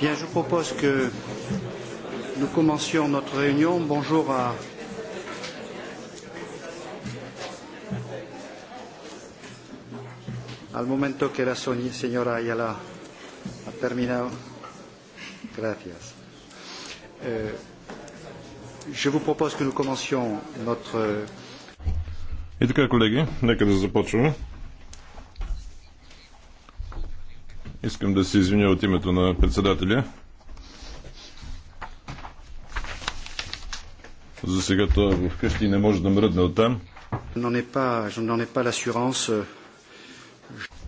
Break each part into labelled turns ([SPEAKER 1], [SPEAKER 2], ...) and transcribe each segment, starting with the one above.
[SPEAKER 1] Bien, je propose que nous commencions notre réunion. Bonjour à. Al momento que la señora Ayala ha terminado. Gracias. Euh, je vous propose que nous commencions
[SPEAKER 2] notre.
[SPEAKER 3] И collègues, колеги, нека да започваме. Искам да се извиня от името на председателя. За сега той в е вкъщи не може да мръдне от там.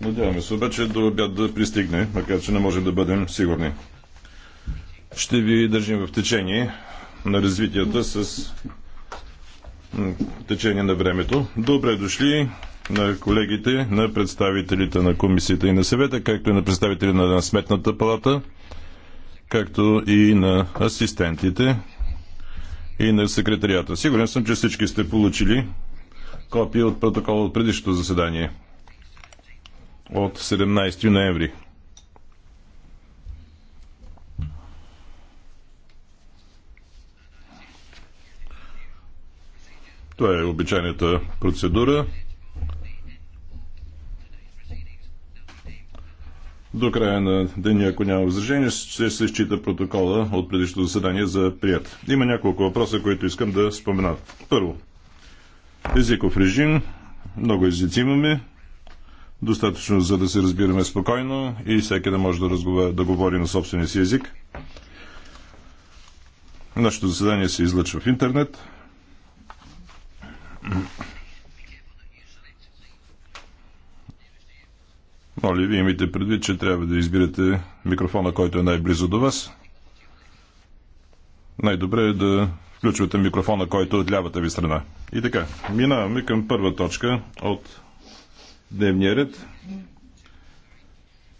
[SPEAKER 3] Надяваме се обаче до обяд да пристигне, макар че не можем да бъдем сигурни. Ще ви държим в течение на развитията с течение на времето. Добре дошли на колегите, на представителите на комисията и на съвета, както и на представители на Сметната палата, както и на асистентите и на секретарията. Сигурен съм, че всички сте получили копия от протокола от предишното заседание от 17 ноември. Това е обичайната процедура. До края на деня, ако няма възражение, ще се счита протокола от предишното заседание за прият. Има няколко въпроса, които искам да спомена. Първо, езиков режим. Много езици имаме. Достатъчно, за да се разбираме спокойно и всеки да може да, разговаря, да говори на собствения си език. Нашето заседание се излъчва в интернет. Моля нали, ви, имайте предвид, че трябва да избирате микрофона, който е най-близо до вас. Най-добре е да включвате микрофона, който е от лявата ви страна. И така, минаваме към първа точка от дневния ред.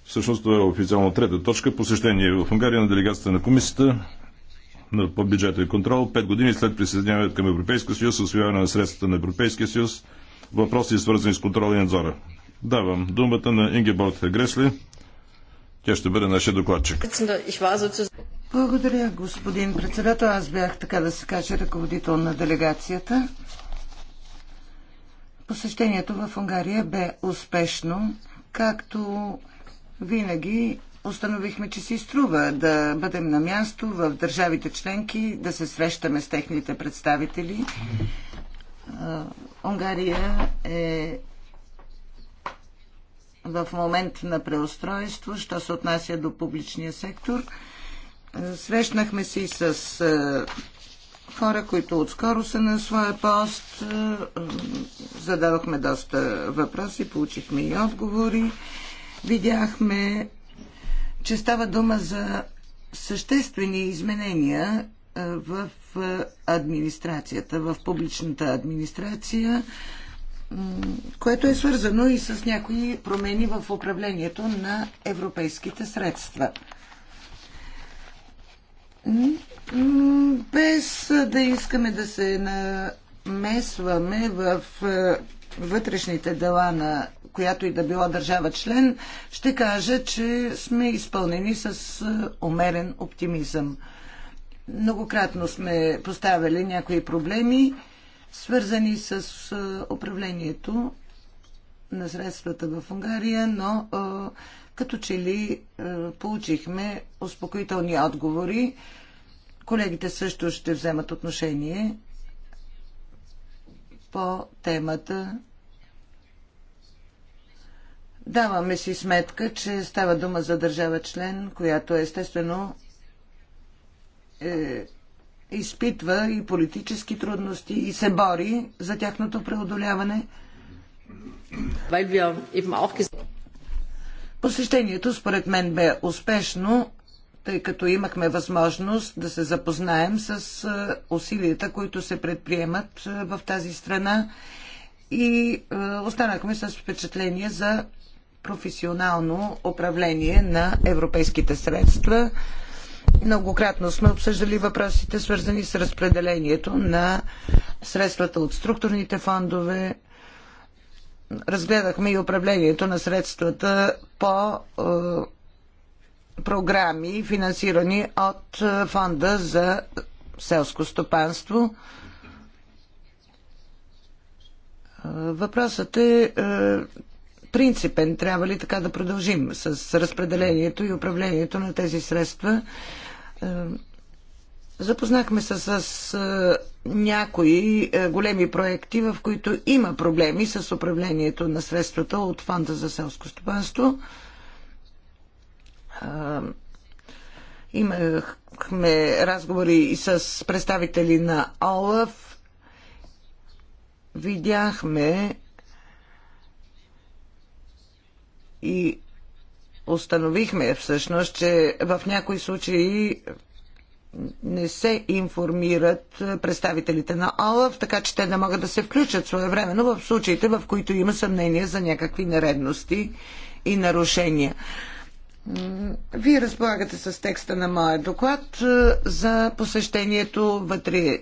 [SPEAKER 3] Всъщност това е официално трета точка. Посещение в Унгария на делегацията на комисията на по бюджетен контрол. Пет години след присъединяването към Европейския съюз, освояване на средствата на Европейския съюз, въпроси свързани с контрол и надзора. Давам думата на Ингеборг Гресли. Тя ще бъде нашия докладчик.
[SPEAKER 1] Благодаря, господин председател. Аз бях, така да се каже, ръководител на делегацията. Посещението в Унгария бе успешно, както винаги установихме, че си струва да бъдем на място в държавите членки, да се срещаме с техните представители. Унгария е в момент на преустройство, що се отнася до публичния сектор. Е, срещнахме се и с е, хора, които отскоро са на своя пост. Е, зададохме доста въпроси, получихме и отговори. Видяхме, че става дума за съществени изменения в администрацията, в публичната администрация което е свързано и с някои промени в управлението на европейските средства. Без да искаме да се намесваме в е, вътрешните дела на която и да била държава член, ще кажа, че сме изпълнени с е, умерен оптимизъм. Многократно сме поставили някои проблеми свързани с управлението на средствата в Унгария, но като че ли получихме успокоителни отговори. Колегите също ще вземат отношение по темата. Даваме си сметка, че става дума за държава член, която естествено е изпитва и политически трудности и се бори за тяхното преодоляване. Посещението според мен бе успешно, тъй като имахме възможност да се запознаем с усилията, които се предприемат в тази страна и останахме с впечатление за професионално управление на европейските средства Многократно сме обсъждали въпросите, свързани с разпределението на средствата от структурните фондове. Разгледахме и управлението на средствата по е, програми, финансирани от е, Фонда за селско стопанство. Е, въпросът е принципен. Трябва ли така да продължим с разпределението и управлението на тези средства? Е, запознахме се с, с е, някои е, големи проекти, в които има проблеми с управлението на средствата от Фонда за селско стопанство. Имахме разговори и с представители на ОЛАФ. Видяхме и установихме всъщност, че в някои случаи не се информират представителите на ОЛАВ, така че те не могат да се включат своевременно в случаите, в които има съмнение за някакви нередности и нарушения. Вие разполагате с текста на моя доклад е, за посещението. Вътре е,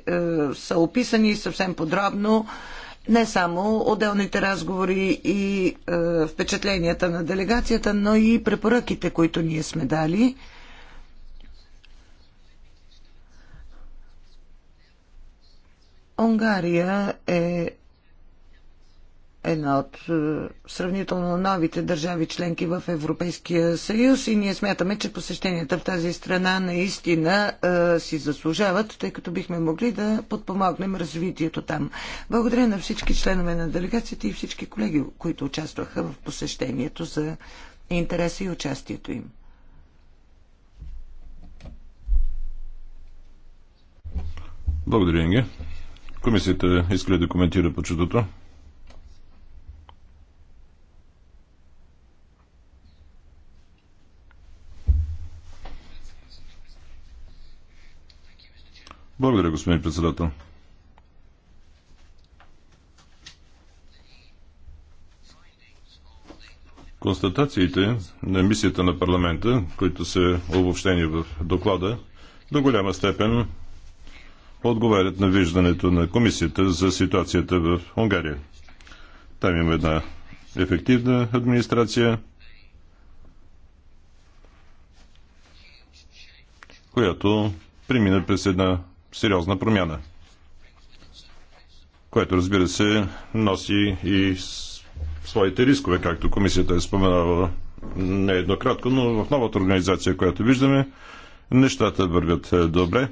[SPEAKER 1] са описани съвсем подробно не само отделните разговори и е, впечатленията на делегацията, но и препоръките, които ние сме дали. Унгария е една от е, сравнително новите държави членки в Европейския съюз и ние смятаме, че посещенията в тази страна наистина е, си заслужават, тъй като бихме могли да подпомогнем развитието там. Благодаря на всички членове на делегацията и всички колеги, които участваха в посещението за интереса и участието им.
[SPEAKER 3] Благодаря, Инге. Комисията иска да коментира по чудото? Благодаря, господин председател. Констатациите на мисията на парламента, които са обобщени в доклада, до голяма степен отговарят на виждането на комисията за ситуацията в Унгария. Там има една ефективна администрация, която премина през една сериозна промяна, което разбира се носи и своите рискове, както комисията е споменала еднократно, но в новата организация, която виждаме, нещата вървят е, добре.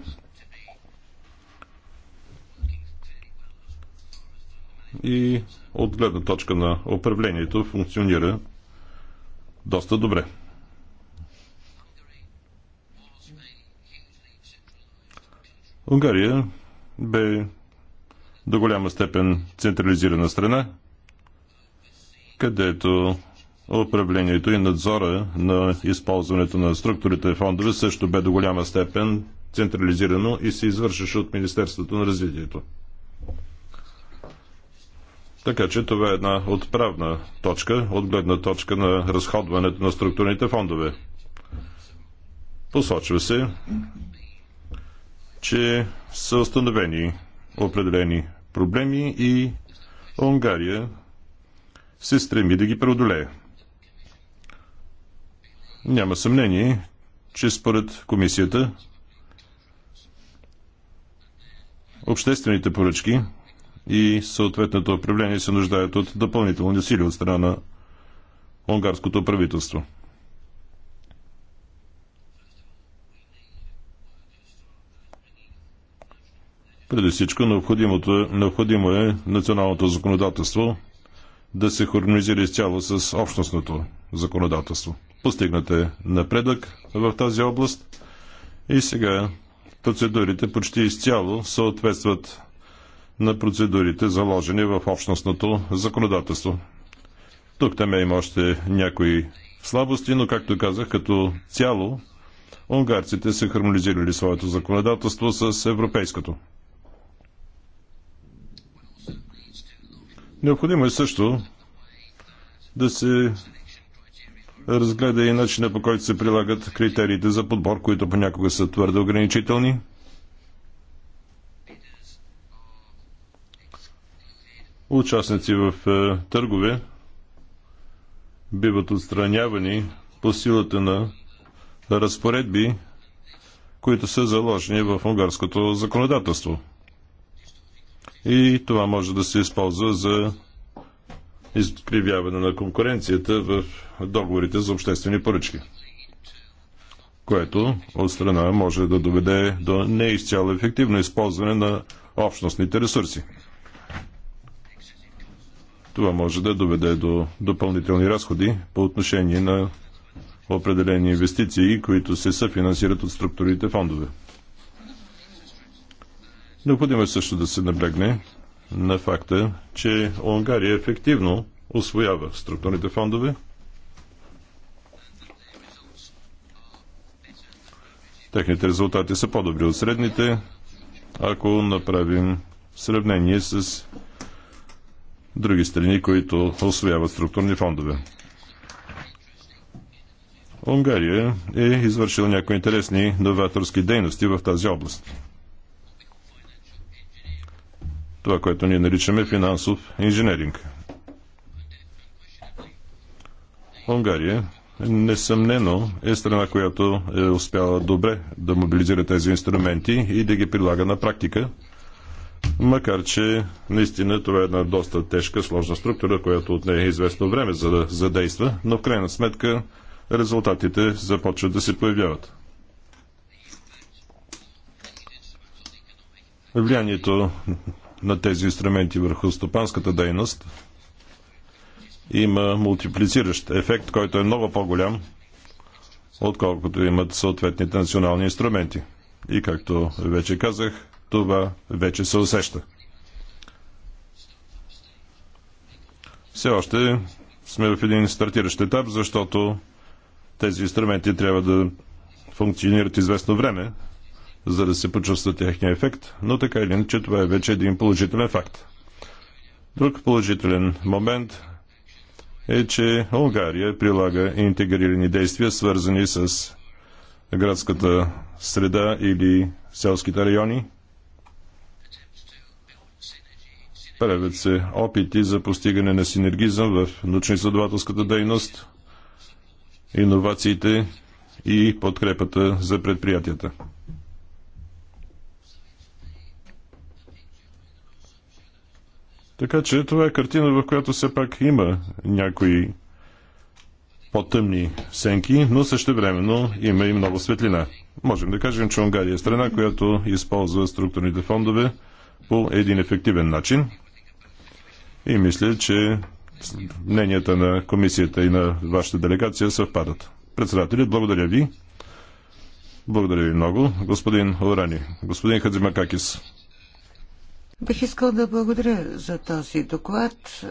[SPEAKER 3] И от гледна точка на управлението функционира доста добре. Унгария бе до голяма степен централизирана страна, където управлението и надзора на използването на структурите и фондове също бе до голяма степен централизирано и се извършваше от Министерството на развитието. Така че това е една отправна точка от гледна точка на разходването на структурните фондове. Посочва се, че са установени определени проблеми и Унгария се стреми да ги преодолее. Няма съмнение, че според комисията обществените поръчки и съответното управление се нуждаят от допълнителни сили от страна на унгарското правителство. Преди всичко необходимо е националното законодателство да се хармонизира изцяло с общностното законодателство. Постигнат е напредък в тази област и сега процедурите почти изцяло съответстват на процедурите заложени в общностното законодателство. Тук там има още някои слабости, но както казах, като цяло унгарците са хармонизирали своето законодателство с европейското. Необходимо е също да се разгледа и начина по който се прилагат критериите за подбор, които понякога са твърде ограничителни. Участници в е, търгове биват отстранявани по силата на разпоредби, които са заложени в унгарското законодателство – и това може да се използва за изкривяване на конкуренцията в договорите за обществени поръчки, което от страна може да доведе до неизцяло ефективно използване на общностните ресурси. Това може да доведе до допълнителни разходи по отношение на определени инвестиции, които се съфинансират от структурите фондове. Необходимо е също да се наблегне на факта, че Унгария ефективно освоява структурните фондове. Техните резултати са по-добри от средните, ако направим сравнение с други страни, които освояват структурни фондове. Унгария е извършила някои интересни новаторски дейности в тази област това, което ние наричаме финансов инженеринг. Унгария несъмнено е страна, която е успяла добре да мобилизира тези инструменти и да ги прилага на практика. Макар, че наистина това е една доста тежка, сложна структура, която от нея е известно време за да задейства, но в крайна сметка резултатите започват да се появяват. Влиянието на тези инструменти върху стопанската дейност има мултиплициращ ефект, който е много по-голям, отколкото имат съответните национални инструменти. И както вече казах, това вече се усеща. Все още сме в един стартиращ етап, защото тези инструменти трябва да функционират известно време, за да се почувства техния ефект, но така или иначе това е вече един положителен факт. Друг положителен момент е, че Унгария прилага интегрирани действия, свързани с градската среда или селските райони. Правят се опити за постигане на синергизъм в научно-изследователската дейност, иновациите и подкрепата за предприятията. Така че това е картина, в която все пак има някои по-тъмни сенки, но също времено има и много светлина. Можем да кажем, че Унгария е страна, която използва структурните фондове по един ефективен начин. И мисля, че мненията на комисията и на вашата делегация съвпадат. Председатели, благодаря ви. Благодаря ви много. Господин Орани, господин Хадзимакакис.
[SPEAKER 1] Бих искал да благодаря за този доклад.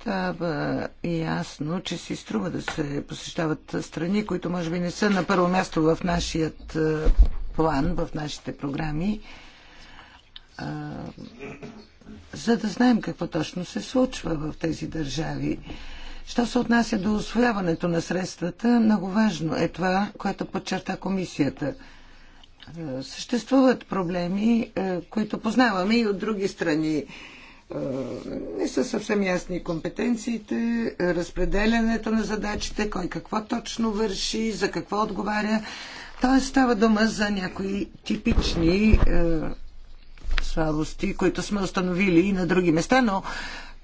[SPEAKER 1] Става ясно, че си струва да се посещават страни, които може би не са на първо място в нашият план, в нашите програми, за да знаем какво точно се случва в тези държави. Що се отнася до освояването на средствата, много важно е това, което подчерта комисията – е, съществуват проблеми, е, които познаваме и от други страни. Е, не са съвсем ясни компетенциите, разпределянето на задачите, кой какво точно върши, за какво отговаря. Тоест става дума за някои типични слабости, които сме установили и на други места, но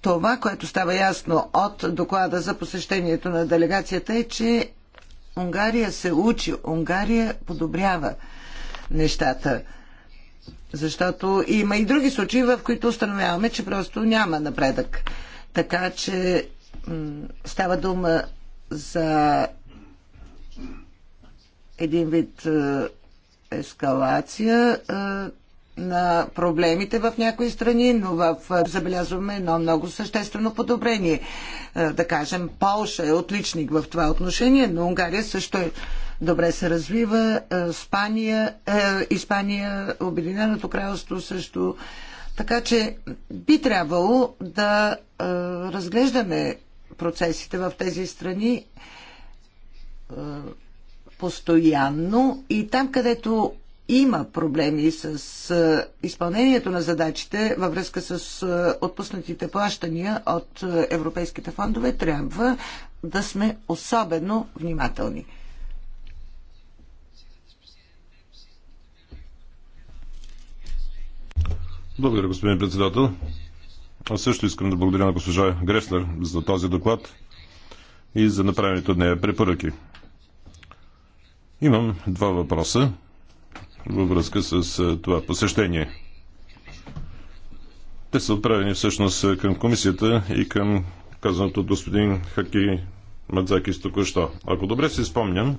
[SPEAKER 1] това, което става ясно от доклада за посещението на делегацията е, че Унгария се учи, Унгария подобрява нещата. Защото има и други случаи, в които установяваме, че просто няма напредък. Така че става дума за един вид е, ескалация е, на проблемите в някои страни, но в, е, забелязваме едно много съществено подобрение. Да кажем, Полша е отличник в това отношение, но Унгария също е добре се развива. Испания, е, е, Испания Обединеното кралство също. Така че би трябвало да е, разглеждаме процесите в тези страни постоянно и там, където има проблеми с изпълнението на задачите във връзка с отпуснатите плащания от европейските фондове, трябва да сме особено внимателни.
[SPEAKER 3] Благодаря, господин председател. Аз също искам да благодаря на госпожа Греслер за този доклад и за направените от нея препоръки. Имам два въпроса във връзка с това посещение. Те са отправени всъщност към комисията и към казаното от господин Хаки Мадзаки току-що. Ако добре си спомням,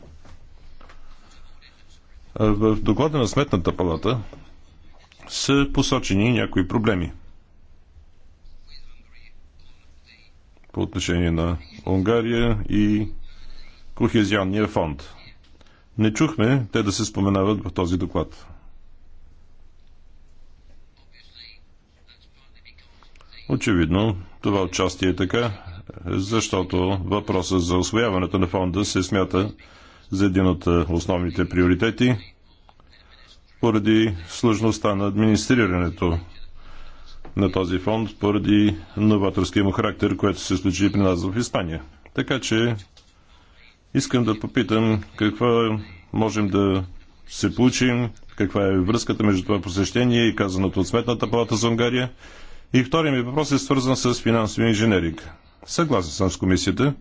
[SPEAKER 3] в доклада на Сметната палата са посочени някои проблеми. По отношение на Унгария и Кохезионния фонд. Не чухме те да се споменават в този доклад. Очевидно, това отчасти е така, защото въпросът за освояването на фонда се смята за един от основните приоритети поради сложността на администрирането на този фонд, поради новаторския му характер, което се случи при нас в Испания. Така че искам да попитам каква можем да се получим, каква е връзката между това посещение и казаното от Сметната палата за Унгария. И вторият ми въпрос е свързан с финансови инженеринг. Съгласен съм с комисията,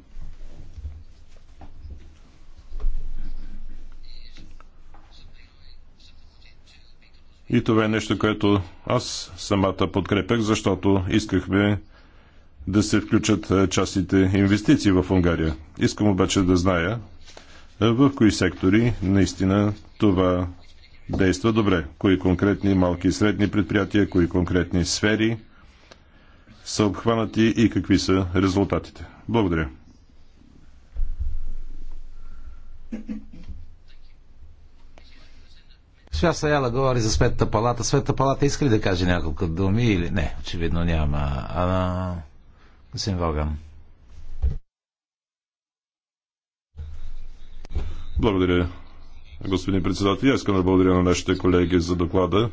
[SPEAKER 3] И това е нещо, което аз самата подкрепях, защото искахме да се включат частните инвестиции в Унгария. Искам обаче да зная в кои сектори наистина това действа добре. Кои конкретни малки и средни предприятия, кои конкретни сфери са обхванати и какви са резултатите. Благодаря.
[SPEAKER 2] Сега Саяла говори за Светата палата. Светата палата иска ли да каже няколко думи или не? Очевидно няма. А, господин Воган. Благодаря,
[SPEAKER 3] господин председател. Я искам да благодаря на нашите колеги за доклада.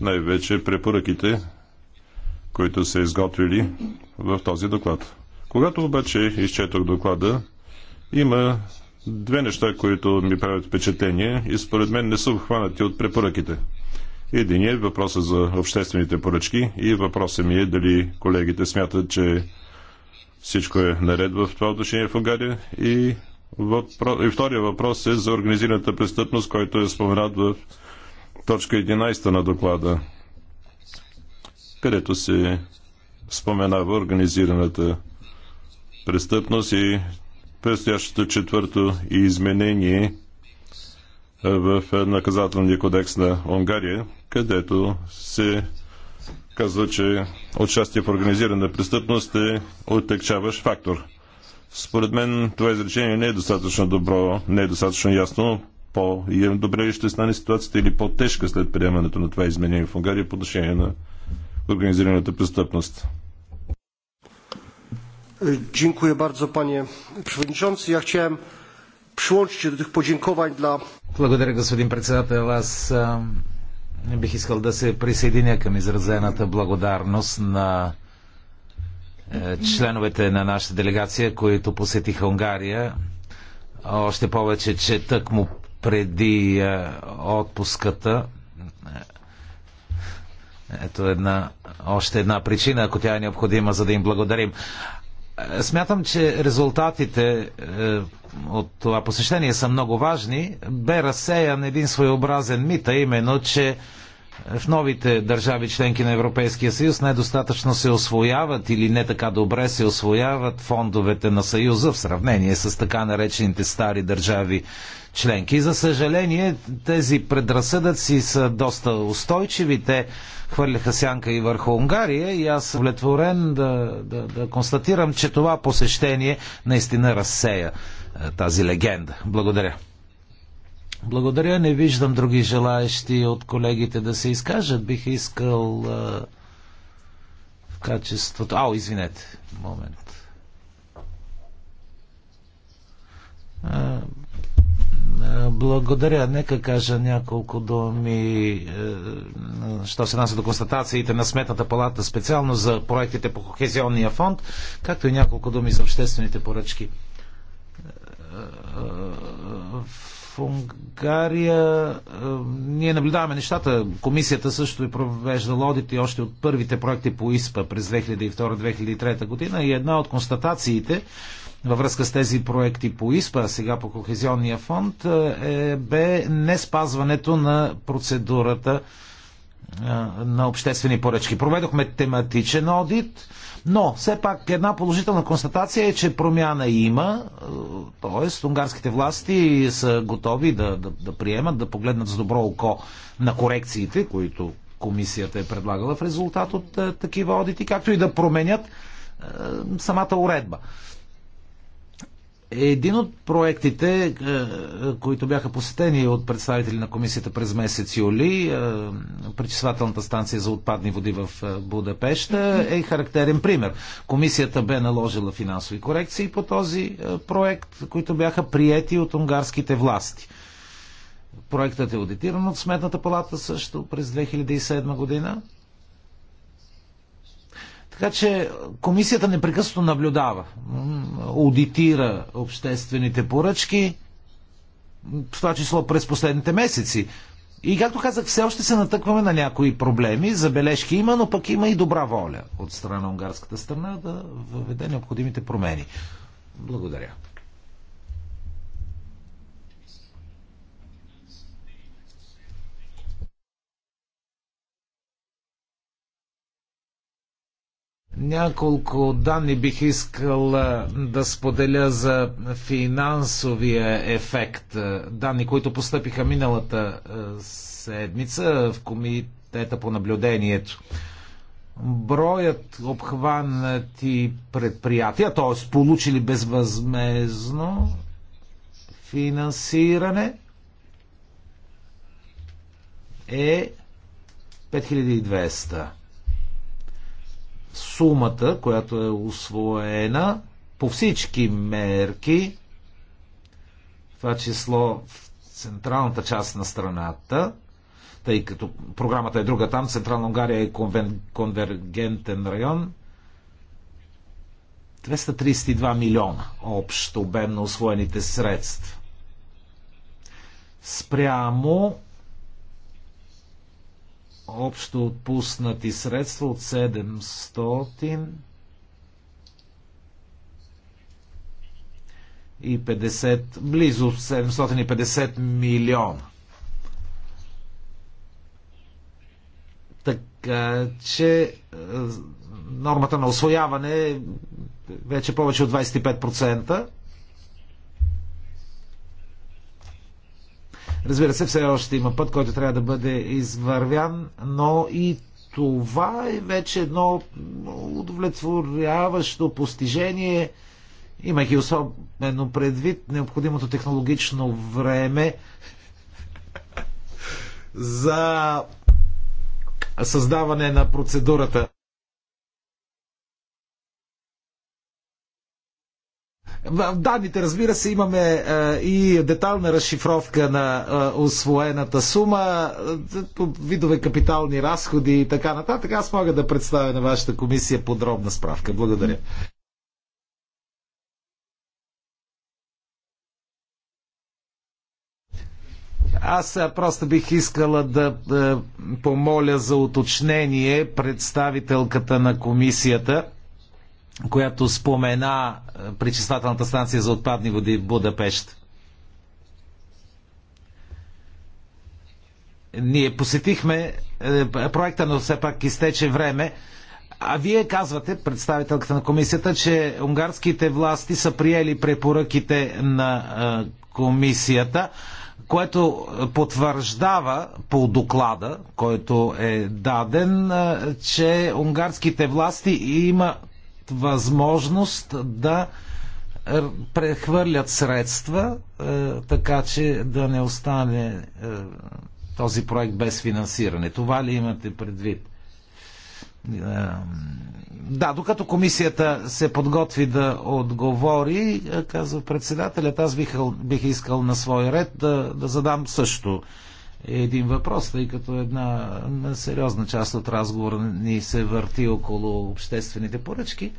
[SPEAKER 3] Най-вече препоръките, които са изготвили в този доклад. Когато обаче изчетох доклада, има две неща, които ми правят впечатление и според мен не са обхванати от препоръките. Единият е въпроса за обществените поръчки и въпросът ми е дали колегите смятат, че всичко е наред в това отношение в Угария. И, въпро... и втория въпрос е за организираната престъпност, който е споменат в точка 11 на доклада, където се споменава организираната престъпност и Предстоящото четвърто изменение е, в наказателния кодекс на Унгария, където се казва, че участие в организирана престъпност е отекчаваш фактор. Според мен това изречение не е достатъчно добро, не е достатъчно ясно. По-добре ли ще стане ситуацията или по-тежка след приемането на това изменение в Унгария по отношение на организираната престъпност?
[SPEAKER 2] panie przewodniczący. Ja chciałem przyłączyć się do tych podziękowań dla... Благодаря, господин председател. Аз бих искал да се присъединя към изразената благодарност на е, членовете на нашата делегация, които посетиха Унгария. Още повече, че тък му преди е, отпуската е, ето една, още една причина, ако тя е необходима, за да им благодарим. Е, смятам, че резултатите е, от това посещение са много важни. Бе разсеян един своеобразен мит, а именно, че в новите държави членки на Европейския съюз недостатъчно се освояват или не така добре се освояват фондовете на съюза в сравнение с така наречените стари държави членки. И за съжаление, тези предразсъдъци са доста устойчиви. Те хвърляха сянка и върху Унгария и аз влетворен да, да, да констатирам, че това посещение наистина разсея е, тази легенда. Благодаря. Благодаря. Не виждам други желаящи от колегите да се изкажат. Бих искал а, в качеството... Ао, извинете. Момент. А, а, благодаря. Нека кажа няколко думи, а, що се нася до констатациите на Сметната палата, специално за проектите по Кохезионния фонд, както и няколко думи за обществените поръчки в Унгария е, ние наблюдаваме нещата. Комисията също е провеждала одити още от първите проекти по ИСПА през 2002-2003 година и една от констатациите във връзка с тези проекти по ИСПА, а сега по Кохезионния фонд, е, е бе не спазването на процедурата е, на обществени поръчки. Проведохме тематичен одит, но, все пак, една положителна констатация е, че промяна има, т.е. унгарските власти са готови да, да, да приемат, да погледнат с добро око на корекциите, които комисията е предлагала в резултат от е, такива одити, както и да променят е, самата уредба. Един от проектите, е, които бяха посетени от представители на комисията през месец юли, е, пречисвателната станция за отпадни води в е, Будапешта, е характерен пример. Комисията бе наложила финансови корекции по този проект, които бяха приети от унгарските власти. Проектът е аудитиран от Сметната палата също през 2007 година. Така че комисията непрекъснато наблюдава, аудитира обществените поръчки, в това число през последните месеци. И както казах, все още се натъкваме на някои проблеми, забележки има, но пък има и добра воля от страна на унгарската страна да въведе необходимите промени. Благодаря. Няколко данни бих искал да споделя за финансовия ефект. Данни, които постъпиха миналата седмица в комитета по наблюдението. Броят обхванати предприятия, т.е. получили безвъзмезно финансиране е 5200 сумата, която е освоена по всички мерки, това число в централната част на страната, тъй като програмата е друга там, Централна Унгария е конвен, конвергентен район, 232 милиона общ обем на освоените средства. Спрямо общо отпуснати средства от 700 и 50, близо 750 милиона. Така че е, нормата на освояване е вече повече от 25%. Разбира се, все още има път, който трябва да бъде извървян, но и това е вече едно удовлетворяващо постижение, имайки особено предвид необходимото технологично време за създаване на процедурата. В данните, разбира се, имаме е, и детална разшифровка на е, освоената сума, е, видове капитални разходи и така нататък. Аз мога да представя на вашата комисия подробна справка. Благодаря. Аз просто бих искала да помоля за уточнение представителката на комисията която спомена е, пречиствателната станция за отпадни води в Будапешт. Ние посетихме е, проекта, но все пак изтече време. А вие казвате, представителката на комисията, че унгарските власти са приели препоръките на е, комисията, което потвърждава по доклада, който е даден, че унгарските власти има възможност да прехвърлят средства, е, така че да не остане е, този проект без финансиране. Това ли имате предвид? Е, да, докато комисията се подготви да отговори, казва председателят, аз бих, бих искал на свой ред да, да задам също е един въпрос, тъй като една сериозна част от разговора ни се върти около обществените поръчки.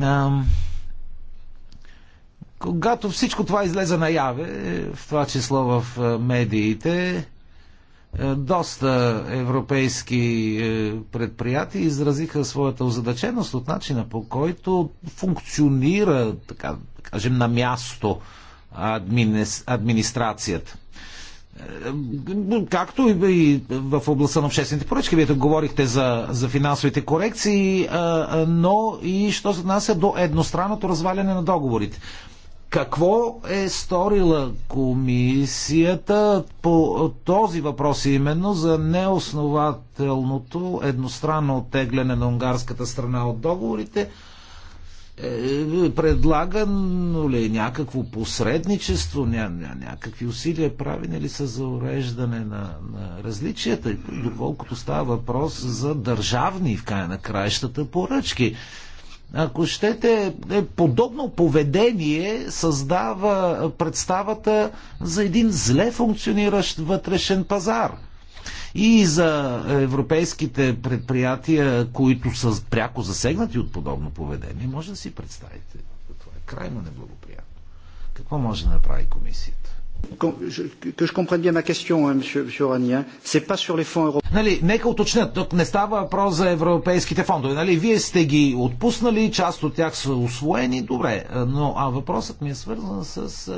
[SPEAKER 2] А, Когато всичко това излезе наяве, в това число в медиите, доста европейски е, предприятия изразиха своята озадаченост от начина по който функционира, така да кажем, на място администрацията. Е, както и в областта на обществените поръчки, вие говорихте за, за финансовите корекции, но и що се отнася до едностранното разваляне на договорите. Какво е сторила комисията по този въпрос именно за неоснователното едностранно оттегляне на унгарската страна от договорите? Е, предлагано ли е някакво посредничество, ня, ня, някакви усилия правени ли нали, са за уреждане на, на различията, доколкото става въпрос за държавни в края на краищата поръчки. Ако щете, е, подобно поведение създава представата за един зле функциониращ вътрешен пазар – и за европейските предприятия, които са пряко засегнати от подобно поведение, може да си представите. Това е крайно неблагоприятно. Какво може да направи комисията? Que je comprenne bien ma question, hein, monsieur, monsieur c'est pas sur les fonds européens. Нали, нека уточнят, тук не става въпрос за европейските фондове. Нали, вие сте ги отпуснали, част от тях са освоени, добре, но а въпросът ми е свързан с а,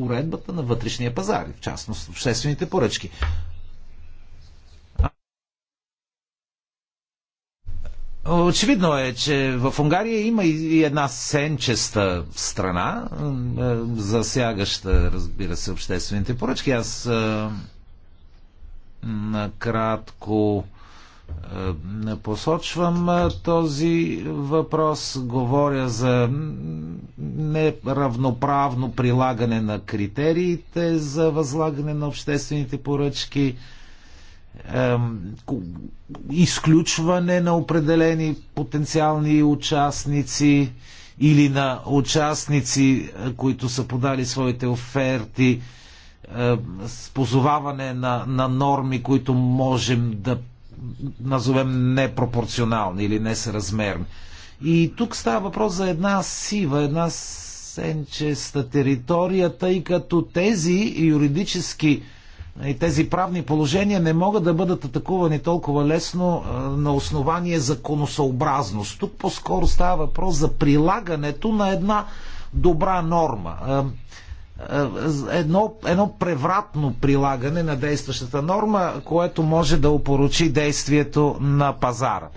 [SPEAKER 2] е, уредбата на вътрешния пазар, в частност обществените поръчки. Очевидно е, че в Унгария има и една сенчеста страна, е, засягаща, разбира се, обществените поръчки. Аз е, накратко не посочвам е, този въпрос. Говоря за неравноправно прилагане на критериите за възлагане на обществените поръчки – изключване на определени потенциални участници или на участници, е, които са подали своите оферти, спозоваване позоваване на, на норми, които можем да назовем непропорционални или несъразмерни. И тук става въпрос за една сива, една сенчеста територия, тъй като тези юридически и тези правни положения не могат да бъдат атакувани толкова лесно на основание законосъобразност. Тук по-скоро става въпрос за прилагането на една добра норма. Едно, едно превратно прилагане на действащата норма, което може да опорочи действието на пазара.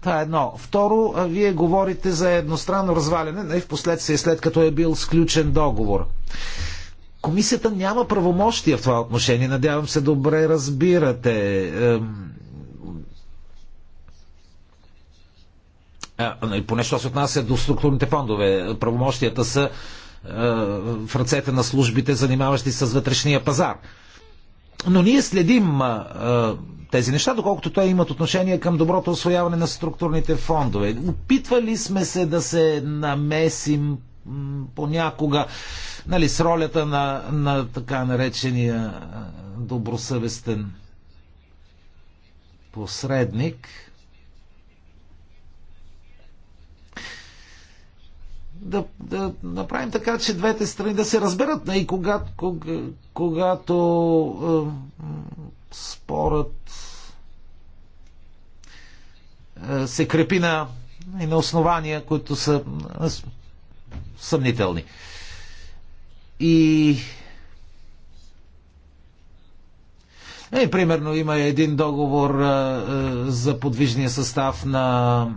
[SPEAKER 2] Това е едно. Второ, вие говорите за едностранно разваляне, и в последствие след като е бил сключен договор. Комисията няма правомощия в това отношение. Надявам се добре разбирате. И поне що се отнася до структурните фондове. Правомощията са е, в ръцете на службите, занимаващи с вътрешния пазар. Но ние следим е, тези неща, доколкото те имат отношение към доброто освояване на структурните фондове. Опитвали сме се да се намесим понякога нали, с ролята на, на така наречения добросъвестен посредник. Да, да направим така, че двете страни да се разберат. И нали, когато, кога, когато е, спорът е, се крепи на, и нали, на основания, които са съмнителни. И Е, примерно има един договор а, а, за подвижния състав на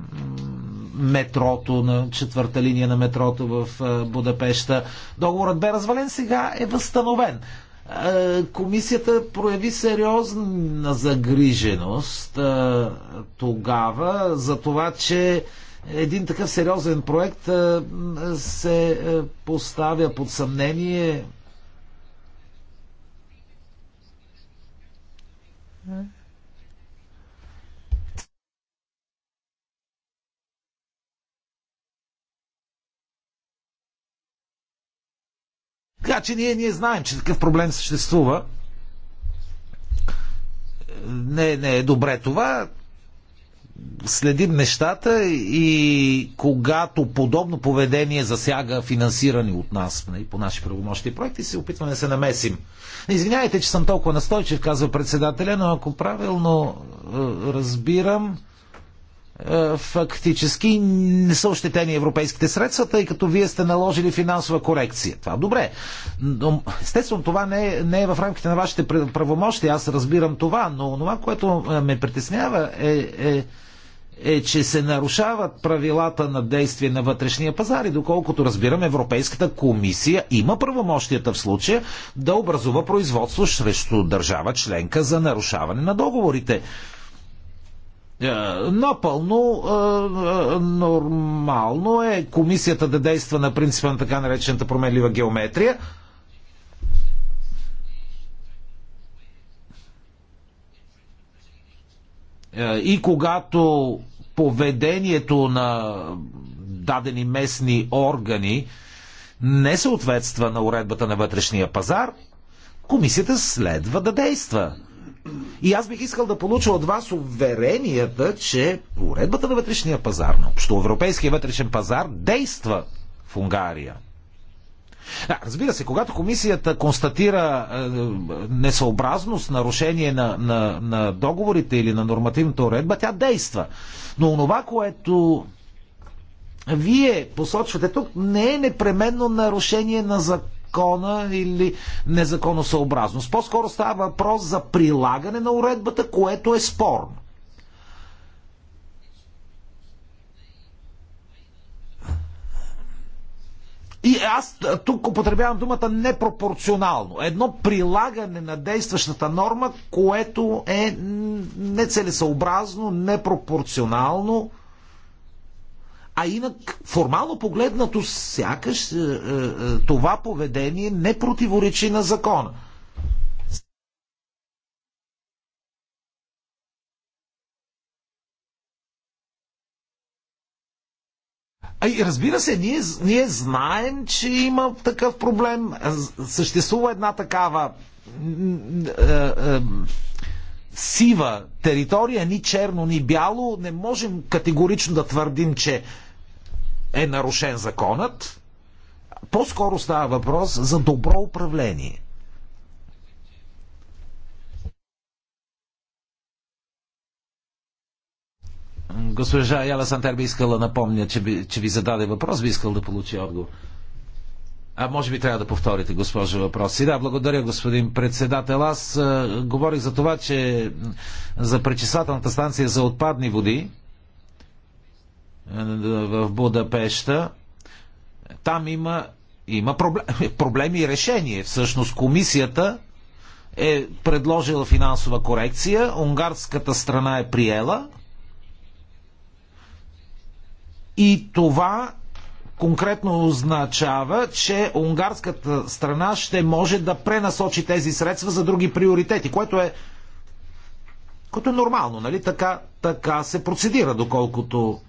[SPEAKER 2] метрото, на четвърта линия на метрото в а, Будапешта. Договорът бе развален, сега е възстановен. А, комисията прояви сериозна загриженост а, тогава за това, че един такъв сериозен проект се поставя под съмнение. Така че ние, ние знаем, че такъв проблем съществува. Е, не, не е добре това следим нещата и когато подобно поведение засяга финансирани от нас нали, по наши правомощни проекти, се опитваме да се намесим. Извинявайте, че съм толкова настойчив, казва председателя, но ако правилно е, разбирам, е, фактически не са ощетени европейските средства, тъй като вие сте наложили финансова корекция. Това добре. Но, естествено, това не е, не е в рамките на вашите правомощи, аз разбирам това, но това, което е, ме притеснява е, е е, че се нарушават правилата на действие на вътрешния пазар и доколкото разбирам, Европейската комисия има правомощията в случая да образува производство срещу държава членка за нарушаване на договорите. Е, напълно е, е, нормално е комисията да действа на принципа на така наречената променлива геометрия – и когато поведението на дадени местни органи не съответства на уредбата на вътрешния пазар, комисията следва да действа. И аз бих искал да получа от вас уверенията, че уредбата на вътрешния пазар, на общоевропейския вътрешен пазар, действа в Унгария. Да, разбира се, когато комисията констатира е, несъобразност, нарушение на, на, на договорите или на нормативната уредба, тя действа. Но онова, което вие посочвате тук, не е непременно нарушение на закона или незаконосъобразност. По-скоро става въпрос за прилагане на уредбата, което е спорно. И аз тук употребявам думата непропорционално. Едно прилагане на действащата норма, което е нецелесообразно, непропорционално. А инак, формално погледнато, сякаш е, е, е, това поведение не противоречи на закона. А и разбира се, ние, ние знаем, че има такъв проблем. Съществува една такава е, е, сива територия, ни черно, ни бяло. Не можем категорично да твърдим, че е нарушен законът. По-скоро става въпрос за добро управление. Госпожа Яла Сантер би искала напомня, че, би, че ви зададе въпрос, би искал да получи отговор. А може би трябва да повторите, госпожо, въпроси. Да, благодаря, господин председател. Аз а, е, говорих за това, че за пречислателната станция за отпадни води е, в Будапешта, там има, има проблем, проблеми и решение. Всъщност комисията е предложила финансова корекция, унгарската страна е приела и това конкретно означава, че унгарската страна ще може да пренасочи тези средства за други приоритети, което е, което е нормално, нали? Така, така се процедира, доколкото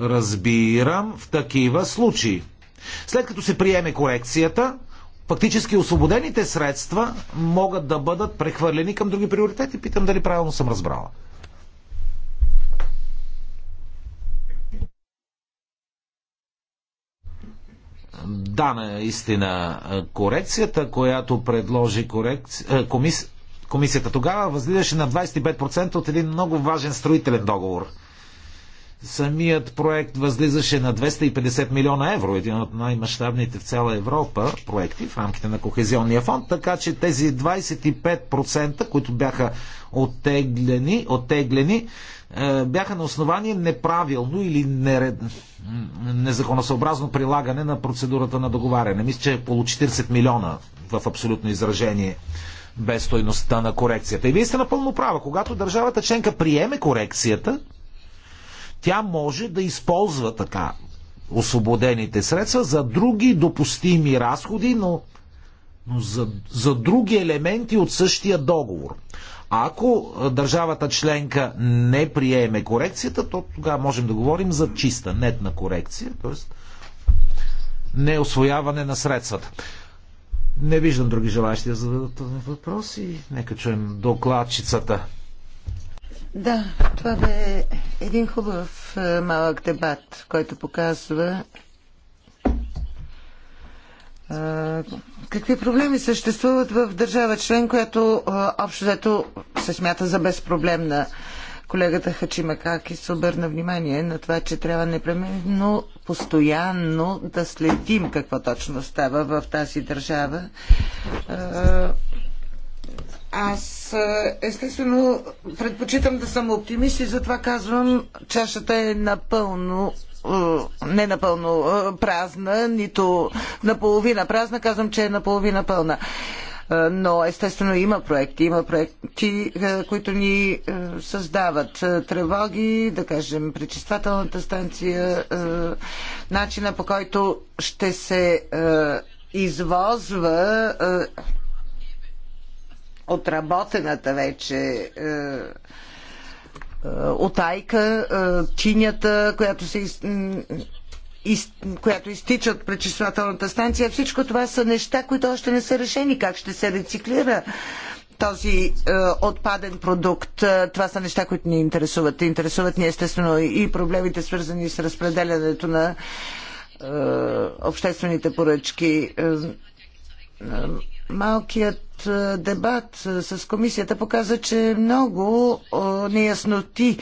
[SPEAKER 2] разбирам в такива случаи. След като се приеме корекцията, фактически освободените средства могат да бъдат прехвърлени към други приоритети. Питам дали правилно съм разбрала. да, наистина, корекцията, която предложи корекци... комис... комисията тогава, възлизаше на 25% от един много важен строителен договор – Самият проект възлизаше на 250 милиона евро, един от най-мащабните в цяла Европа проекти в рамките на Кохезионния фонд, така че тези 25%, които бяха оттеглени, оттеглени е, бяха на основание неправилно или неред... незаконосъобразно прилагане на процедурата на договаряне. Мисля, че е около 40 милиона в абсолютно изражение без стойността на корекцията. И вие сте напълно права. Когато държавата членка приеме корекцията, тя може да използва така освободените средства за други допустими разходи, но, но за, за други елементи от същия договор. А ако държавата членка не приеме корекцията, то тогава можем да говорим за чиста нетна корекция, т.е. не освояване на средствата. Не виждам други желащи да зададат
[SPEAKER 1] въпроси,
[SPEAKER 2] нека чуем докладчицата.
[SPEAKER 1] Да, това бе един хубав е, малък дебат, който показва е, какви проблеми съществуват в държава член, която е, общо взето се смята за безпроблемна. Колегата Хачима се обърна внимание на това, че трябва непременно постоянно да следим какво точно става в тази държава. Аз е, естествено предпочитам да съм оптимист и затова казвам, чашата е напълно е, не напълно е, празна, нито наполовина празна, казвам, че е наполовина пълна. Но естествено има проекти, има проекти, които ни създават тревоги, да кажем, пречиствателната станция, начина по който ще се извозва отработената вече отайка, е, е, чинята, е, която се из, из, която изтича от пречиствателната станция. Всичко това са неща, които още не са решени. Как ще се рециклира този е, отпаден продукт? Това са неща, които ни интересуват. Интересуват ни естествено и проблемите, свързани с разпределянето на обществените поръчки Малкият е, дебат е, с комисията показа, че много е, неясноти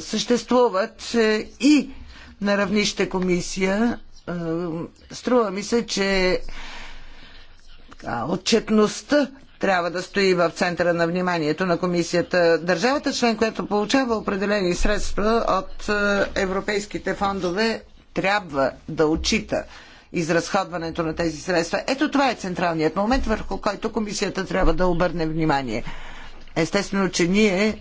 [SPEAKER 1] съществуват и на равнище комисия. Струва ми се, че отчетността трябва да стои в центъра на вниманието на комисията. Държавата член, която получава определени средства от европейските фондове, трябва да отчита изразходването на тези средства. Ето това е централният момент, върху който комисията трябва да обърне внимание. Естествено, че ние е,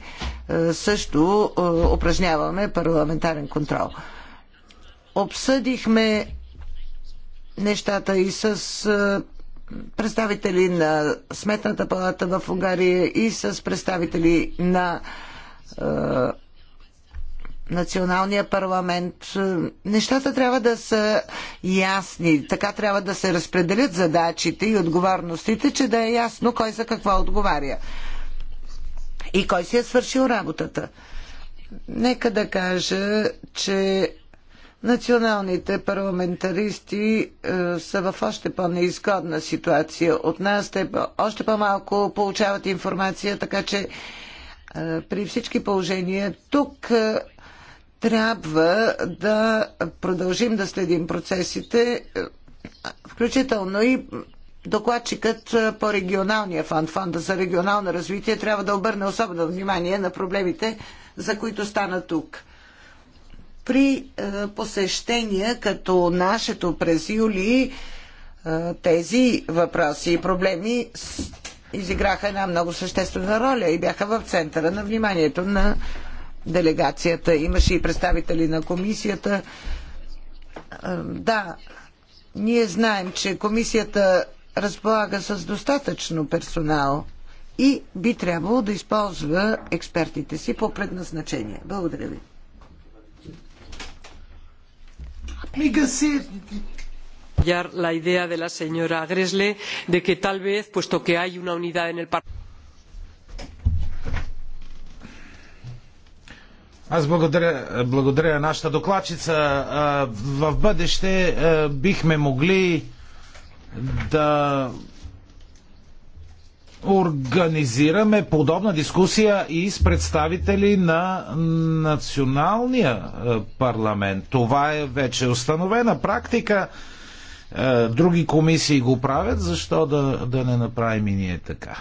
[SPEAKER 1] също е, упражняваме парламентарен контрол. Обсъдихме нещата и с е, представители на Сметната палата в Унгария и с представители на националния парламент. Нещата трябва да са ясни, така трябва да се разпределят задачите и отговорностите, че да е ясно кой за какво отговаря. И кой си е свършил работата. Нека да кажа, че националните парламентаристи е, са в още по-неизгодна ситуация от нас. Те още по-малко получават информация, така че е, при всички положения тук е, трябва да продължим да следим процесите, включително и докладчикът по регионалния фонд, фонда за регионално развитие, трябва да обърне особено внимание на проблемите, за които стана тук. При е, посещения като нашето през юли, е, тези въпроси и проблеми изиграха една много съществена роля и бяха в центъра на вниманието на делегацията. Имаше и представители на комисията. Да, ние знаем, че комисията разполага с достатъчно персонал и би трябвало да използва експертите си по предназначение. Благодаря ви. Мига си la idea de la señora Gresle de que tal vez, puesto que hay una unidad en el Parlamento.
[SPEAKER 2] Аз благодаря, благодаря нашата докладчица. В бъдеще бихме могли да организираме подобна дискусия и с представители на националния парламент. Това е вече установена практика. Други комисии го правят, защо да, да не направим и ние така?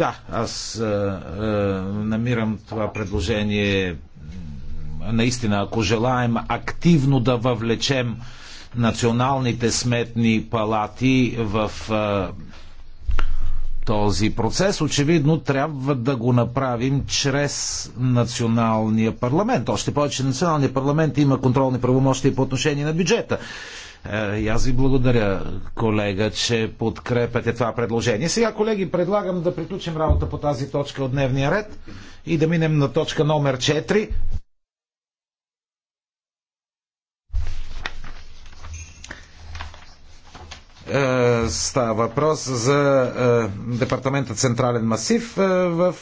[SPEAKER 2] Да, аз е, е, намирам това предложение наистина, ако желаем активно да въвлечем националните сметни палати в е, този процес, очевидно трябва да го направим чрез националния парламент. Още повече националния парламент има контролни правомощи по отношение на бюджета. Е, и аз ви благодаря, колега, че подкрепяте това предложение. Сега, колеги, предлагам да приключим работа по тази точка от дневния ред и да минем на точка номер 4. Е, става въпрос за е, департамента Централен масив в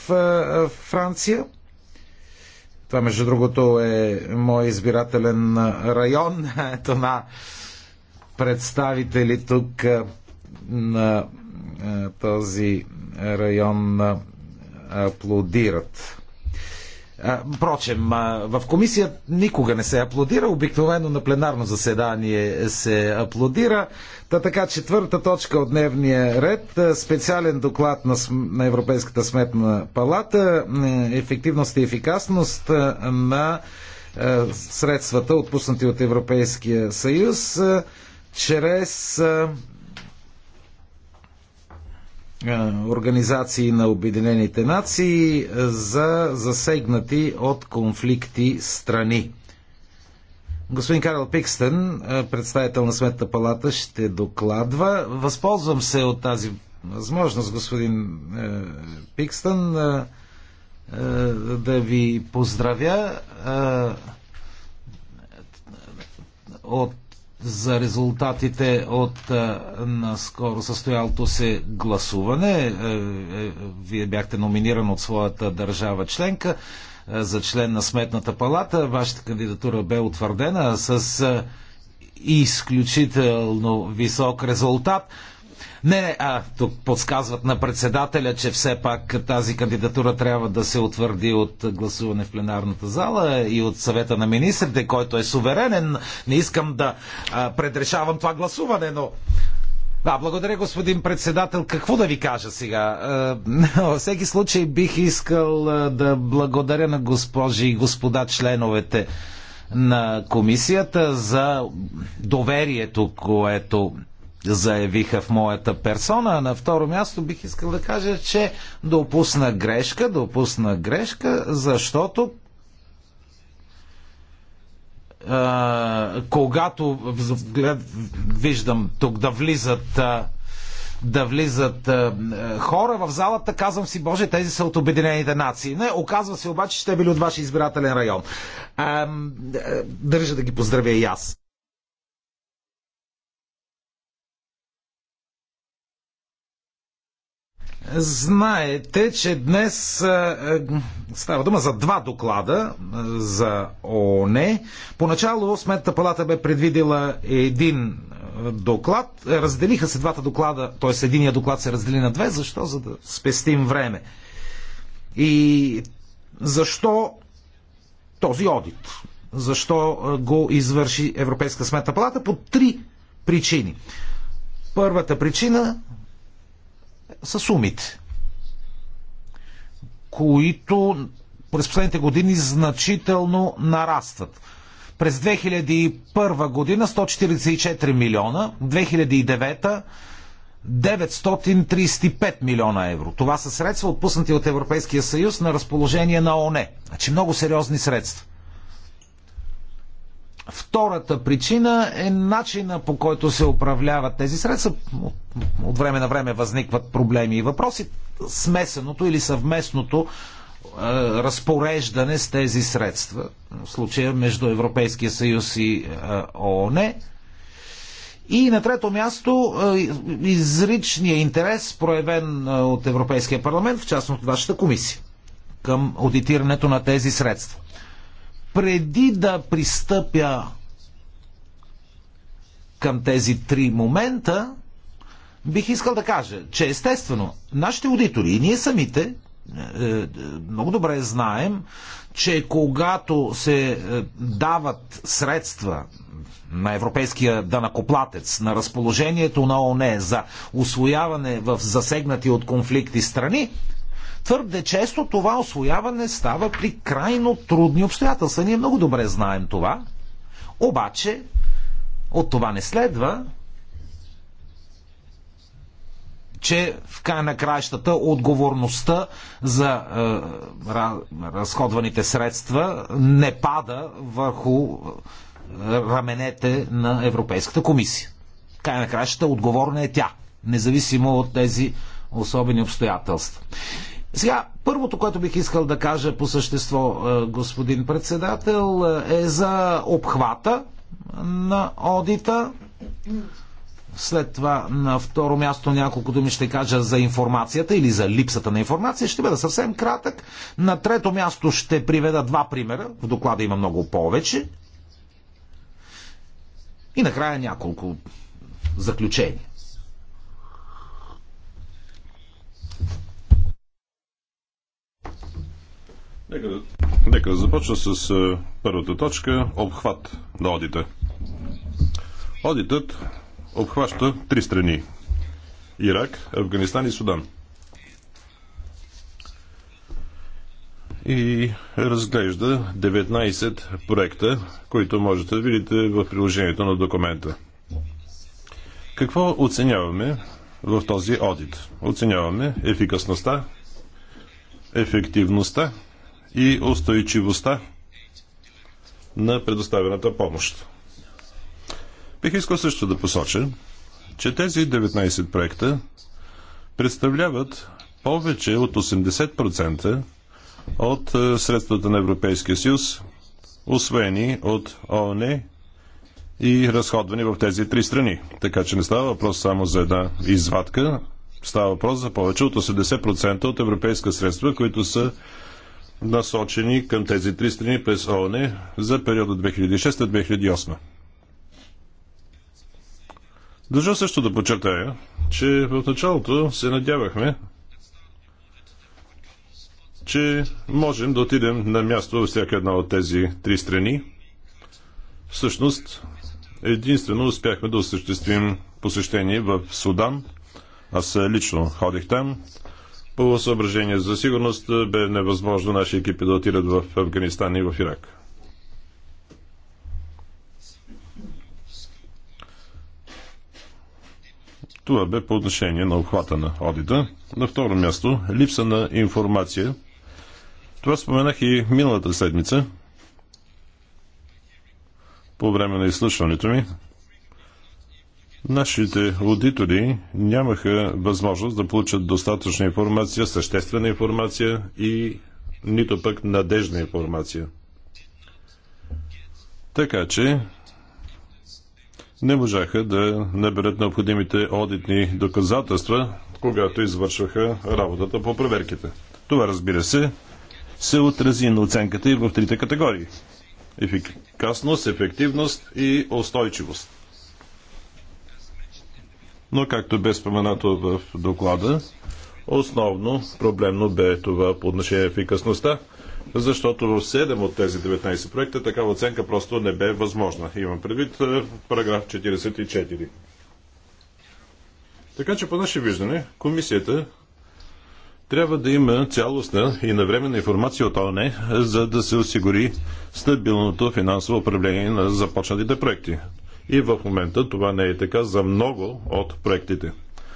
[SPEAKER 2] Франция. Това, между другото, е мой избирателен район. Ето на представители тук на този район аплодират. Впрочем, в комисия никога не се аплодира, обикновено на пленарно заседание се аплодира. Та така, четвърта точка от дневния ред, специален доклад на, на Европейската сметна палата, ефективност и ефикасност на средствата, отпуснати от Европейския съюз чрез организации на Обединените нации за засегнати от конфликти страни. Господин Карл Пикстен, представител на Сметната палата, ще докладва. Възползвам се от тази възможност, господин Пикстън, да ви поздравя от за резултатите от е, наскоро състоялото се гласуване. Е, е, вие бяхте номиниран от своята държава членка за член на Сметната палата. Вашата кандидатура бе утвърдена с изключително висок резултат. Не, не, а, тук подсказват на председателя, че все пак тази кандидатура трябва да се утвърди от гласуване в пленарната зала и от съвета на министрите, който е суверенен. Не искам да а, предрешавам това гласуване, но да, благодаря, господин председател. Какво да ви кажа сега? Във всеки случай бих искал да благодаря на госпожи и господа членовете на комисията за доверието, което заявиха в моята персона. а На второ място бих искал да кажа, че допусна грешка, допусна грешка, защото а, когато виждам тук да влизат а, да влизат а, хора в залата, казвам си, Боже, тези са от Обединените нации. Не, оказва се обаче, че те били от вашия избирателен район. А, държа да ги поздравя и аз. Знаете, че днес става дума за два доклада за ООН. Поначало Сметната палата бе предвидила един доклад. Разделиха се двата доклада, т.е. единия доклад се раздели на две. Защо? За да спестим време. И защо този одит? Защо го извърши Европейска сметна палата? По три причини. Първата причина са сумите, които през последните години значително нарастват. През 2001 година 144 милиона, 2009 935 милиона евро. Това са средства, отпуснати от Европейския съюз на разположение на ОНЕ. Значи много сериозни средства. Втората причина е начина по който се управляват тези средства. От време на време възникват проблеми и въпроси. Смесеното или съвместното е, разпореждане с тези средства. В случая между Европейския съюз и е, ООН. И на трето място е, изричния интерес, проявен е, от Европейския парламент, в частност от вашата комисия, към аудитирането на тези средства преди да пристъпя към тези три момента, бих искал да кажа, че естествено, нашите аудитори и ние самите е, много добре знаем, че когато се е, дават средства на европейския данакоплатец на разположението на ОНЕ за освояване в засегнати от конфликти страни, твърде често това освояване става при крайно трудни обстоятелства. Ние много добре знаем това. Обаче, от това не следва, че в края на краищата отговорността за е, разходваните средства не пада върху е, раменете на Европейската комисия. В края на краищата отговорна е тя, независимо от тези особени обстоятелства. Сега, първото, което бих искал да кажа по същество, е, господин председател, е за обхвата на одита. След това на второ място няколко думи ще кажа за информацията или за липсата на информация. Ще бъда съвсем кратък. На трето място ще приведа два примера. В доклада има много повече. И накрая няколко заключения.
[SPEAKER 3] Нека да, нека да започна с е, първата точка обхват на одита. Одитът обхваща три страни Ирак, Афганистан и Судан. И разглежда 19 проекта, които можете да видите в приложението на документа. Какво оценяваме в този одит? Оценяваме ефикасността, ефективността и устойчивостта на предоставената помощ. Бих искал също да посоча, че тези 19 проекта представляват повече от 80% от е, средствата на Европейския съюз, освоени от ООН и разходвани в тези три страни. Така че не става въпрос само за една извадка, става въпрос за повече от 80% от европейска средства, които са насочени към тези три страни през ООН за периода 2006-2008. Държа също да подчертая, че в началото се надявахме, че можем да отидем на място във всяка една от тези три страни. Всъщност, единствено успяхме да осъществим посещение в Судан. Аз лично ходих там. По съображение за сигурност е, бе невъзможно наши екипи да отидат в Афганистан и в Ирак. Това бе по отношение на обхвата на одита. На второ място, липса на информация. Това споменах и миналата седмица по време на изслушването ми Нашите аудитори нямаха възможност да получат достатъчна информация, съществена информация и нито пък надежна информация. Така че не можаха да наберат необходимите одитни доказателства, когато извършваха работата по проверките. Това, разбира се, се отрази на оценката и в трите категории. Ефикасност, ефективност и устойчивост но както бе споменато в доклада, основно проблемно бе това по отношение на ефикасността, защото в 7 от тези 19 проекта такава оценка просто не бе възможна. Имам предвид е, параграф 44. Така че по наше виждане, комисията трябва да има цялостна и навременна информация от ОНЕ, за да се осигури стабилното финансово управление на започнатите проекти. И в момента това не е така за много от проектите.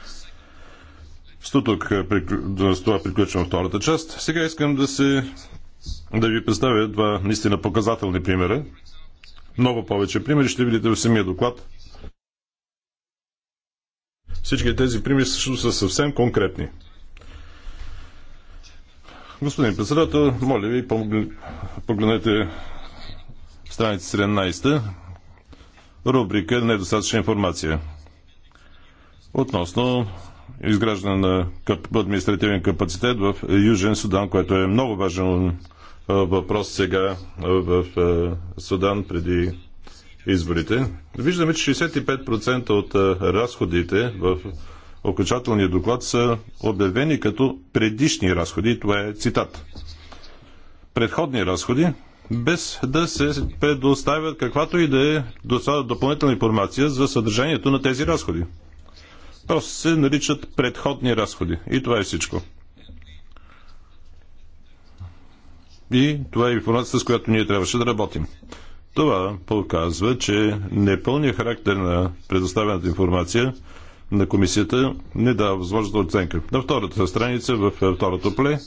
[SPEAKER 3] С, е, с това приключвам втората част. Сега искам да, се, да ви представя два наистина показателни примера. Много повече примери ще видите в самия доклад. Всички тези примери също са съвсем конкретни. Господин председател, моля ви, погледнете страница 17 рубрика Недостатъчна информация относно изграждане на административен капацитет в Южен Судан, което е много важен въпрос сега в Судан преди изборите. Виждаме, че 65% от разходите в окончателния доклад са обявени като предишни разходи. Това е цитат. Предходни разходи без да се предоставят каквато и да е допълнителна информация за съдържанието на тези разходи. Просто се наричат предходни разходи. И това е всичко. И това е информацията, с която ние трябваше да работим. Това показва, че непълният характер на предоставената информация на комисията не дава възможност за оценка. На втората страница, във второто пле,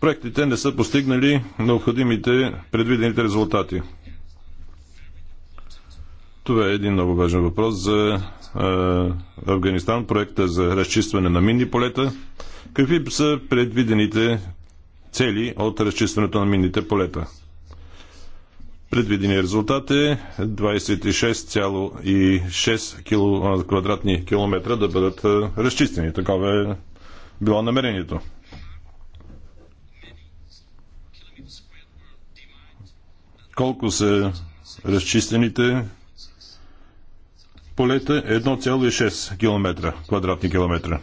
[SPEAKER 3] проектите не са постигнали необходимите предвидените резултати. Това е един много важен въпрос за е, Афганистан, проекта за разчистване на минни полета. Какви са предвидените цели от разчистването на минните полета? Предвидения резултат е 26,6 квадратни километра да бъдат е, разчистени. Такова е било намерението. Колко са разчистените полета? 1,6 км, квадратни километра.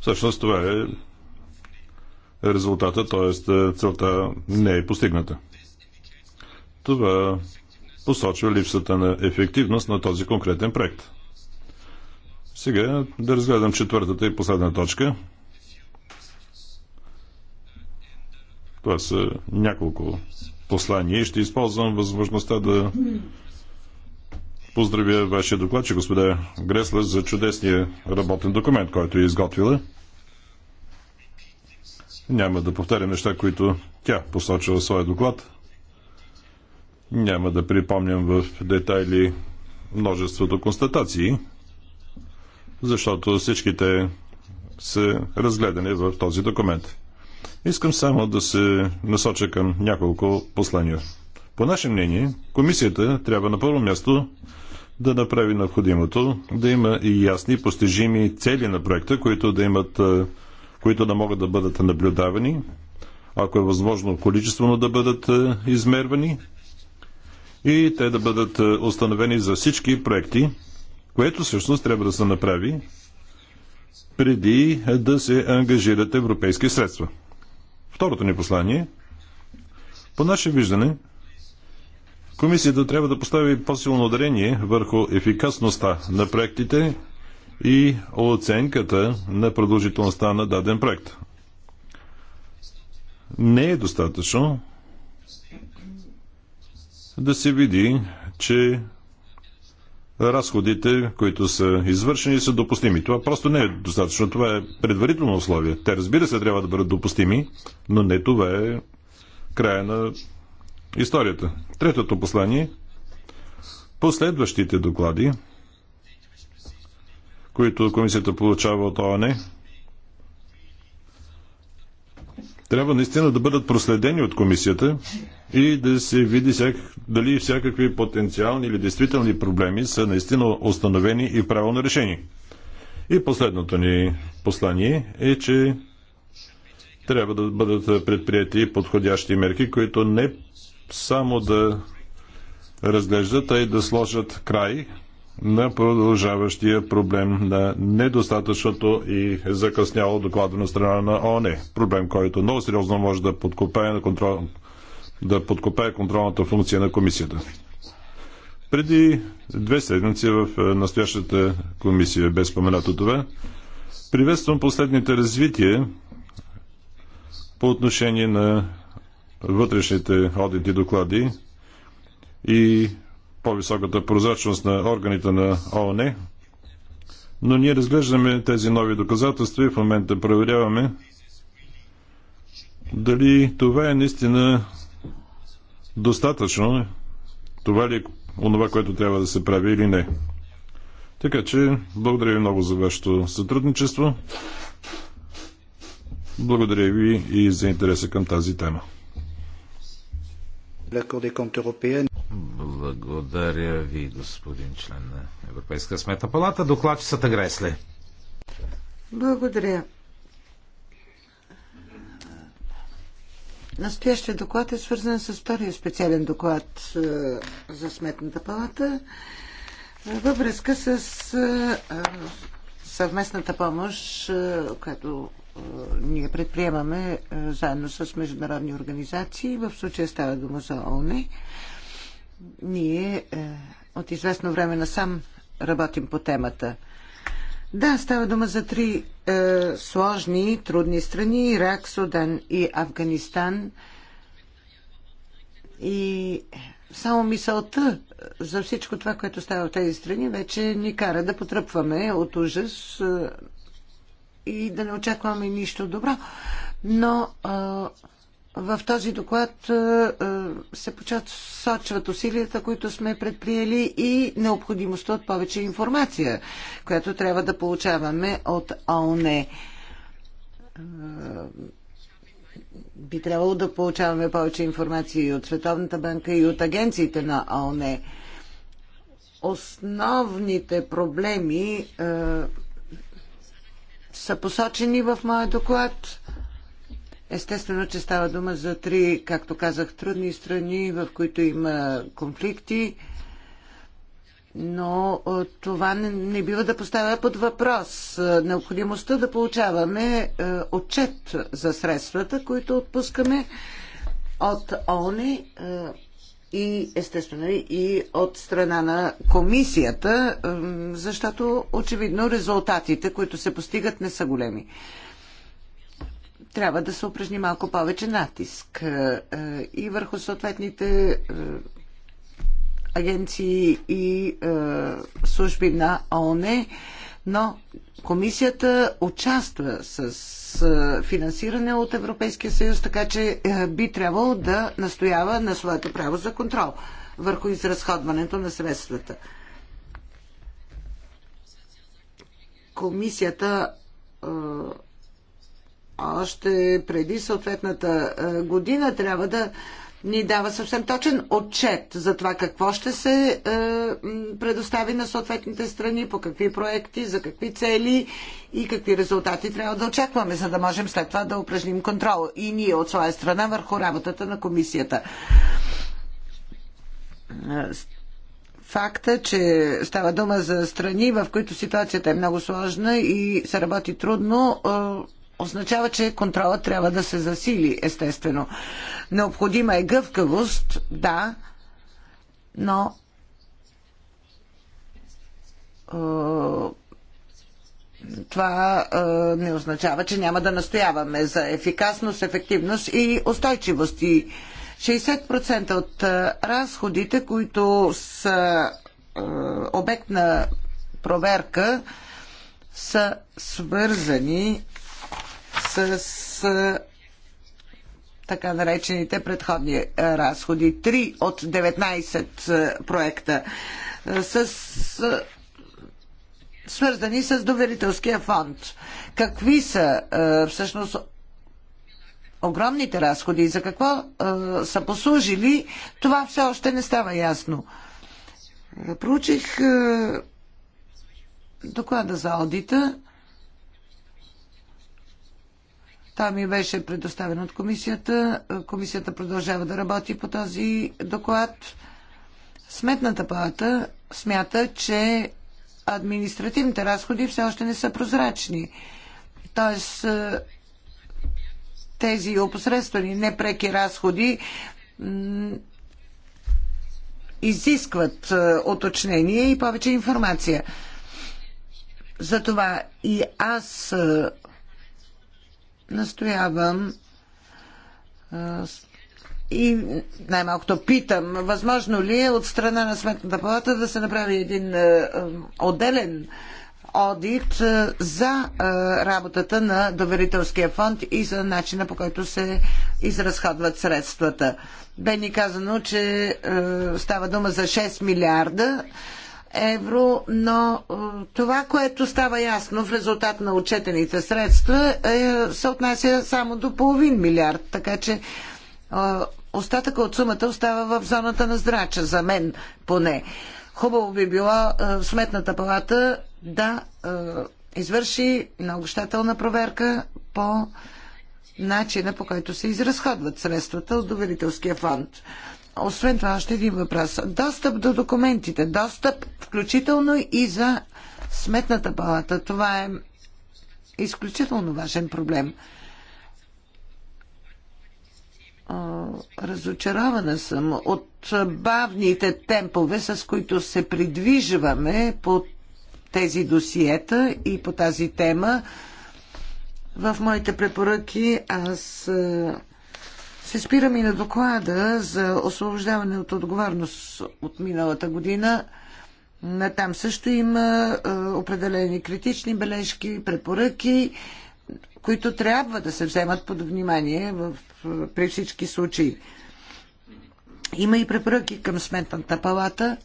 [SPEAKER 3] Всъщност това е резултата, т.е. целта не е постигната. Това посочва липсата на ефективност на този конкретен проект. Сега да разгледам четвъртата и последна точка. Това са няколко послание. Ще използвам възможността да поздравя вашия доклад, че господа Гресла, за чудесния работен документ, който е изготвила. Няма да повтарям неща, които тя посочила в своя доклад. Няма да припомням в детайли множеството констатации, защото всичките са разгледани в този документ. Искам само да се насоча към няколко послания. По наше мнение, комисията трябва на първо място да направи необходимото, да има и ясни, постижими цели на проекта, които да имат, които да могат да бъдат наблюдавани, ако е възможно количествено да бъдат измервани и те да бъдат установени за всички проекти, което всъщност трябва да се направи преди да се ангажират европейски средства. Второто ни послание. По наше виждане, комисията трябва да постави по-силно ударение върху ефикасността на проектите и оценката на продължителността на даден проект. Не е достатъчно да се види, че разходите, които са извършени, са допустими. Това просто не е достатъчно. Това е предварително условие. Те, разбира се, трябва да бъдат допустими, но не това е края на историята. Третото послание. Последващите доклади, които комисията получава от ОНЕ, трябва наистина да бъдат проследени от комисията и да се види всяк, дали всякакви потенциални или действителни проблеми са наистина установени и правилно решени. И последното ни послание е, че трябва да бъдат предприяти подходящи мерки, които не само да разглеждат, а и да сложат край на продължаващия проблем на недостатъчното и закъсняло доклада на страна на ОНЕ. Проблем, който много сериозно може да подкопае, контрол, да подкопае контролната функция на комисията. Преди две седмици в е, настоящата комисия, без споменато това, приветствам последните развития по отношение на вътрешните одити доклади и по-високата прозрачност на органите на ООН, но ние разглеждаме тези нови доказателства и в момента проверяваме дали това е наистина достатъчно, това ли е онова, което трябва да се прави или не. Така че, благодаря ви много за вашето сътрудничество. Благодаря ви и за интереса
[SPEAKER 2] към тази тема. Благодаря ви, господин член на Европейска смета палата. са Гресле.
[SPEAKER 1] Благодаря. Настоящия доклад е свързан с втория специален доклад е, за Сметната палата е, във връзка с е, съвместната помощ, която ние предприемаме заедно с международни организации. В случая става дума за ООН. Ние е, от известно време насам работим по темата. Да, става дума за три е, сложни, трудни страни Ирак, Судан и Афганистан. И само мисълта за всичко това, което става в тези страни, вече ни кара да потръпваме от ужас е, и да не очакваме нищо добро. Но е, в този доклад е, е, се посочват усилията, които сме предприели и необходимостта от повече информация, която трябва да получаваме от ООН. Е, би трябвало да получаваме повече информация и от Световната банка, и от агенциите на ООН. Основните проблеми са посочени в моя доклад – Естествено, че става дума за три, както казах, трудни страни, в които има конфликти, но това не, не бива да поставя под въпрос необходимостта да получаваме отчет за средствата, които отпускаме от ОНЕ и естествено и от страна на комисията, защото очевидно резултатите, които се постигат, не са големи трябва да се упражни малко повече натиск е, е, и върху съответните е, агенции и служби на ООН, но комисията участва с финансиране от Европейския съюз, така че би трябвало да настоява на своето право за контрол върху изразходването на средствата. Комисията още преди съответната е, година трябва да ни дава съвсем точен отчет за това какво ще се е, предостави на съответните страни, по какви проекти, за какви цели и какви резултати трябва да очакваме, за да можем след това да упражним контрол и ние от своя страна върху работата на комисията. Е, факта, че става дума за страни, в които ситуацията е много сложна и се работи трудно, е, означава, че контрола трябва да се засили, естествено. Необходима е гъвкавост, да, но е, това е, не означава, че няма да настояваме за ефикасност, ефективност и устойчивост. И 60% от е, разходите, които са е, обект на проверка, са свързани с така наречените предходни разходи. Три от 19 проекта с, свързани с доверителския фонд. Какви са всъщност огромните разходи и за какво са послужили, това все още не става ясно. Проучих доклада за аудита той ми беше предоставен от комисията. Комисията продължава да работи по този доклад. Сметната палата смята, че административните разходи все още не са прозрачни. Тоест, е, тези опосредствени непреки разходи изискват е, уточнение и повече информация. Затова и аз е, настоявам и най-малкото питам, възможно ли е от страна на Сметната палата да се направи един отделен одит за работата на доверителския фонд и за начина по който се изразходват средствата. Бе ни казано, че става дума за 6 милиарда евро, но е, това, което става ясно в резултат на отчетените средства, е, се отнася само до половин милиард, така че е, остатъка от сумата остава в зоната на здрача, за мен поне. Хубаво би било Сметната палата да извърши много проверка по начина по който се изразходват средствата от доверителския фонд. Освен това, още един въпрос. Достъп до документите. Достъп включително и за сметната палата. Това е изключително важен проблем. Разочарована съм от бавните темпове, с които се придвижваме по тези досиета и по тази тема. В моите препоръки аз се спирам и на доклада за освобождаване от отговорност от миналата година. Там също има е, определени критични бележки, препоръки, които трябва да се вземат под внимание в, е, при всички случаи. Има и препоръки към сметната палата,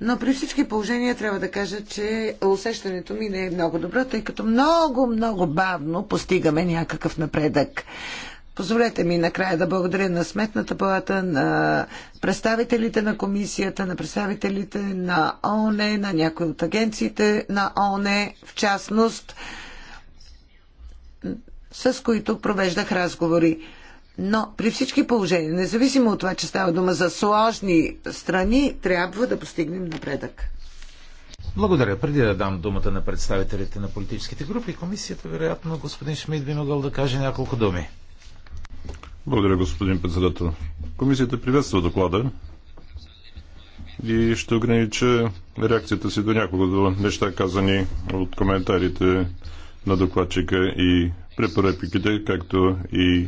[SPEAKER 1] но при всички положения трябва да кажа, че усещането ми не е много добро, тъй като много, много бавно постигаме някакъв напредък. Позволете ми накрая да благодаря на Сметната палата, на представителите на комисията, на представителите на ООН, на някои от агенциите на ООН, в частност, с които провеждах разговори. Но при всички положения, независимо от това, че става дума за сложни страни, трябва да постигнем напредък.
[SPEAKER 2] Благодаря. Преди да дам думата на представителите на политическите групи, комисията, вероятно, господин Шмид би могъл да каже няколко думи.
[SPEAKER 3] Благодаря, господин председател. Комисията приветства доклада и ще огранича реакцията си до няколко неща, казани от коментарите на докладчика и препоръпиките, както и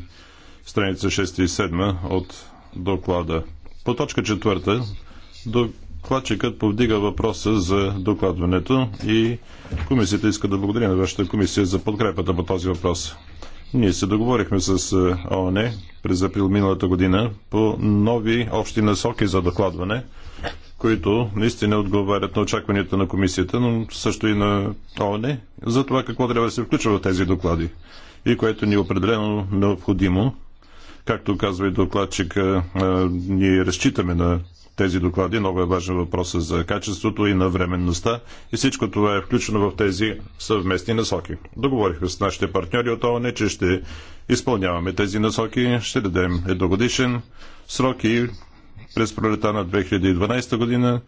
[SPEAKER 3] страница 6 и 7 от доклада. По точка 4 докладчикът повдига въпроса за докладването и комисията иска да благодари на вашата комисия за подкрепата по този въпрос. Ние се договорихме с е, ООН през април миналата година по нови общи насоки за докладване, които наистина отговарят на очакванията на комисията, но също и на ООН за това какво трябва да се включва в тези доклади и което ни е определено необходимо. Както казва и докладчик, е, ние разчитаме на тези доклади. Много е важен въпрос за качеството и на временността. И всичко това е включено в тези съвместни насоки. Договорихме с нашите партньори от ООН, че ще изпълняваме тези насоки. Ще дадем едногодишен срок и през пролета на 2012 година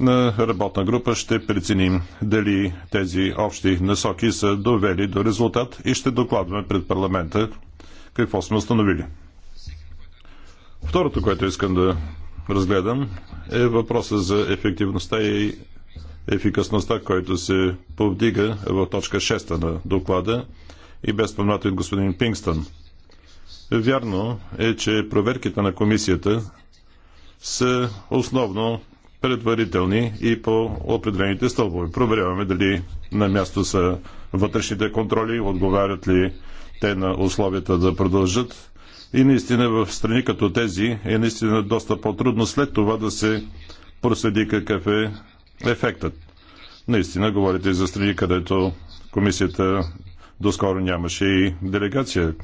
[SPEAKER 3] на работна група ще преценим дали тези общи насоки са довели до резултат и ще докладваме пред парламента какво сме установили. Второто, което искам да разгледам, е въпроса за ефективността и ефикасността, който се повдига в точка 6 на доклада и без споменато от господин Пингстън. Вярно е, че проверките на комисията са основно предварителни и по определените стълбове. Проверяваме дали на място са вътрешните контроли, отговарят ли те на условията да продължат и наистина в страни като тези е наистина доста по-трудно след това да се проследи какъв е ефектът. Наистина говорите за страни, където комисията доскоро нямаше и делегация.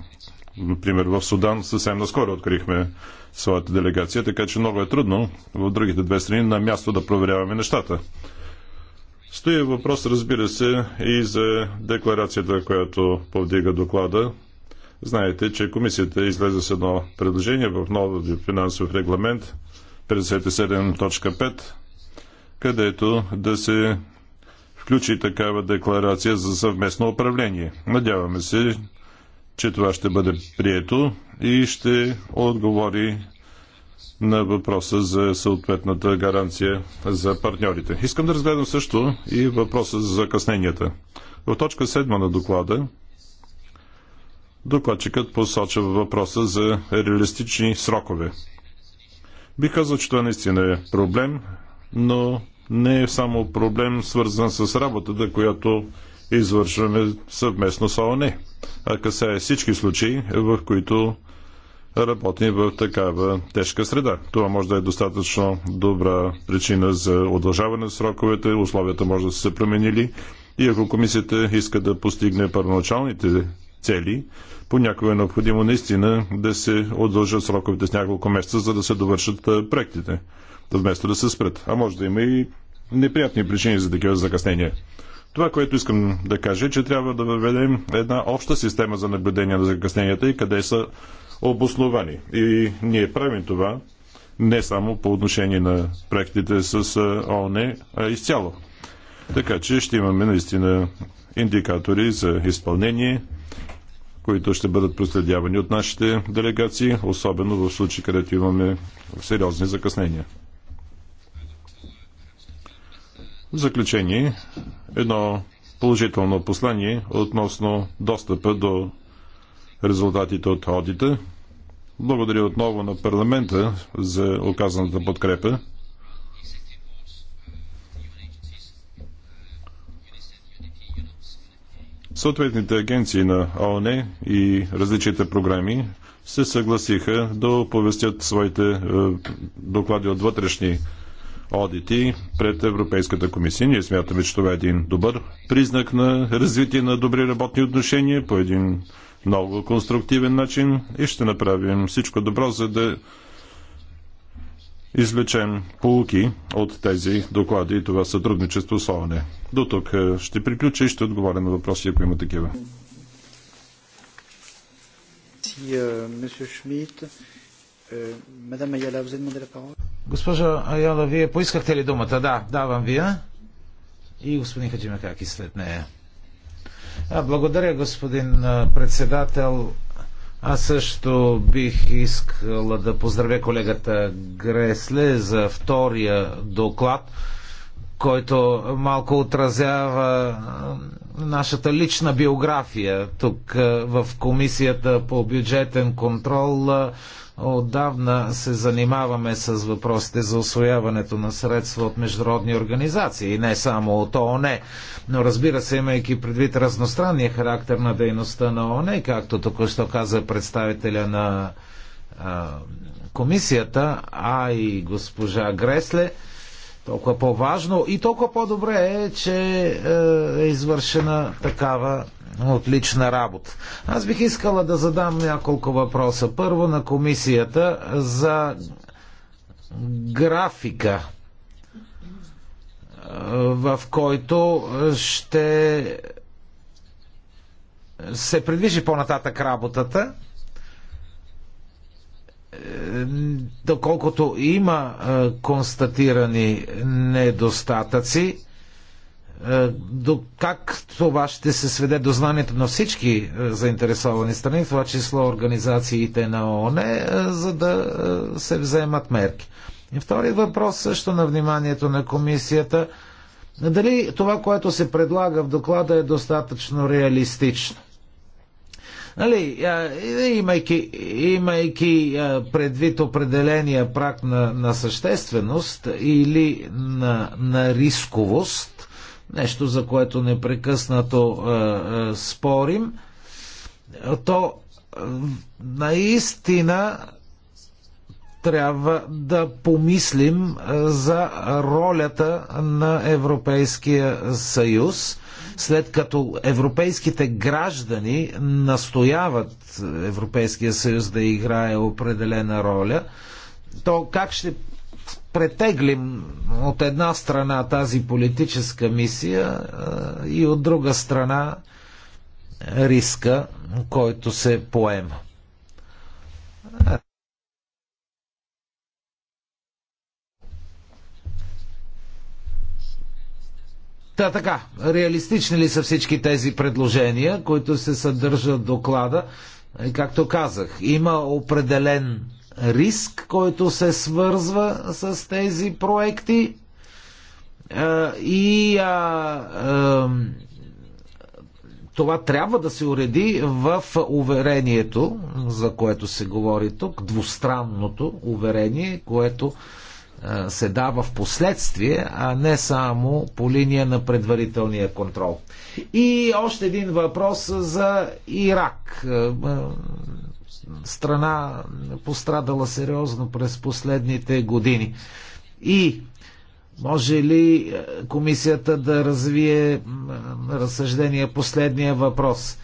[SPEAKER 3] Например, в Судан съвсем наскоро открихме своята делегация, така че много е трудно в другите две страни на място да проверяваме нещата. Стои въпрос, разбира се, и за декларацията, която повдига доклада Знаете, че комисията излезе с едно предложение в новия финансов регламент 57.5, където да се включи такава декларация за съвместно управление. Надяваме се, че това ще бъде прието и ще отговори на въпроса за съответната гаранция за партньорите. Искам да разгледам също и въпроса за закъсненията. В точка 7 на доклада Докладчикът посочва въпроса за реалистични срокове. Би казал, че това наистина е проблем, но не е само проблем свързан с работата, която извършваме съвместно с ОНЕ, а касае всички случаи, в които работим в такава тежка среда. Това може да е достатъчно добра причина за удължаване на сроковете, условията може да са се променили и ако комисията иска да постигне първоначалните цели, понякога е необходимо наистина да се отдължат сроковете с няколко месеца, за да се довършат проектите, вместо да се спрат. А може да има и неприятни причини за такива закъснения. Това, което искам да кажа, е, че трябва да въведем една обща система за наблюдение на закъсненията и къде са обосновани. И ние правим това не само по отношение на проектите с ООН, а изцяло. Така че ще имаме наистина индикатори за изпълнение, които ще бъдат проследявани от нашите делегации, особено в случаи, където имаме сериозни закъснения. В заключение, едно положително послание относно достъпа до резултатите от одита. Благодаря отново на парламента за оказаната подкрепа. Съответните агенции на ООН и различните програми се съгласиха да повестят своите е, доклади от вътрешни одити пред Европейската комисия. Ние смятаме, че това е един добър признак на развитие на добри работни отношения по един много конструктивен начин и ще направим всичко добро, за да извлечем полуки от тези доклади и това сътрудничество с ООН. До тук е, ще приключа и ще отговоря на въпроси, ако има такива.
[SPEAKER 1] Е, е,
[SPEAKER 2] Госпожа Аяла, вие поискахте ли думата? Да, давам вие. И господин Хаджимакаки след нея. А, благодаря, господин председател. Аз също бих искала да поздравя колегата Гресле за втория доклад, който малко отразява нашата лична биография. Тук в Комисията по бюджетен контрол Отдавна се занимаваме с въпросите за освояването на средства от международни организации, и не само от ООН. Но разбира се, имайки предвид разностранния характер на дейността на ООН, както току-що каза представителя на а, комисията, а и госпожа Гресле, толкова по-важно и толкова по-добре е, че е, е извършена такава Отлична работа. Аз бих искала да задам няколко въпроса. Първо на комисията за графика, в който ще се придвижи по-нататък работата. Доколкото има констатирани недостатъци, е, до как това ще се сведе до знанието на всички е, заинтересовани страни, това число организациите на ООН, е, за да се вземат мерки. И втори въпрос също на вниманието на комисията. Дали това, което се предлага в доклада е достатъчно реалистично? Нали, имайки, имайки предвид определения прак на, на същественост или на, на рисковост, нещо за което непрекъснато е, е, спорим, то е, наистина трябва да помислим е, за ролята на Европейския съюз, след като европейските граждани настояват Европейския съюз да играе определена роля, то как ще претеглим от една страна тази политическа мисия и от друга страна риска, който се поема. Та така, реалистични ли са всички тези предложения, които се съдържат в доклада? Е, както казах, има определен риск, който се свързва с тези проекти и а, това трябва да се уреди в уверението, за което се говори тук, двустранното уверение, което се дава в последствие, а не само по линия на предварителния контрол. И още един въпрос за Ирак страна пострадала сериозно през последните години. И може ли е, комисията да развие разсъждение последния въпрос?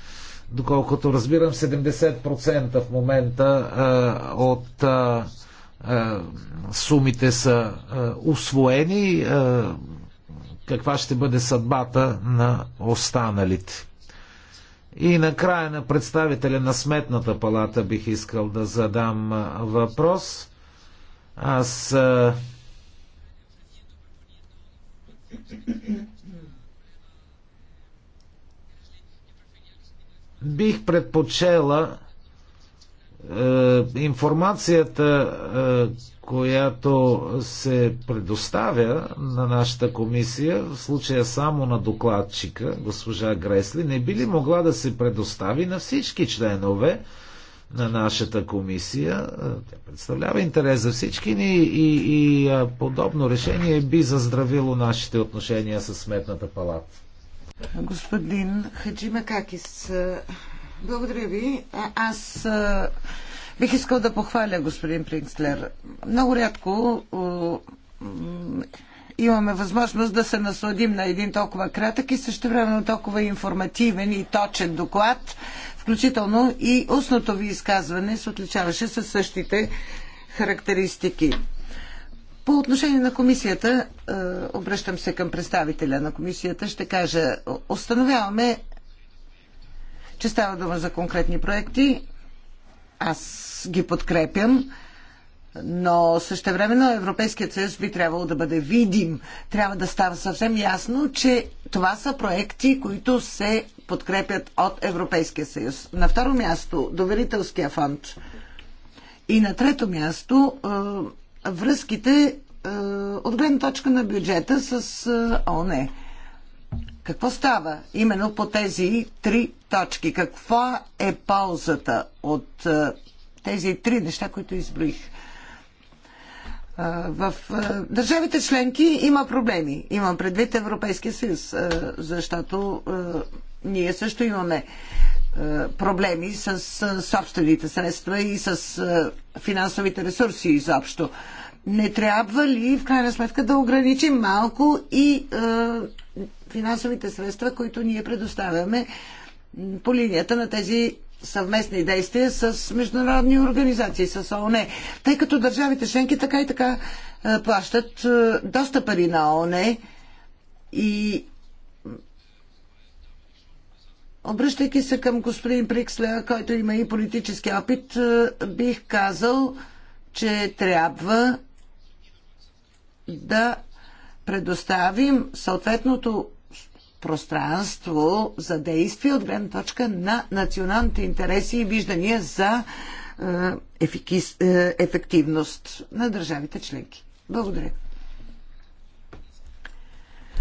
[SPEAKER 2] Доколкото разбирам, 70% в момента а, е, от а, е, а, сумите са а, усвоени. А, каква ще бъде съдбата на останалите? И накрая на представителя на Сметната палата бих искал да задам въпрос. Аз бих предпочела е, информацията, е, която се предоставя на нашата комисия, в случая само на докладчика, госпожа Гресли, не би ли могла да се предостави на всички членове на нашата комисия? Тя представлява интерес за всички ни и, и, и подобно решение би заздравило нашите отношения с Сметната палата.
[SPEAKER 1] Господин Хаджима Какис, благодаря ви. Аз Бих искал да похваля господин Принцлер. Много рядко имаме възможност да се насладим на един толкова кратък и също време толкова информативен и точен доклад, включително и устното ви изказване се отличаваше със същите характеристики. По отношение на комисията, е, обръщам се към представителя на комисията, ще кажа, установяваме, че става дума за конкретни проекти, аз ги подкрепям. Но също времено Европейският съюз би трябвало да бъде видим. Трябва да става съвсем ясно, че това са проекти, които се подкрепят от Европейския съюз. На второ място доверителския фонд. И на трето място е, връзките е, от гледна точка на бюджета с е, ОНЕ. Какво става именно по тези три точки? Каква е ползата от е, тези три неща, които изброих? Е, в е, държавите членки има проблеми. Имам предвид Европейския съюз, защото ние също имаме проблеми с собствените средства и с финансовите ресурси изобщо. Не трябва ли, в крайна сметка, да ограничим малко и финансовите средства, които ние предоставяме по линията на тези съвместни действия с международни организации, с ООН. Тъй като държавите членки така и така е, плащат е, доста пари на ООН и обръщайки се към господин Приксля, който има и политически опит, е, бих казал, че трябва да предоставим съответното пространство за действие от гледна точка на националните интереси и виждания за е, ефикис, е, ефективност на държавите членки. Благодаря.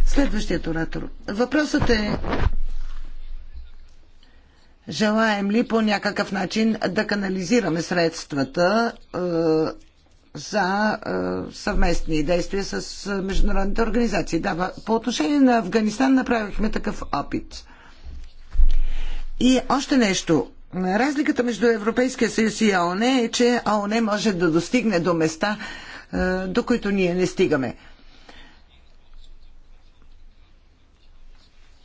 [SPEAKER 1] Следващият оратор. Въпросът е желаем ли по някакъв начин да канализираме средствата е, за е, съвместни действия с е, международните организации. Да, по отношение на Афганистан направихме такъв опит. И още нещо. Разликата между Европейския съюз и ООН е, че ООН може да достигне до места, е, до които ние не стигаме.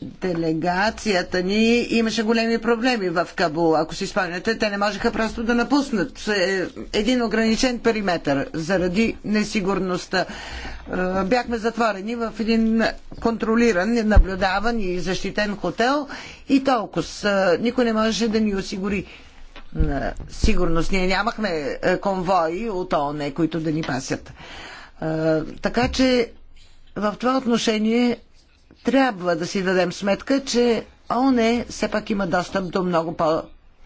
[SPEAKER 1] делегацията ни имаше големи проблеми в Кабул. Ако си спомняте, те не можеха просто да напуснат е, един ограничен периметр заради несигурността. Е, бяхме затворени в един контролиран, наблюдаван и защитен хотел и толкова. Е, никой не можеше да ни осигури сигурност. Ние нямахме конвои от ООН, които да ни пасят. Така че в това отношение трябва да си дадем сметка, че ОНЕ все пак има достъп до много по-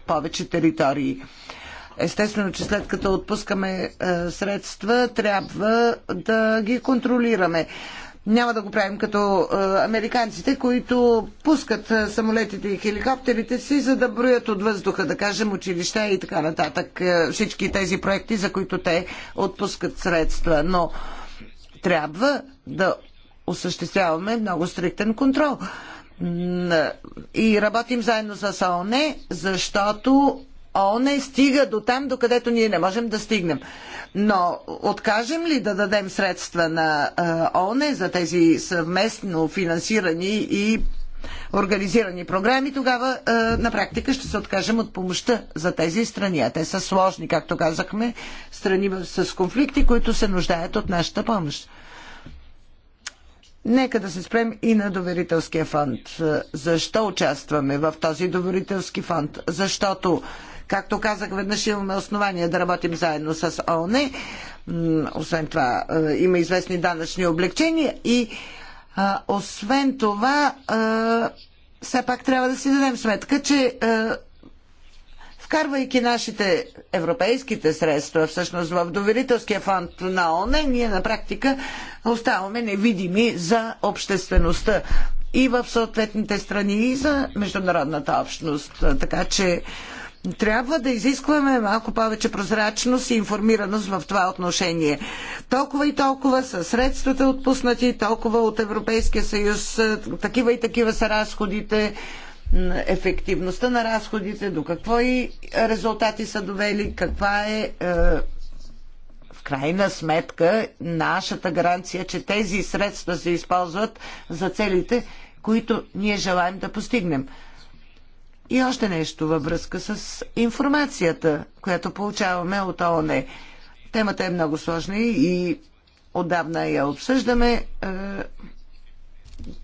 [SPEAKER 1] повече територии. Естествено, че след като отпускаме е, средства, трябва да ги контролираме. Няма да го правим като е, американците, които пускат е, самолетите и хеликоптерите си, за да броят от въздуха, да кажем, училища и така нататък. Е, всички тези проекти, за които те отпускат средства. Но трябва да осъществяваме много стриктен контрол. И работим заедно с ООН, защото ООН стига до там, където ние не можем да стигнем. Но откажем ли да дадем средства на ООН за тези съвместно финансирани и организирани програми, тогава е, на практика ще се откажем от помощта за тези страни. А те са сложни, както казахме, страни с конфликти, които се нуждаят от нашата помощ. Нека да се спрем и на доверителския фонд. Защо участваме в този доверителски фонд? Защото, както казах, веднъж имаме основания да работим заедно с ООН. Освен това, е, има известни данъчни облегчения и е, освен това, е, все пак трябва да си дадем сметка, че вкарвайки нашите европейските средства всъщност в доверителския фонд на ОН, ние на практика оставаме невидими за обществеността и в съответните страни и за международната общност. Така че трябва да изискваме малко повече прозрачност и информираност в това отношение. Толкова и толкова са средствата отпуснати, толкова от Европейския съюз, такива и такива са разходите ефективността на разходите, до какво и резултати са довели, каква е, е в крайна сметка нашата гаранция, че тези средства се използват за целите, които ние желаем да постигнем. И още нещо във връзка с информацията, която получаваме от ООН. Темата е много сложна и отдавна я обсъждаме. Е,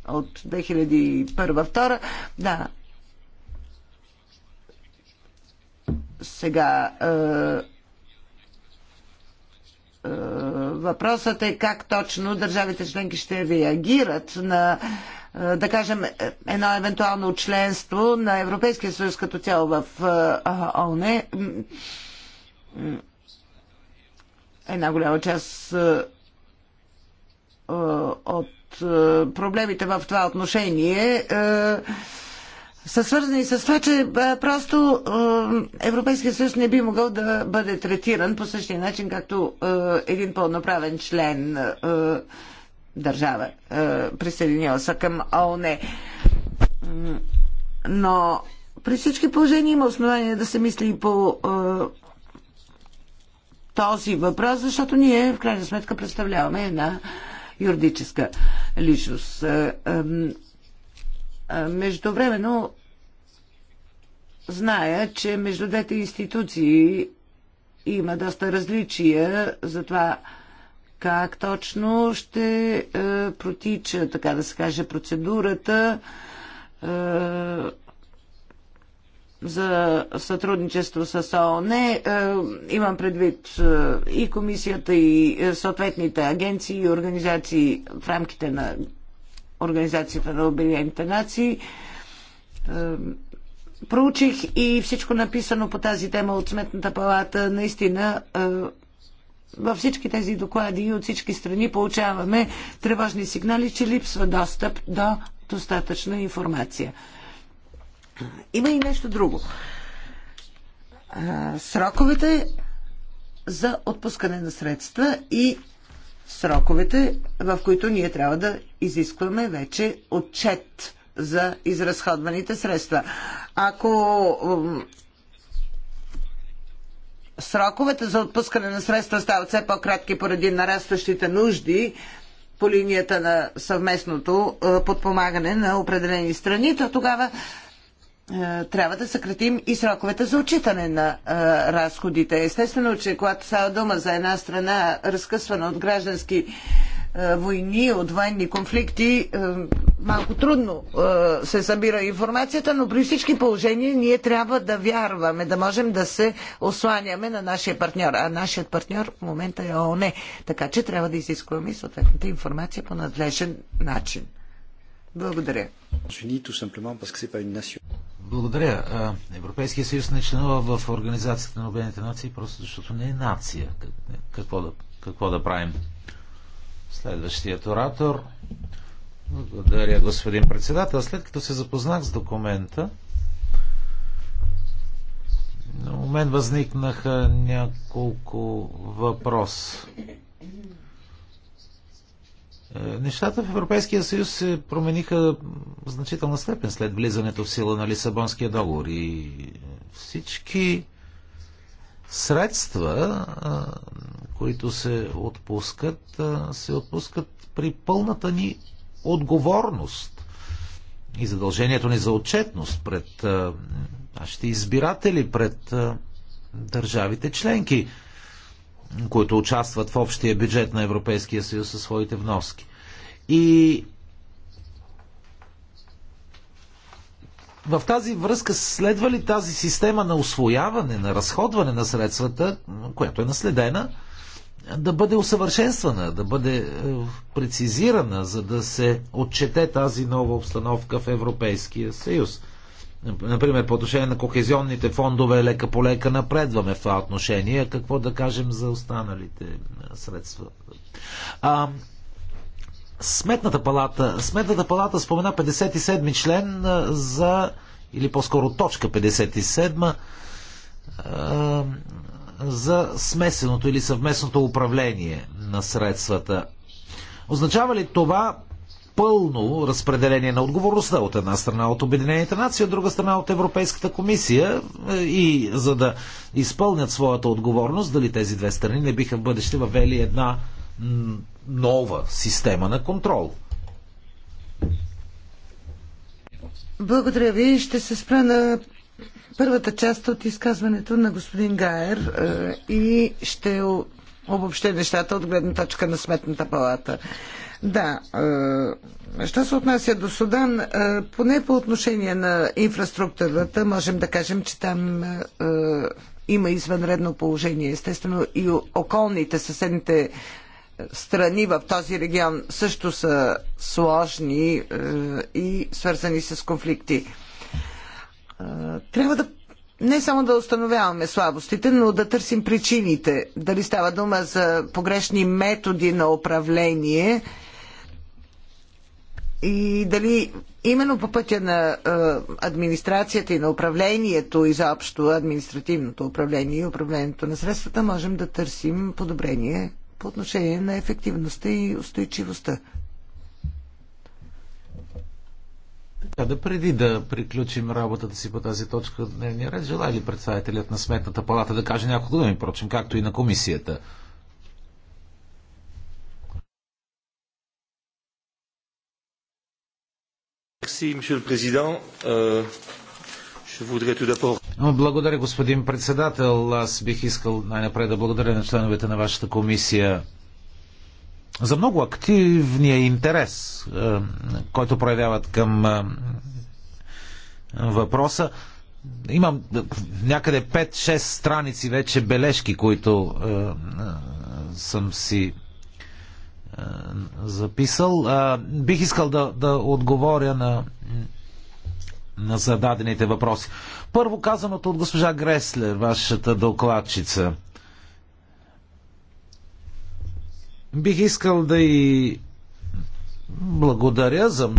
[SPEAKER 1] от 2001-2002. Да. Сега е, е, въпросът е как точно държавите членки ще реагират на, е, да кажем, едно евентуално членство на Европейския съюз като цяло в ООН. Една голяма част от е, проблемите в това отношение е, са свързани с това, че е, просто Европейския съюз не би могъл да бъде третиран по същия начин, както един пълноправен член държава, присъединила се към ООН. Но при всички положения има основание да се мисли и по този въпрос, защото ние в крайна сметка представляваме една юридическа личност. Е, е, междувременно зная, че между двете институции има доста различия за това как точно ще е, протича, така да се каже, процедурата за сътрудничество с ООН. Е, имам предвид е, и комисията, и е, съответните агенции и организации в рамките на Организацията на Обединените нации. Проучих и всичко написано по тази тема от Сметната палата. Наистина във всички тези доклади и от всички страни получаваме тревожни сигнали, че липсва достъп до достатъчна информация. Има и нещо друго. Сроковете за отпускане на средства и сроковете, в които ние трябва да изискваме вече отчет за изразходваните средства. Ако сроковете за отпускане на средства стават все по-кратки поради нарастващите нужди по линията на съвместното подпомагане на определени страни, то тогава е, трябва да съкратим и сроковете за отчитане на а, е, разходите. Естествено, че когато става дума за една страна, разкъсвана от граждански а, е, войни, от военни конфликти, а, малко трудно се събира информацията, но при всички положения ние трябва да вярваме, да можем да се осланяме на нашия партньор. А нашият партньор в момента е ООН. Така че трябва да изискваме съответната информация по надлежен начин. Благодаря.
[SPEAKER 2] Благодаря. Европейския съюз не членува в Организацията на Обединените нации, просто защото не е нация. Какво да, какво да правим? Следващият оратор. Благодаря, господин председател. След като се запознах с документа, у мен възникнаха няколко въпрос. Е, нещата в Европейския съюз се промениха значителна степен след влизането в сила на Лисабонския договор и всички средства, е, които се отпускат, е, се отпускат при пълната ни отговорност и задължението ни за отчетност пред нашите избиратели, пред държавите членки които участват в общия бюджет на Европейския съюз със своите вноски. И в тази връзка следва ли тази система на освояване, на разходване на средствата, която е наследена, да бъде усъвършенствана, да бъде е, прецизирана, за да се отчете тази нова обстановка в Европейския съюз. Например, по отношение на кохезионните фондове лека по лека напредваме в това отношение. Какво да кажем за останалите средства? А, Сметната палата. Сметната палата спомена 57 член за или по-скоро точка 57 ма за смесеното или съвместното управление на средствата. Означава ли това пълно разпределение на отговорността от една страна от Обединените нации, от друга страна от Европейската комисия е, и за да изпълнят своята отговорност, дали тези две страни не биха в бъдеще въвели една нова система на контрол.
[SPEAKER 1] Благодаря ви. Ще се спра на първата част от изказването на господин Гайер е, и ще обобщя нещата от гледна точка на Сметната палата. Да, е, що се отнася до Судан, е, поне по отношение на инфраструктурата, можем да кажем, че там е, има извънредно положение. Естествено и околните съседните страни в този регион също са сложни и свързани с конфликти. Трябва да не само да установяваме слабостите, но да търсим причините. Дали става дума за погрешни методи на управление – и дали именно по пътя на е, администрацията и на управлението, изобщо административното управление и управлението на средствата, можем да търсим подобрение по отношение на ефективността и устойчивостта.
[SPEAKER 2] Така, да преди да приключим работата си по тази точка дневния ред, желая ли представителят на Сметната палата да каже няколко думи, впрочем, както и на комисията? Euh, благодаря, господин председател. Аз бих искал най-напред да благодаря на членовете на вашата комисия за много активния интерес, е, който проявяват към е, въпроса. Имам някъде 5-6 страници вече бележки, които е, съм си записал. Бих искал да, да отговоря на, на зададените въпроси. Първо казаното от госпожа Гресле, вашата докладчица. Бих искал да и благодаря за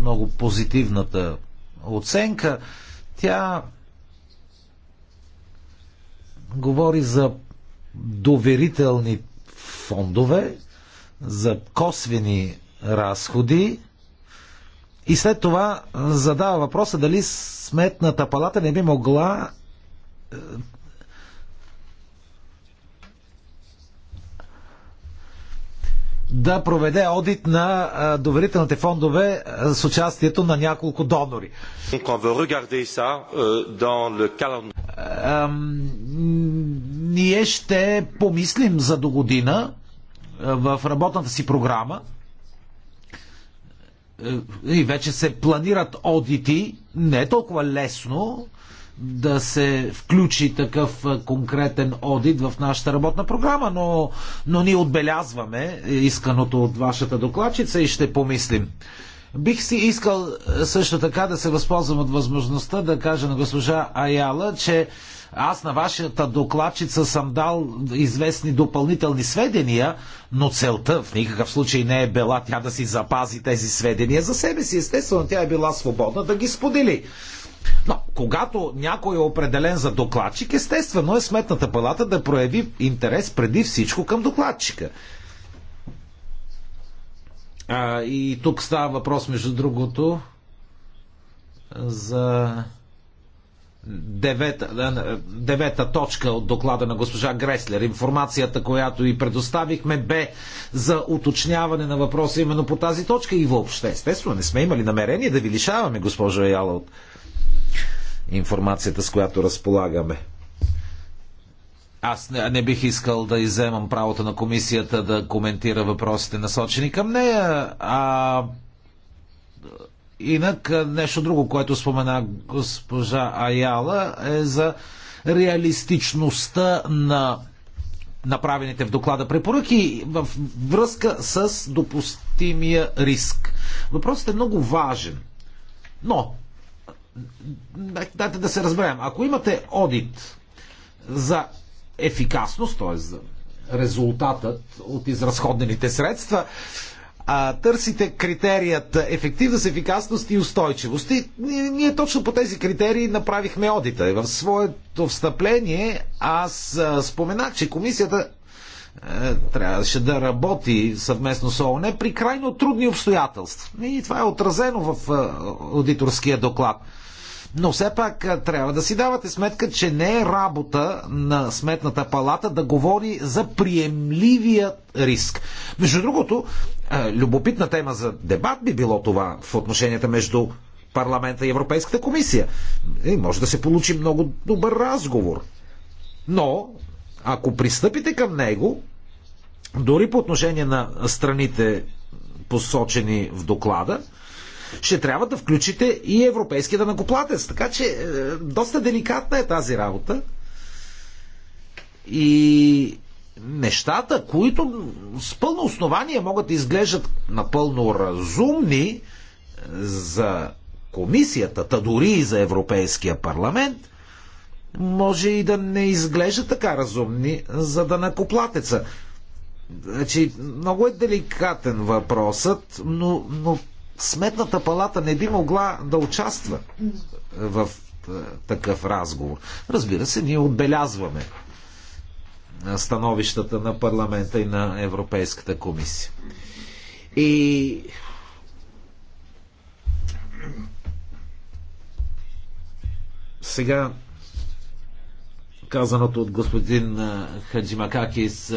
[SPEAKER 2] много позитивната оценка. Тя говори за доверителни фондове, за косвени разходи и след това задава въпроса дали сметната палата не би могла да проведе одит на доверителните фондове с участието на няколко донори. Euh, ние ще помислим за до година е, в работната си програма е, и вече се планират одити, не е толкова лесно да се включи такъв е, конкретен одит в нашата работна програма, но, но ние отбелязваме исканото от вашата докладчица и ще помислим Бих си искал е, също така да се възползвам от възможността да кажа на госпожа Аяла, че аз на вашата докладчица съм дал известни допълнителни сведения, но целта в никакъв случай не е била тя да си запази тези сведения за себе си. Естествено, тя е била свободна да ги сподели. Но когато някой е определен за докладчик, естествено е сметната палата да прояви интерес преди всичко към докладчика. А, и тук става въпрос, между другото, за девета, девета точка от доклада на госпожа Греслер. Информацията, която и предоставихме, бе за уточняване на въпроса именно по тази точка и въобще. Естествено, не сме имали намерение да ви лишаваме, госпожа Яла, от информацията, с която разполагаме. Аз не, не бих искал да иземам правото на комисията да коментира въпросите насочени към нея, а инак нещо друго, което спомена госпожа Аяла е за реалистичността на направените в доклада препоръки в връзка с допустимия риск. Въпросът е много важен. Но, дайте да се разберем, ако имате одит за ефикасност, т.е. за резултатът от изразходените средства, а, търсите критерият ефективност, ефикасност и устойчивост. И ние, точно по тези критерии направихме одита. И в своето встъпление аз споменах, че комисията е, трябваше да работи съвместно с ООН при крайно трудни обстоятелства. И това е отразено в аудиторския доклад. Но все пак трябва да си давате сметка, че не е работа на Сметната палата да говори за приемливия риск. Между другото, любопитна тема за дебат би било това в отношенията между парламента и Европейската комисия. И може да се получи много добър разговор. Но, ако пристъпите към него, дори по отношение на страните посочени в доклада, ще трябва да включите и европейския накоплатец. Така че е, доста деликатна е тази работа. И нещата, които с пълно основание могат да изглеждат напълно разумни е, за комисията, та дори и за Европейския парламент, може и да не изглежда така разумни за да накоплатеца. Значи, много е деликатен въпросът, но, но Сметната палата не би могла да участва в е, такъв разговор. Разбира се, ние отбелязваме е, становищата на парламента и на Европейската комисия. И сега казаното от господин е, Хаджимакакис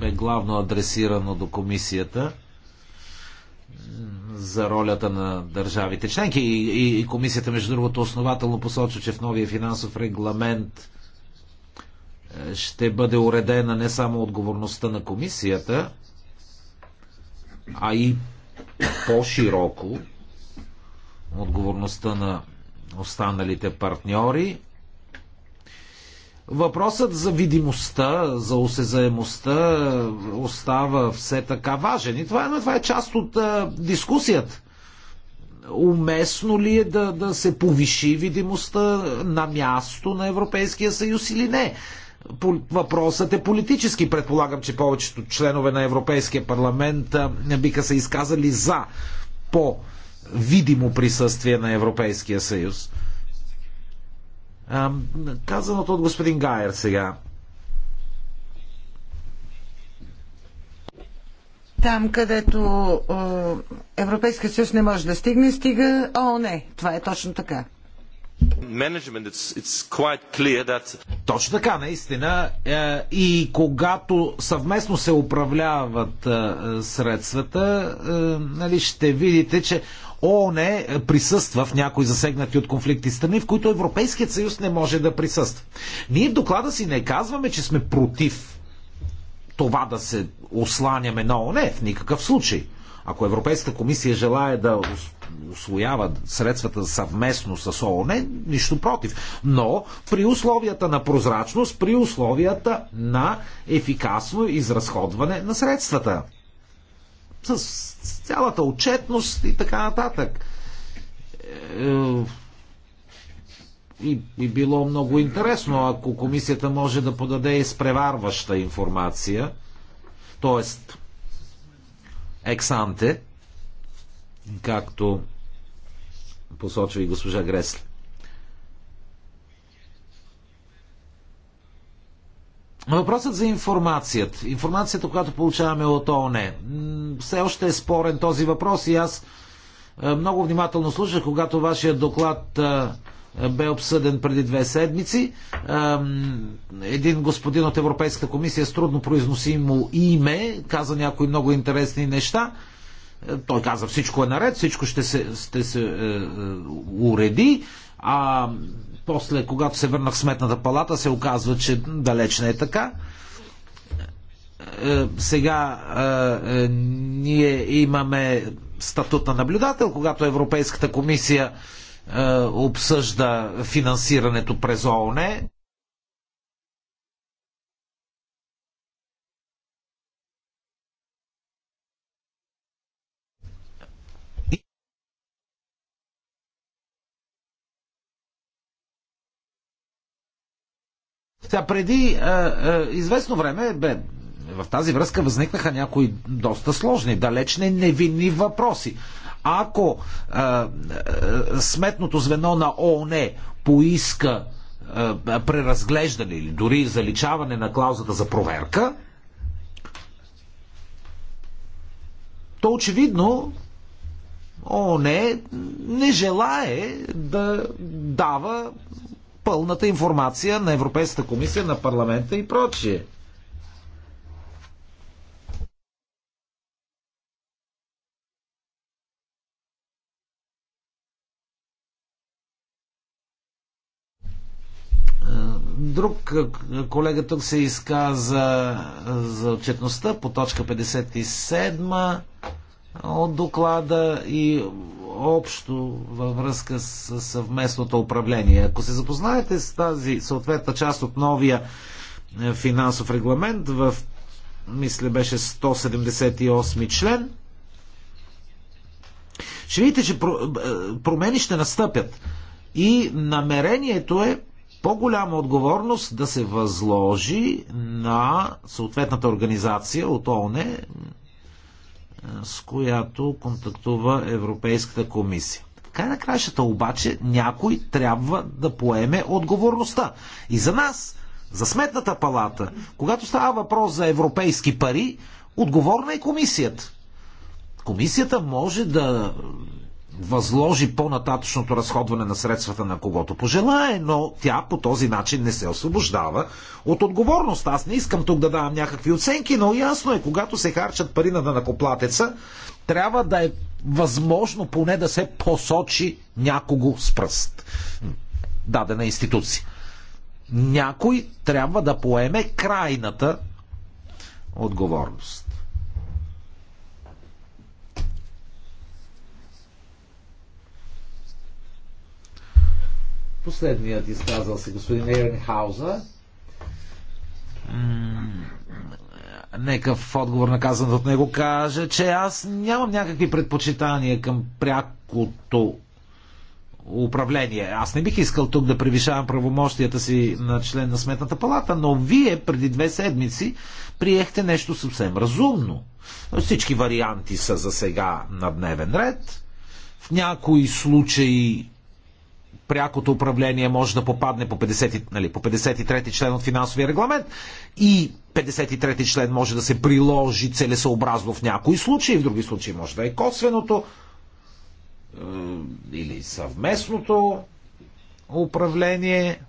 [SPEAKER 2] бе главно адресирано до комисията за ролята на държавите членки и, и комисията, между другото, основателно посочва, че в новия финансов регламент е, ще бъде уредена не само отговорността на комисията, а и по-широко отговорността на останалите партньори Въпросът за видимостта, за осезаемостта остава все така важен. И това, това е част от а, дискусията. Уместно ли е да, да се повиши видимостта на място на Европейския съюз или не? Въпросът е политически. Предполагам, че повечето членове на Европейския парламент а, биха се изказали за по-видимо присъствие на Европейския съюз. Казаното от господин Гайер сега.
[SPEAKER 1] Там, където Европейска съюз не може да стигне, стига О, не, Това е точно така.
[SPEAKER 2] It's, it's that... Точно така, наистина. Е, и когато съвместно се управляват е, средствата, е, нали, ще видите, че ООН е, е, присъства в някои засегнати от конфликти страни, в които Европейският съюз не може да присъства. Ние в доклада си не казваме, че сме против това да се осланяме на ООН в никакъв случай. Ако Европейската комисия желая да освоява средствата съвместно с ООН, нищо против. Но при условията на прозрачност, при условията на ефикасно изразходване на средствата с цялата отчетност и така нататък. Е, и, и било много интересно, ако комисията може да подаде изпреварваща информация, т.е. ексанте, както посочва и госпожа Гресле. Въпросът за информацията, информацията, която получаваме от ООН, все още е спорен този въпрос и аз е, много внимателно слушах, когато вашия доклад е, е, бе обсъден преди две седмици. Един господин от Европейската комисия с трудно произносимо име каза някои много интересни неща. Той каза всичко е наред, всичко ще се, ще се е, уреди. А после, когато се върнах в сметната палата, се оказва, че далеч не е така. Е, сега е, е, ние имаме статут на наблюдател, когато Европейската комисия обсъжда финансирането през ООН. Сега, преди е, е, известно време бе, в тази връзка възникнаха някои доста сложни, далечни, невинни въпроси. Ако е, е, сметното звено на ООН поиска е, преразглеждане или дори заличаване на клаузата за проверка, то очевидно ООН не желае да дава пълната информация на Европейската комисия, на парламента и прочие. Друг е, колега тук се изказа за отчетността по точка 57 от доклада и общо във връзка с съвместното управление. Ако се запознаете с тази съответна част от новия е, финансов регламент в мисля беше 178 член, ще видите, че е, промени ще настъпят. И намерението е по-голяма отговорност да се възложи на съответната организация от ООН, с която контактува Европейската комисия. Край на кращата обаче някой трябва да поеме отговорността. И за нас, за сметната палата, когато става въпрос за европейски пари, отговорна е комисията. Комисията може да възложи по-нататъчното разходване на средствата на когото пожелае, но тя по този начин не се освобождава от отговорност. Аз не искам тук да давам някакви оценки, но ясно е, когато се харчат пари на накоплатеца, трябва да е възможно поне да се посочи някого с пръст. Дадена институция. Някой трябва да поеме крайната отговорност. Последният изказал се господин Хауза. Нека в отговор на казаното от него кажа, че аз нямам някакви предпочитания към прякото управление. Аз не бих искал тук да превишавам правомощията си на член на Сметната палата, но вие преди две седмици приехте нещо съвсем разумно. Всички варианти са за сега на дневен ред. В някои случаи прякото управление може да попадне по, 50, нали, по 53-ти член от финансовия регламент и 53-ти член може да се приложи целесообразно в някои случаи, в други случаи може да е косвеното е, или съвместното управление.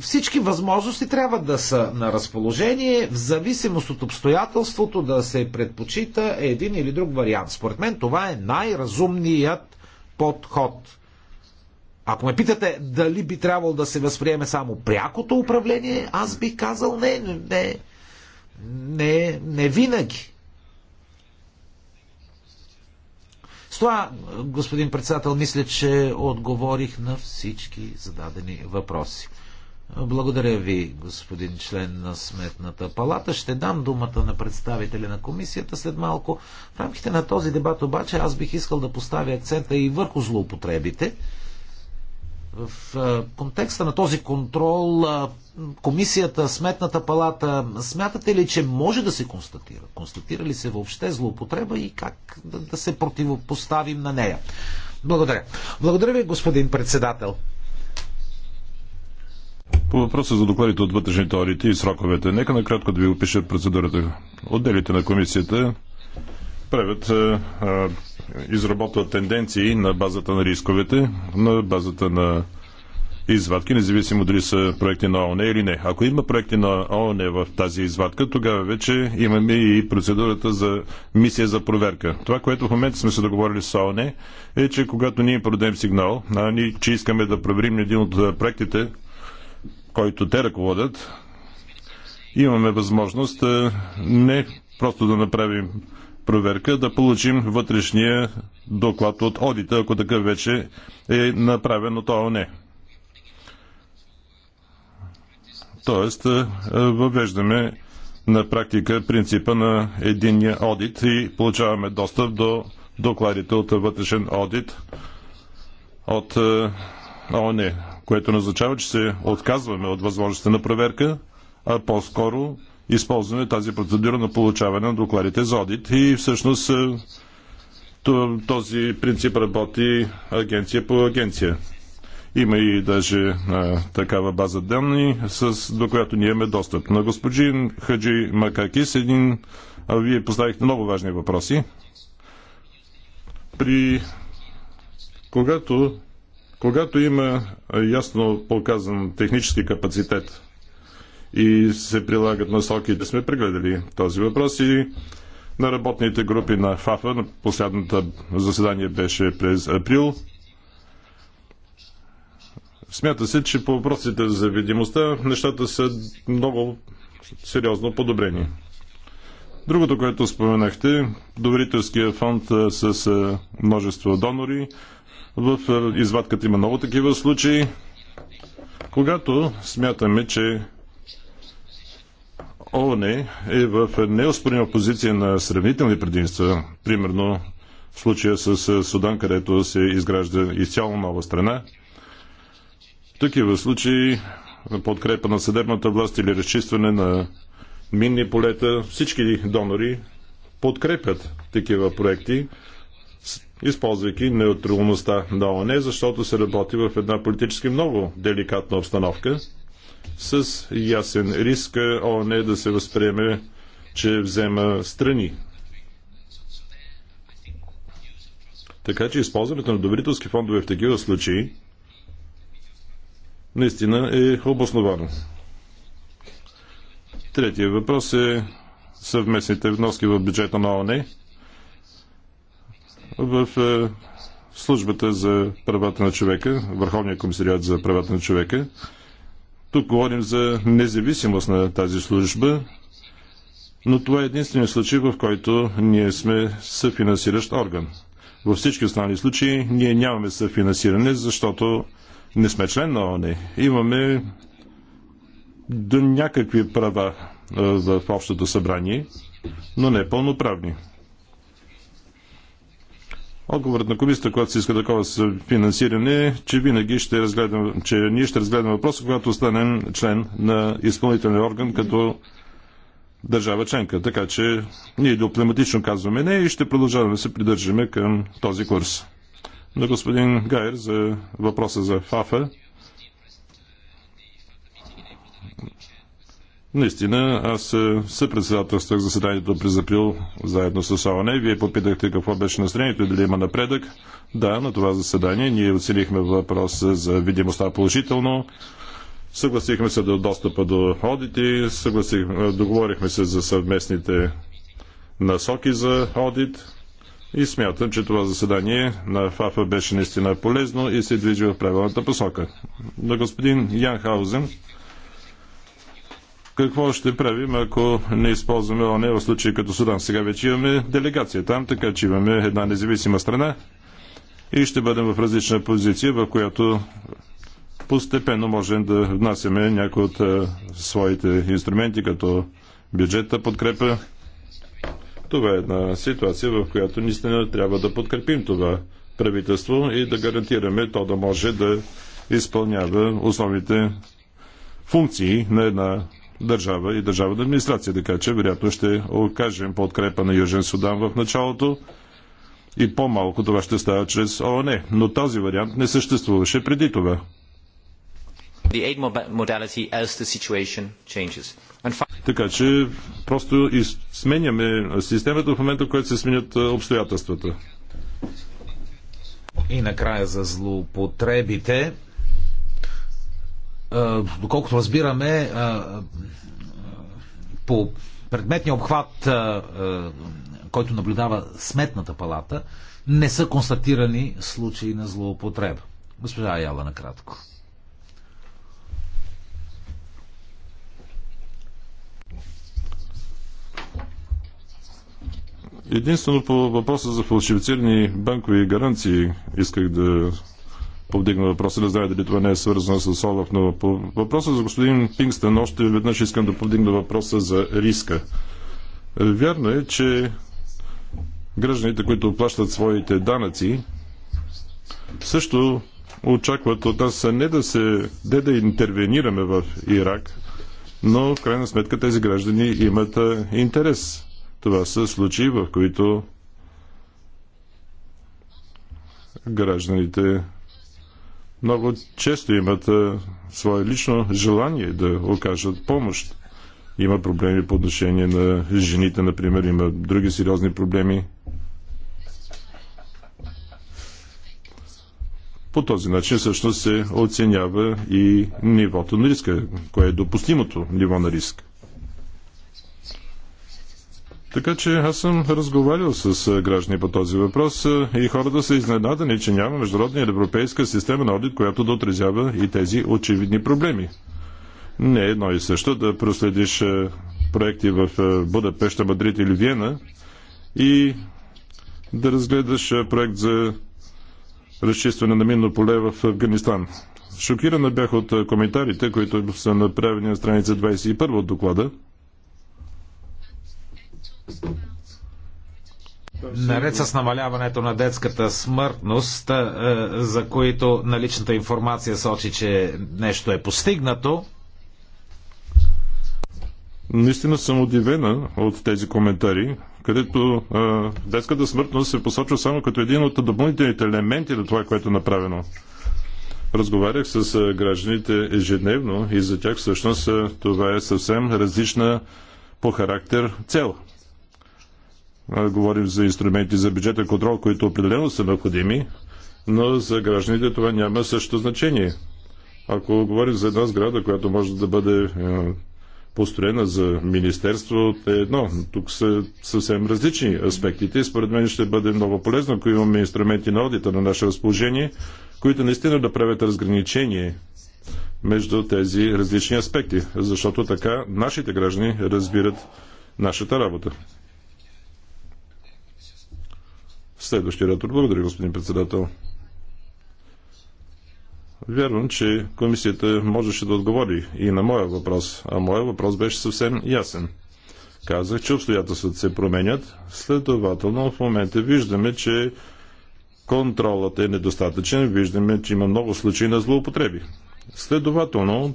[SPEAKER 2] Всички възможности трябва да са на разположение, в зависимост от обстоятелството да се предпочита един или друг вариант. Според мен това е най-разумният подход. Ако ме питате дали би трябвало да се възприеме само прякото управление, аз би казал не, не, не, не винаги. С това, господин председател, мисля, че отговорих на всички зададени въпроси. Благодаря ви, господин член на Сметната палата. Ще дам думата на представители на комисията след малко. В рамките на този дебат обаче аз бих искал да поставя акцента и върху злоупотребите. В контекста на този контрол комисията, Сметната палата, смятате ли, че може да се констатира? Констатира ли се въобще злоупотреба и как да, да се противопоставим на нея? Благодаря. Благодаря ви, господин председател.
[SPEAKER 3] По въпроса за докладите от вътрешните аудити и сроковете, нека накратко да ви опиша процедурата. Отделите на комисията правят, изработват тенденции на базата на рисковете, на базата на извадки, независимо дали са проекти на ООН или не. Ако има проекти на ООН в тази извадка, тогава вече имаме и процедурата за мисия за проверка. Това, което в момента сме се договорили с ООН, е, че когато ние продадем сигнал, а ние, че искаме да проверим един от проектите, който те ръководят, имаме възможност не просто да направим проверка, да получим вътрешния доклад от одита, ако такъв вече е направен от ООН. Тоест, въвеждаме на практика принципа на единния одит и получаваме достъп до докладите от вътрешен одит от ООН което назначава, означава, че се отказваме от възможността на проверка, а по-скоро използваме тази процедура на получаване на докладите за одит. И всъщност е, този принцип работи агенция по агенция. Има и даже а, е, такава база данни, с, до която ние имаме достъп. На господин Хаджи Макакис, един, а вие поставихте много важни въпроси. При когато когато има ясно показан технически капацитет и се прилагат насоки, да сме прегледали този въпрос и на работните групи на ФАФА, на последното заседание беше през април, Смята се, че по въпросите за видимостта нещата са много сериозно подобрени. Другото, което споменахте, доверителския фонд с множество донори, в е, извадката има много такива случаи, когато смятаме, че ООН е в неоспорима позиция на сравнителни предимства, примерно в случая с е, Судан, където се изгражда изцяло нова страна. В такива случаи подкрепа на съдебната власт или разчистване на минни полета, всички донори подкрепят такива проекти използвайки неутралността на ОНЕ, защото се работи в една политически много деликатна обстановка с ясен риск ОНЕ да се възприеме, че взема страни. Така че използването на доверителски фондове в такива случаи наистина е обосновано. Третия въпрос е съвместните вноски в бюджета на ОНЕ – в е, службата за правата на човека, Върховния комисариат за правата на човека. Тук говорим за независимост на тази служба, но това е единствения случай, в който ние сме съфинансиращ орган. Във всички останали случаи ние нямаме съфинансиране, защото не сме член на ОНЕ. Имаме до някакви права е, в общото събрание, но не пълноправни. Отговорът на комисията, която се иска такова финансиране, че винаги ще разгледам, че ние ще разгледаме въпроса, когато станем член на изпълнителния орган като държава членка. Така че ние дипломатично казваме не и ще продължаваме да се придържаме към този курс. На господин Гайер за въпроса за ФАФА. Наистина, аз е, съпредседателствах заседанието през април заедно с ОНЕ. Вие попитахте какво беше настроението и дали има напредък. Да, на това заседание ние оценихме въпроса за видимостта положително. Съгласихме се до достъпа до одити, е, договорихме се за съвместните насоки за одит и смятам, че това заседание на ФАФА беше наистина полезно и се движи в правилната посока. На господин Ян Хаузен какво ще правим, ако не използваме ОНЕ в случай като Судан? Сега вече имаме делегация там, така че имаме една независима страна и ще бъдем в различна позиция, в която постепенно можем да внасяме някои от своите инструменти, като бюджетна подкрепа. Това е една ситуация, в която наистина трябва да подкрепим това правителство и да гарантираме то да може да изпълнява основните функции на една държава и държавна администрация. Така че, вероятно, ще окажем подкрепа на Южен Судан в началото и по-малко това ще става чрез ООН. Но този вариант не съществуваше преди това. Така че просто сменяме системата в момента, в който се сменят
[SPEAKER 2] обстоятелствата. И накрая за злоупотребите доколкото разбираме, по предметния обхват, който наблюдава Сметната палата, не са констатирани случаи на злоупотреба. Госпожа Аяла, накратко.
[SPEAKER 3] Единствено по въпроса за фалшифицирани банкови гаранции исках да повдигна въпроса. Не знае дали това не е свързано с Олаф, но по въпроса за господин Пингстън още веднъж искам да повдигна въпроса за риска. Вярно е, че гражданите, които плащат своите данъци, също очакват от нас не да се де да интервенираме в Ирак, но в крайна сметка тези граждани имат интерес. Това са случаи, в които гражданите много често имат е, свое лично желание да окажат помощ. Има проблеми по отношение на жените, например, има други сериозни проблеми. По този начин всъщност се оценява и нивото на риска, кое е допустимото ниво на риск. Така че аз съм разговарял с граждани по този въпрос и хората са изненадани, че няма международна или европейска система на одит, която да отрезява и тези очевидни проблеми. Не е едно и също да проследиш проекти в Будапешта, Мадрид или Виена и да разгледаш проект за разчистване на минно поле в Афганистан. Шокирана бях от коментарите, които са направени на страница 21 от доклада,
[SPEAKER 2] Наред с намаляването на детската смъртност, е, за които наличната информация сочи, че нещо е постигнато.
[SPEAKER 3] Наистина съм удивена от тези коментари, където а, е, детската смъртност се посочва само като един от допълнителните елементи на това, което е направено. Разговарях с е, гражданите ежедневно и за тях всъщност това е съвсем различна по характер цел – Говорим за инструменти за бюджетен контрол, които определено са необходими, но за гражданите това няма също значение. Ако говорим за една сграда, която може да бъде е, построена за министерство е едно. Тук са съвсем различни аспектите според мен ще бъде много полезно, ако имаме инструменти на одита на наше разположение, които наистина да правят разграничение между тези различни аспекти, защото така нашите граждани разбират нашата работа. Следващия ретор. Благодаря, господин председател. Вярвам, че комисията можеше да отговори и на моя въпрос, а моя въпрос беше съвсем ясен. Казах, че обстоятелствата се променят, следователно в момента виждаме, че контролът е недостатъчен, виждаме, че има много случаи на злоупотреби. Следователно,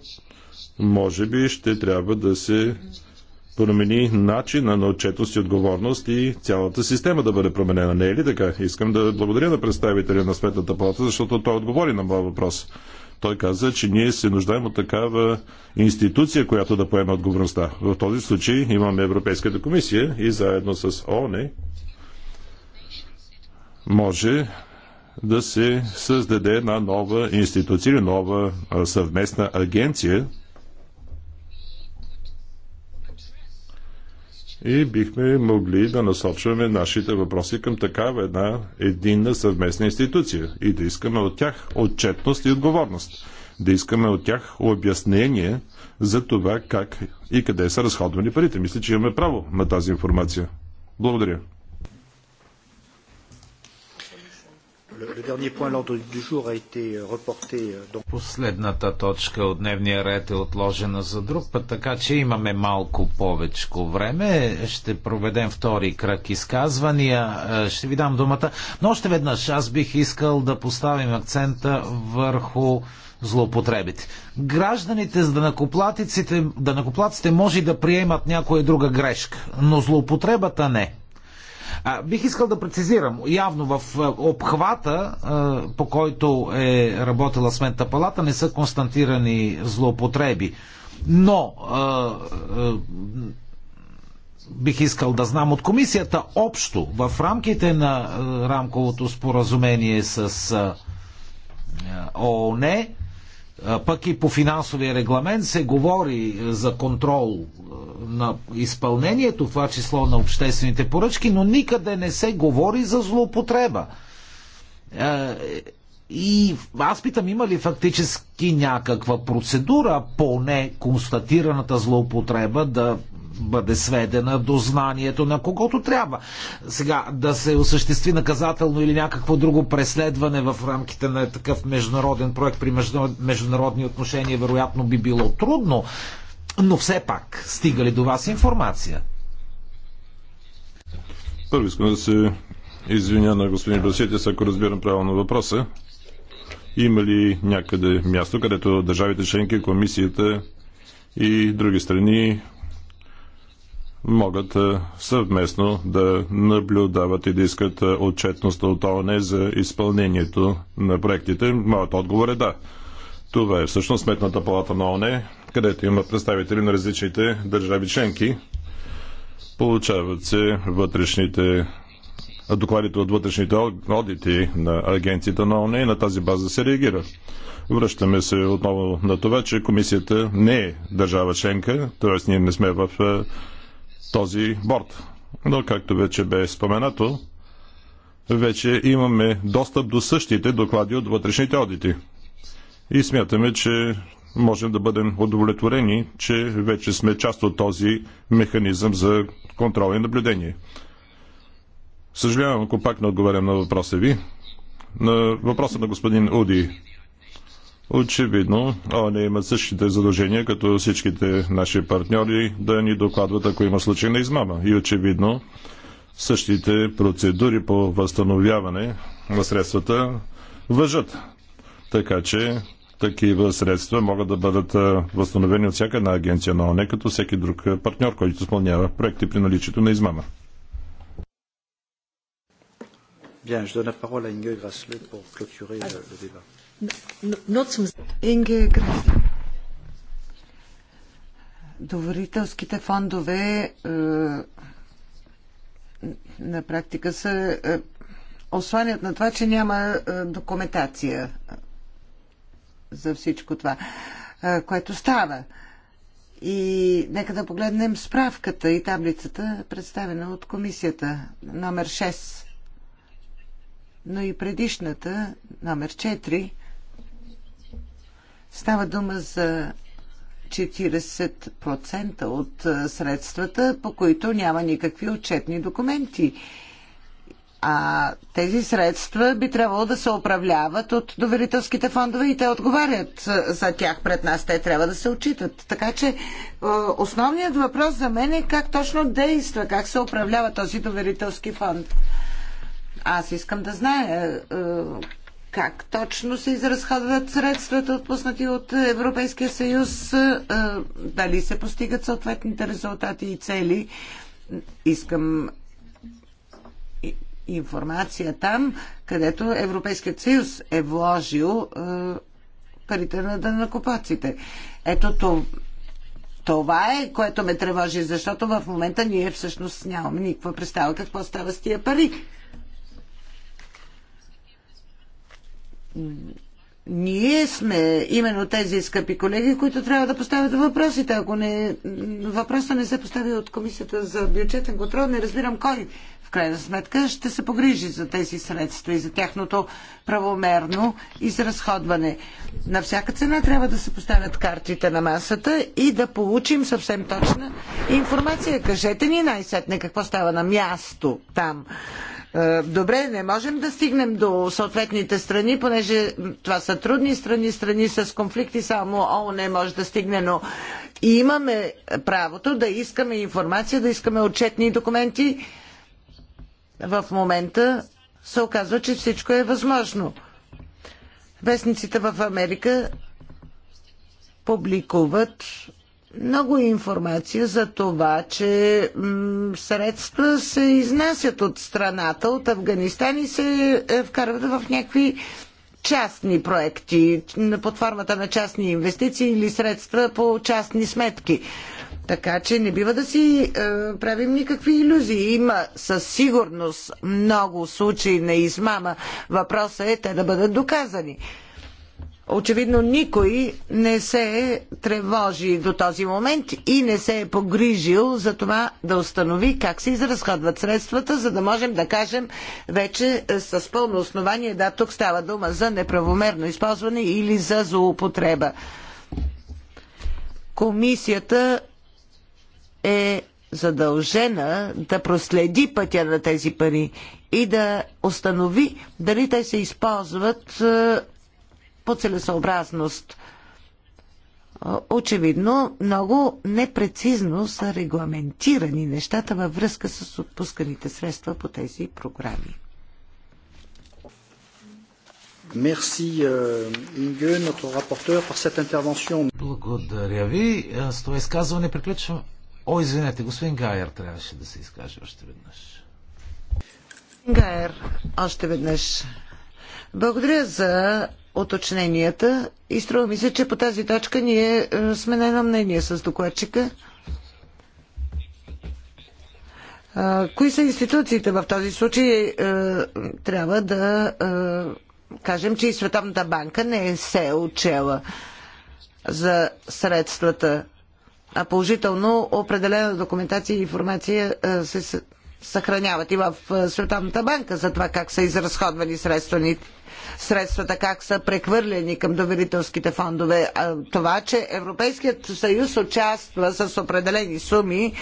[SPEAKER 3] може би ще трябва да се промени начина на отчетност и отговорност и цялата система да бъде променена. Не е ли така? Искам да благодаря на представителя на Светната палата, защото той отговори на моя въпрос. Той каза, че ние се нуждаем от такава институция, която да поема отговорността. В този случай имаме Европейската комисия и заедно с ОНЕ може да се създаде една нова институция или нова съвместна агенция, и бихме могли да насочваме нашите въпроси към такава една единна съвместна институция и да искаме от тях отчетност и отговорност. Да искаме от тях обяснение за това как и къде са разходвани парите. Мисля, че имаме право на тази информация. Благодаря.
[SPEAKER 2] Последната точка от дневния ред е отложена за друг път, така че имаме малко повече време. Ще проведем втори кръг изказвания. Е, ще ви дам думата. Но още веднъж аз бих искал да поставим акцента върху злоупотребите. Гражданите с данакоплатците, данакоплатците може да приемат някоя друга грешка, но злоупотребата не. А, бих искал да прецизирам. Явно в е, обхвата, а, е, по който е работила Сметната палата, не са константирани злоупотреби. Но а, е, а, бих искал да знам от комисията общо в рамките на рамковото споразумение с ООН пък и по финансовия регламент се говори е, за контрол е, на изпълнението, това число на обществените поръчки, но никъде не се говори за злоупотреба. Е, и аз питам, има ли фактически някаква процедура, поне констатираната злоупотреба да бъде сведена до знанието на когото трябва. Сега да се осъществи наказателно или някакво друго преследване в рамките на такъв международен проект при международни отношения, вероятно би било трудно, но все пак стига ли до вас информация?
[SPEAKER 3] Първо искам да се извиня на господин Басетис, ако разбирам правилно въпроса. Има ли някъде място, където държавите членки, комисията и други страни могат е, съвместно да наблюдават и да искат е, отчетност от ООН за изпълнението на проектите? Моят отговор е да. Това е всъщност Сметната палата на ОНЕ, където има представители на различните държави членки. Получават се вътрешните докладите от вътрешните одити на агенцията на ОНЕ и на тази база се реагира. Връщаме се отново на това, че комисията не е държава членка, т.е. ние не сме в е, този борт. Но, както вече бе споменато, вече имаме достъп до същите доклади от вътрешните одити. И смятаме, че можем да бъдем удовлетворени, че вече сме част от този механизъм за контрол и наблюдение. Съжалявам, ако пак не отговарям на въпроса ви. На въпроса на господин Уди. Очевидно, ООН има същите задължения, като всичките наши партньори да ни докладват, ако има случай на измама. И очевидно, същите процедури по възстановяване на средствата въжат. Така че такива средства могат да бъдат възстановени от всяка една агенция на ОНЕ, като всеки друг партньор, който изпълнява проекти при наличието на измама.
[SPEAKER 1] Bien, je donne la parole à Inge Grasselet pour clôturer euh, le débat. Инге Доверителските фондове е, на практика са е, осланят на това, че няма е, документация за всичко това, е, което става. И нека да погледнем справката и таблицата, представена от комисията номер 6, но и предишната номер 4 Става дума за 40% от средствата, по които няма никакви отчетни документи. А тези средства би трябвало да се управляват от доверителските фондове и те отговарят за тях пред нас. Те трябва да се отчитат. Така че основният въпрос за мен е как точно действа, как се управлява този доверителски фонд. Аз искам да зная как точно се изразходват средствата, отпуснати от Европейския съюз, е, дали се постигат съответните резултати и цели. Искам информация там, където Европейският съюз е вложил е, парите на дънакопаците. Ето то, това е, което ме тревожи, защото в момента ние всъщност нямаме никаква представа какво става с тия пари. ние сме именно тези скъпи колеги, които трябва да поставят въпросите. Ако не, въпроса не се постави от комисията за бюджетен контрол, не разбирам кой крайна сметка ще се погрижи за тези средства и за тяхното правомерно изразходване. На всяка цена трябва да се поставят картите на масата и да получим съвсем точна информация. Кажете ни най-сетне какво става на място там. Е, добре, не можем да стигнем до съответните страни, понеже това са трудни страни, страни с конфликти, само ООН може да стигне, но и имаме правото да искаме информация, да искаме отчетни документи в момента се оказва, че всичко е възможно. Вестниците в Америка публикуват много информация за това, че средства се изнасят от страната, от Афганистан и се е, вкарват в някакви частни проекти под формата на частни инвестиции или средства по частни сметки. Така че не бива да си е, правим никакви иллюзии. Има със сигурност много случаи на измама. Въпросът е те да бъдат доказани. Очевидно никой не се тревожи до този момент и не се е погрижил за това да установи как се изразходват средствата, за да можем да кажем вече е, с пълно основание, да, тук става дума за неправомерно използване или за злоупотреба. Комисията е задължена да проследи пътя на тези пари и да установи дали те се използват е, по целесообразност. Е, очевидно, много непрецизно са регламентирани нещата във връзка с отпусканите средства по тези програми. Е,
[SPEAKER 2] Благодаря ви. С това изказване приключвам. О, извинете, господин Гайер трябваше да се изкаже още веднъж.
[SPEAKER 1] Гайер, още веднъж. Благодаря за уточненията и струва ми се, че по тази точка ние е, сме на едно мнение с докладчика. Кои са институциите в този случай? Е, трябва да е, кажем, че и Световната банка не е се отчела за средствата а положително определена документация и информация се съхраняват и в Световната банка за това как са изразходвани средствата, как са прехвърлени към доверителските фондове. Това, че Европейският съюз участва с определени суми,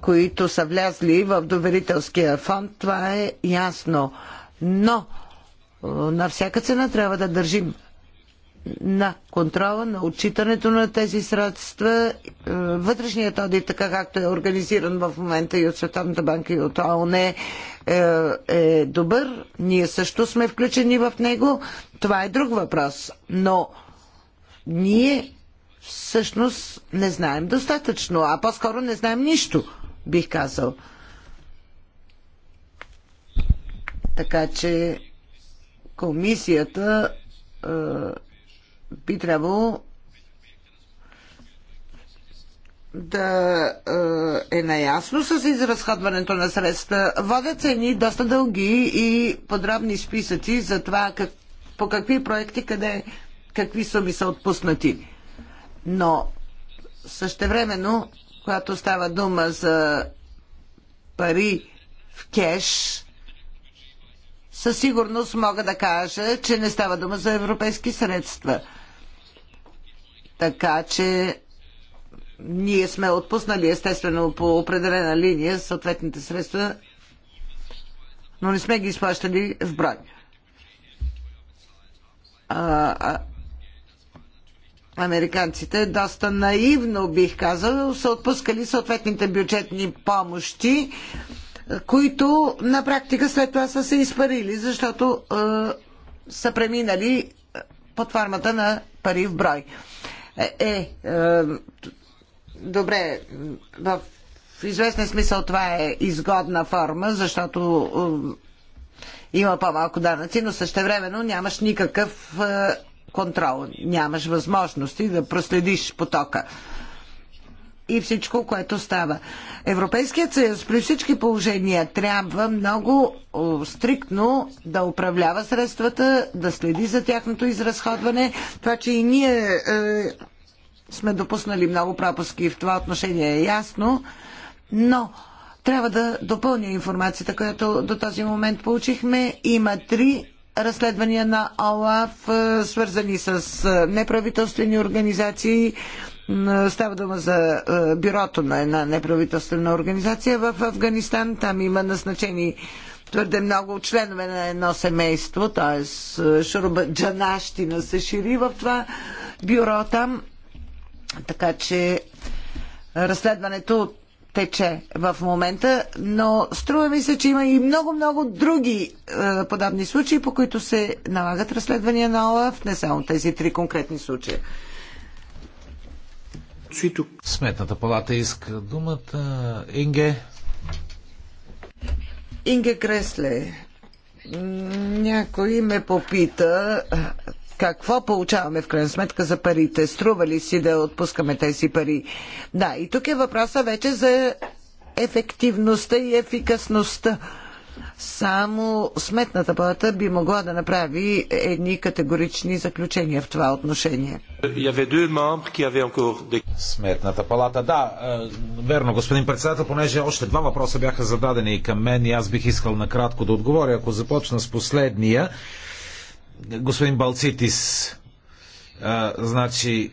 [SPEAKER 1] които са влязли в доверителския фонд, това е ясно. Но на всяка цена трябва да държим на контрола, на отчитането на тези средства. Е, вътрешният одит, така както е организиран в момента и от Световната банка и от ООН, е, е добър. Ние също сме включени в него. Това е друг въпрос. Но ние всъщност не знаем достатъчно, а по-скоро не знаем нищо, бих казал. Така че комисията е, би трябвало да е, е наясно с изразходването на средства. Водят се едни доста дълги и подробни списъци за това как, по какви проекти, къде, какви суми са отпуснати. Но същевременно, когато става дума за пари в кеш, със сигурност мога да кажа, че не става дума за европейски средства. Така че ние сме отпуснали естествено по определена линия съответните средства, но не сме ги изплащали в брой. А, а, американците доста наивно, бих казал, са отпускали съответните бюджетни помощи които на практика след това са се изпарили, защото е, са преминали под формата на пари в брой. Е, е, е добре, в известен смисъл това е изгодна форма, защото е, има по-малко данъци, но същевременно нямаш никакъв е, контрол, нямаш възможности да проследиш потока. Е, и всичко, което става. Европейският съюз при всички положения трябва много стриктно да управлява средствата, да следи за тяхното изразходване. Това, че и ние е, сме допуснали много пропуски в това отношение е ясно, но трябва да допълня информацията, която до този момент получихме. Има три разследвания на ОЛАФ, е, свързани с е, неправителствени организации, Става дума за е, бюрото на една неправителствена организация в Афганистан. Там има назначени твърде много членове на едно семейство, т.е. Шуруба Джанащина се шири в това бюро там. Така че разследването тече в момента, но струва ми се, че има и много-много други е, подобни случаи, по които се налагат разследвания на ОЛАФ, не само тези три конкретни случая.
[SPEAKER 2] Сметната палата иска думата. Инге.
[SPEAKER 1] Инге Кресле. Някой ме попита какво получаваме в крайна сметка за парите. Струва ли си да отпускаме тези пари? Да, и тук е въпроса вече за ефективността и ефикасността само сметната палата би могла да направи едни категорични заключения в това отношение.
[SPEAKER 2] Сметната палата, да, е, верно, господин председател, понеже още два въпроса бяха зададени и към мен и аз бих искал накратко да отговоря. Ако започна с последния, господин Балцитис, е, значи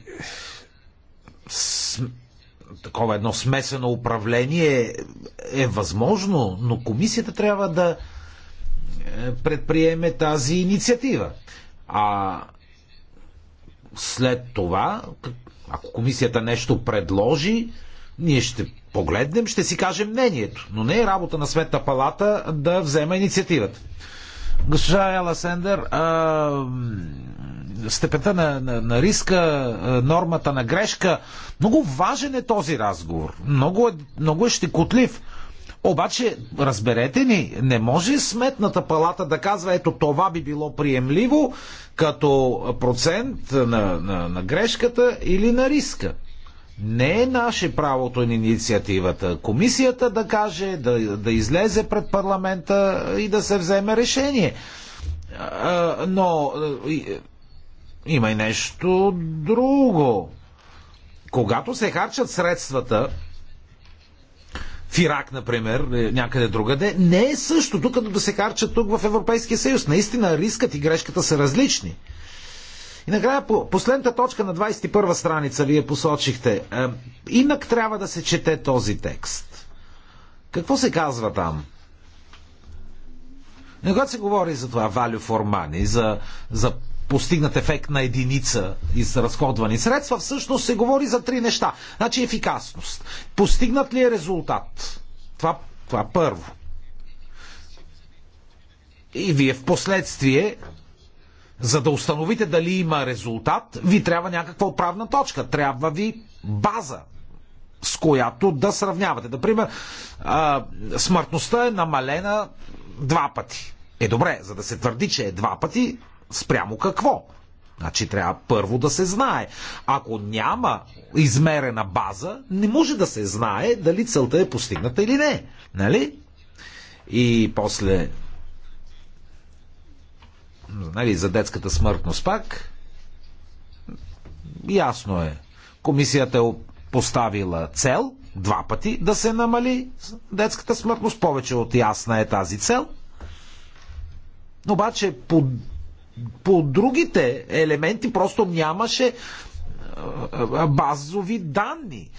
[SPEAKER 2] такова едно смесено управление е възможно, но комисията трябва да е, предприеме тази инициатива. А след това, ако комисията нещо предложи, ние ще погледнем, ще си кажем мнението. Но не е работа на Светна палата да взема инициативата. Госпожа Ела Сендер, а, степента на, на, на риска, нормата на грешка. Много важен е този разговор. Много е, много е щекотлив. Обаче, разберете ни, не може сметната палата да казва, ето това би било приемливо като процент на, на, на грешката или на риска. Не е наше правото на инициативата. Комисията да каже, да, да излезе пред парламента и да се вземе решение. Но има и нещо друго. Когато се харчат средствата, в Ирак, например, е, някъде другаде, не е същото, като да се харчат тук в Европейския съюз. Наистина рискът и грешката са различни. И накрая по последната точка на 21 страница вие посочихте. Е, инак трябва да се чете този текст. Какво се казва там? И когато се говори за това валю формани, за, за постигнат ефект на единица изразходвани средства, всъщност се говори за три неща. Значи ефикасност. Постигнат ли е резултат? Това, това е първо. И вие в последствие за да установите дали има резултат, ви трябва някаква отправна точка. Трябва ви база, с която да сравнявате. Например, а, смъртността е намалена два пъти. Е добре, за да се твърди, че е два пъти, спрямо какво? Значи трябва първо да се знае. Ако няма измерена база, не може да се знае дали целта е постигната или не. Нали? И после нали, за детската смъртност пак ясно е. Комисията е поставила цел два пъти да се намали детската смъртност. Повече от ясна е тази цел. Обаче под по другите елементи просто нямаше базови данни.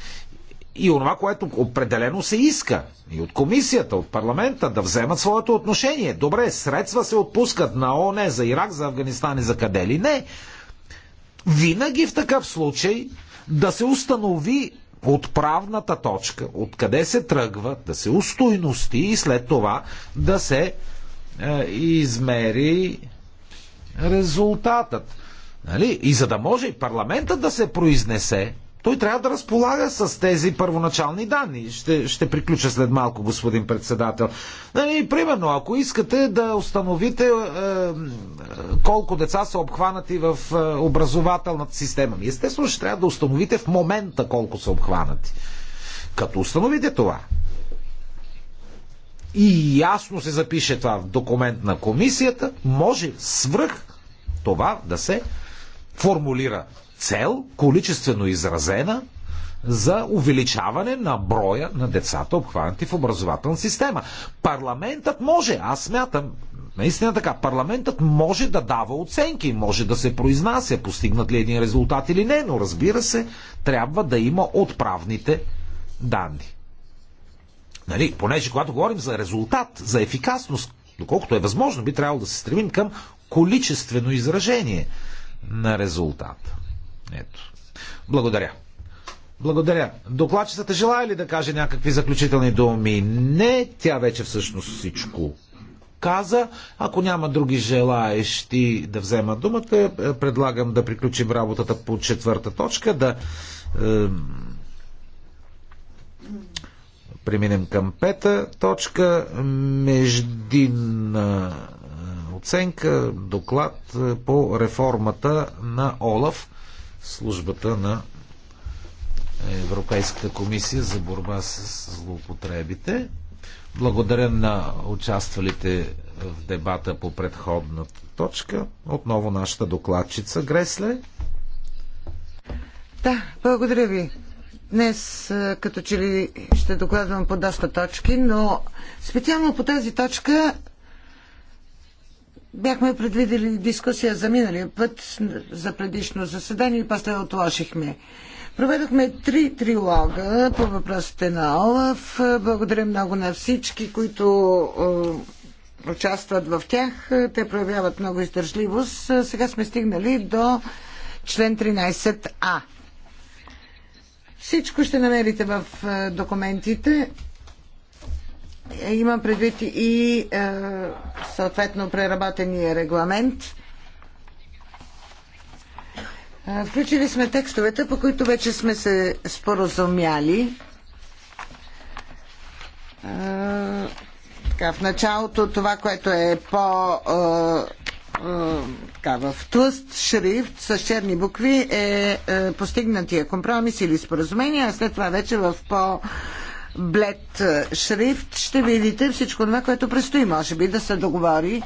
[SPEAKER 2] И онова, което определено се иска и от комисията, от парламента да вземат своето отношение. Добре, средства се отпускат на ООН за Ирак, за Афганистан и за къде ли не. Винаги в такъв случай да се установи отправната точка, откъде се тръгва, да се устойности и след това да се е, измери резултатът. Нали? И за да може и парламентът да се произнесе, той трябва да разполага с тези първоначални данни. Ще, ще приключа след малко, господин председател. Нали, примерно, ако искате да установите е, е колко деца са обхванати в е, образователната система, естествено ще трябва да установите в момента колко са обхванати. Като установите това, и ясно се запише това в документ на комисията, може свръх това да се формулира цел, количествено изразена, за увеличаване на броя на децата, обхванати в образователна система. Парламентът може, аз смятам, наистина така, парламентът може да дава оценки, може да се произнася, постигнат ли един резултат или не, но разбира се, трябва да има отправните данни. Нали? Понеже когато говорим за резултат, за ефикасност, доколкото е възможно, би трябвало да се стремим към количествено изражение на резултата. Ето. Благодаря. Благодаря. Докладчицата желая ли да каже някакви заключителни думи? Не, тя вече всъщност всичко каза. Ако няма други желаещи да вземат думата, е, предлагам да приключим работата по четвърта точка, да е, преминем към пета точка. Междинна оценка, доклад по реформата на ОЛАФ, службата на Европейската комисия за борба с злоупотребите. Благодаря на участвалите в дебата по предходната точка. Отново нашата докладчица Гресле.
[SPEAKER 1] Да, благодаря ви, Днес като че ли ще докладвам по доста точки, но специално по тази точка бяхме предвидели дискусия за миналия път, за предишно заседание и после отложихме. Проведохме три трилога по въпросите на ОЛАФ. Благодаря много на всички, които участват в тях. Те проявяват много издържливост. Сега сме стигнали до член 13а. Всичко ще намерите в е, документите. Е, имам предвид и е, съответно преработения регламент. Включили сме текстовете, по които вече сме се споразумяли. Така, в началото това, което е по е, така, в тлъст шрифт с черни букви е, е постигнатия компромис или споразумение, а след това вече в по- блед е, шрифт ще видите всичко това, което предстои, може би, да се договори.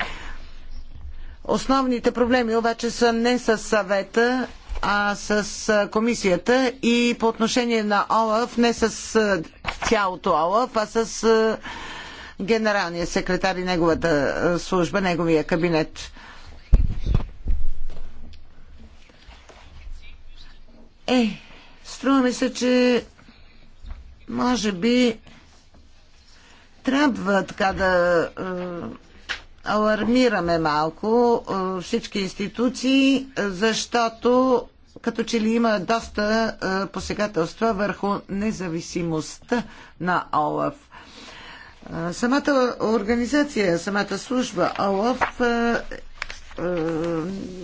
[SPEAKER 1] Основните проблеми обаче са не с съвета, а с е, комисията и по отношение на ОЛАФ, не с цялото ОЛАФ, а с генералния секретар и неговата служба, неговия кабинет. Е, струва ми се, че може би трябва така да е, алармираме малко е, всички институции, защото като че ли има доста е, посегателства върху независимостта на ОЛАФ. Самата организация, самата служба ОЛАФ е,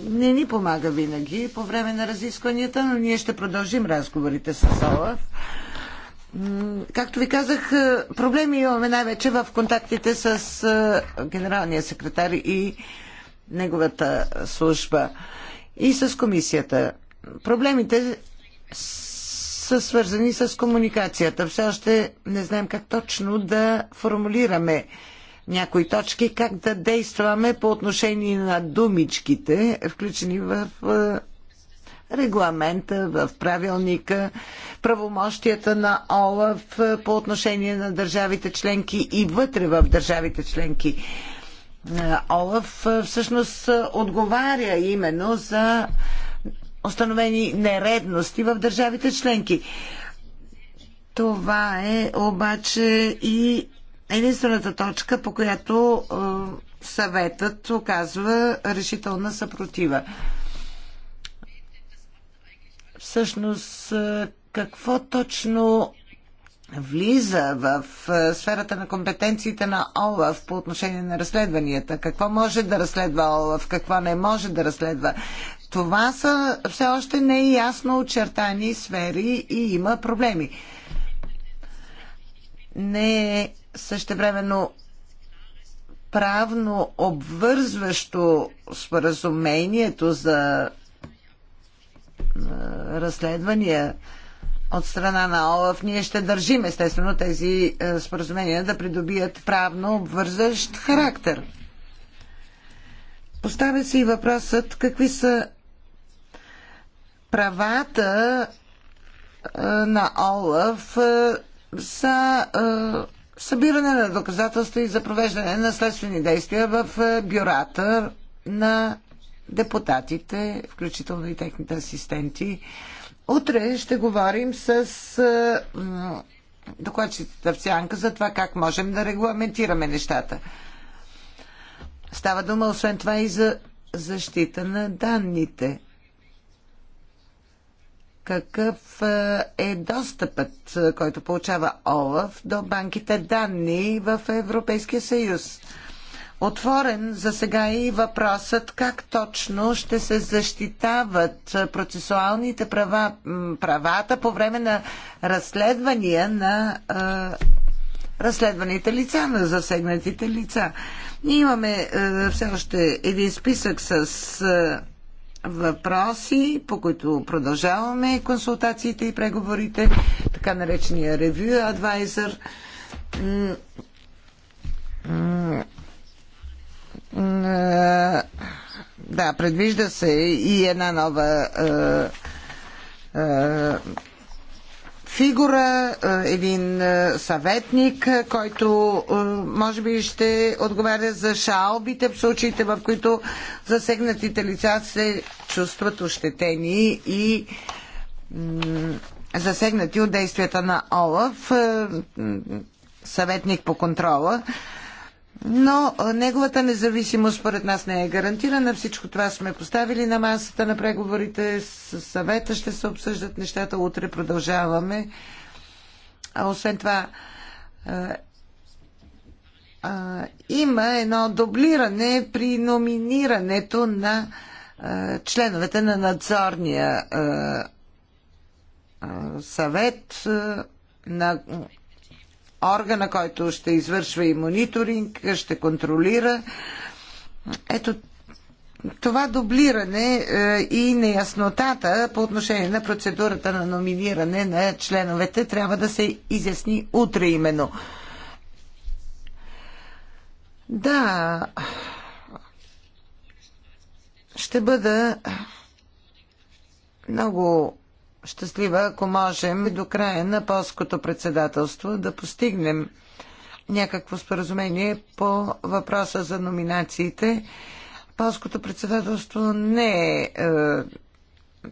[SPEAKER 1] не ни помага винаги по време на разискванията, но ние ще продължим разговорите с Олаф. Както ви казах, е, проблеми имаме най-вече в контактите с е, генералния секретар и неговата служба и с комисията. Проблемите са свързани с комуникацията. Все още не знаем как точно да формулираме някои точки, как да действаме по отношение на думичките, включени в е, регламента, в правилника, правомощията на ОЛАФ е, по отношение на държавите членки и вътре в държавите членки. Е, ОЛАФ всъщност отговаря именно за установени нередности в държавите членки. Това е обаче и единствената точка, по която е, съветът оказва решителна съпротива. Всъщност, е, какво точно влиза в е, сферата на компетенциите на ОЛАФ по отношение на разследванията? Какво може да разследва ОЛАФ, какво не може да разследва? Това са все още неясно очертани сфери и има проблеми. Не е същевременно правно обвързващо споразумението за разследвания от страна на ОЛАФ, ние ще държим естествено тези споразумения да придобият правно обвързващ характер. Поставя се и въпросът какви са правата на ОЛАФ за събиране на доказателства и за провеждане на следствени действия в е, бюрата на депутатите, включително и техните асистенти. Утре ще говорим с е, докладчицата в сянка за това как можем да регламентираме нещата. Става дума освен това и за защита на данните какъв е достъпът, който получава ОЛАФ до банките данни в Европейския съюз. Отворен за сега е и въпросът как точно ще се защитават процесуалните права, правата по време на разследвания на е, разследваните лица, на засегнатите лица. Ние имаме е, все още един списък с е, въпроси, по които продължаваме консултациите и преговорите, така наречения ревю адвайзър. Да, предвижда се и една нова фигура, един съветник, който може би ще отговаря за шалбите в случаите, в които засегнатите лица се чувстват ощетени и засегнати от действията на ОЛАФ, съветник по контрола но неговата независимост според нас не е гарантирана. Всичко това сме поставили на масата на преговорите. С съвета ще се обсъждат нещата. Утре продължаваме. А освен това, има едно дублиране при номинирането на членовете на надзорния съвет на органа, който ще извършва и мониторинг, ще контролира. Ето това дублиране е, и неяснотата по отношение на процедурата на номиниране на членовете трябва да се изясни утре именно. Да, ще бъда много щастлива, ако можем до края на полското председателство да постигнем някакво споразумение по въпроса за номинациите. Полското председателство не е, е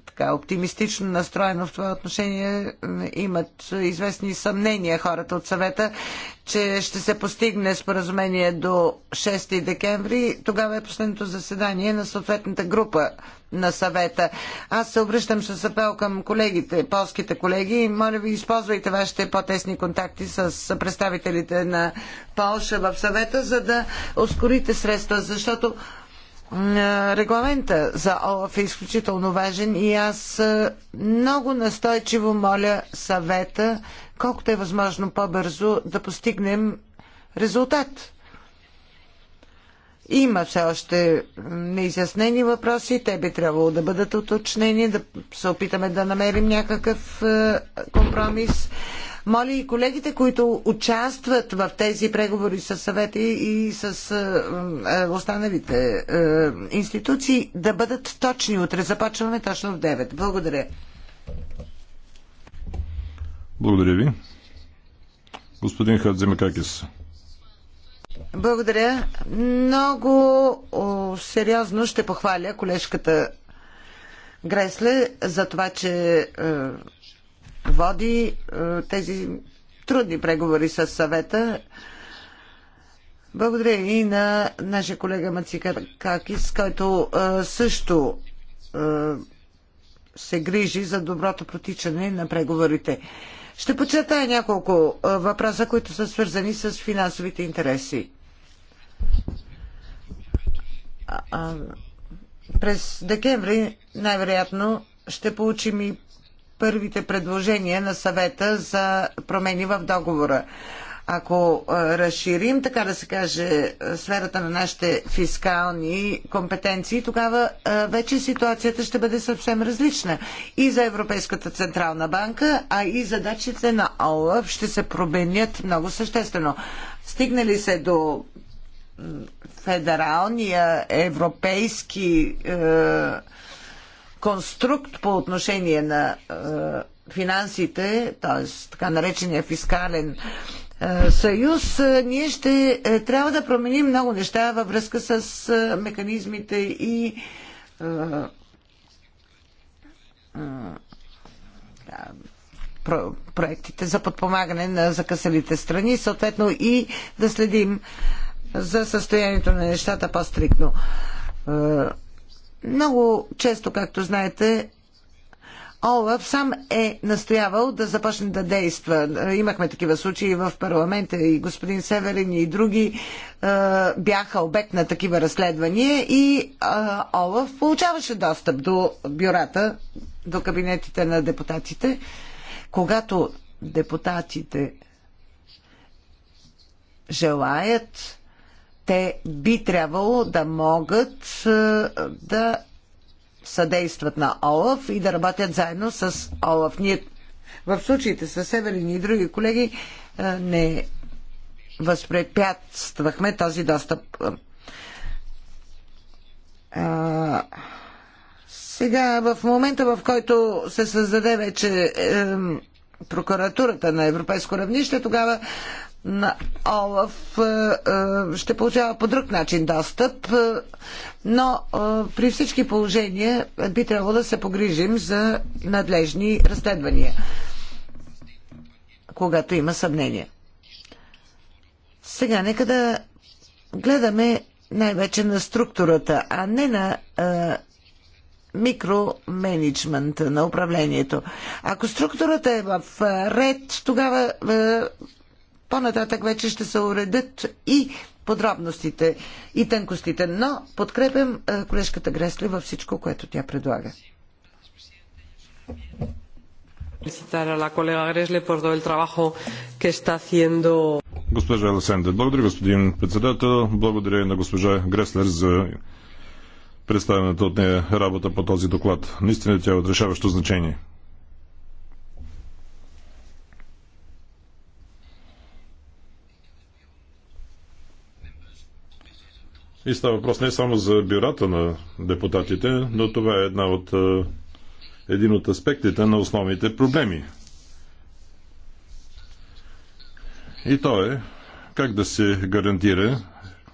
[SPEAKER 1] така оптимистично настроено в това отношение. Имат известни съмнения хората от съвета, че ще се постигне споразумение до 6 декември. Тогава е последното заседание на съответната група на съвета. Аз се обръщам с апел към колегите, полските колеги и моля ви използвайте вашите по-тесни контакти с представителите на Полша в съвета, за да ускорите средства, защото е, регламента за ОЛАФ е изключително важен и аз е, много настойчиво моля съвета, колкото е възможно по-бързо да постигнем резултат. Има все още неизяснени въпроси, те би трябвало да бъдат уточнени, да се опитаме да намерим някакъв е, компромис. Моля и колегите, които участват в тези преговори с съвета и с е, е, останалите е, институции, да бъдат точни. Утре започваме точно в 9. Благодаря.
[SPEAKER 3] Благодаря ви. Господин Хадземакакис.
[SPEAKER 1] Благодаря. Много о, сериозно ще похваля колежката Гресле за това, че е, води е, тези трудни преговори с съвета. Благодаря и на нашия колега Мацика Какис, който е, също е, се грижи за доброто протичане на преговорите. Ще подчертая няколко въпроса, които са свързани с финансовите интереси. през декември най-вероятно ще получим и първите предложения на съвета за промени в договора. Ако разширим, така да се каже, сферата на нашите фискални компетенции, тогава вече ситуацията ще бъде съвсем различна. И за Европейската Централна банка, а и задачите на ОЛАФ ще се променят много съществено. Стигнали се до федералния европейски е, конструкт по отношение на е, финансите, т.е. така наречения фискален е, съюз, е, ние ще трябва да променим много неща във връзка с механизмите и проектите за подпомагане на закъсалите страни, съответно и да следим за състоянието на нещата по-стрикно. Много често, както знаете, Олаф сам е настоявал да започне да действа. Имахме такива случаи в парламента и господин Северин и други е, бяха обект на такива разследвания и е, Олаф получаваше достъп до бюрата, до кабинетите на депутатите. Когато депутатите желаят те би трябвало да могат е, да съдействат на ОЛАФ и да работят заедно с ОЛАФ. Ние в случаите с Северин и други колеги е, не възпрепятствахме този достъп. А, е, сега, в момента, в който се създаде вече е, прокуратурата на европейско равнище, тогава на Олаф е, е, ще получава по друг начин достъп, е, но при всички положения би трябвало да се погрижим за надлежни разследвания, когато има съмнение. Сега нека да гледаме най-вече на структурата, а не на микроменеджмента на управлението. Ако структурата е в ред, тогава по-нататък вече ще се уредят и подробностите и тънкостите, но подкрепям е, колежката Гресли във всичко, което тя предлага.
[SPEAKER 3] Госпожа Алесандър, благодаря господин председател, благодаря на госпожа Греслер за представената от нея работа по този доклад. Наистина тя е от решаващо значение. И става въпрос не само за бюрата на депутатите, но това е една от, е, един от аспектите на основните проблеми. И то е как да се гарантира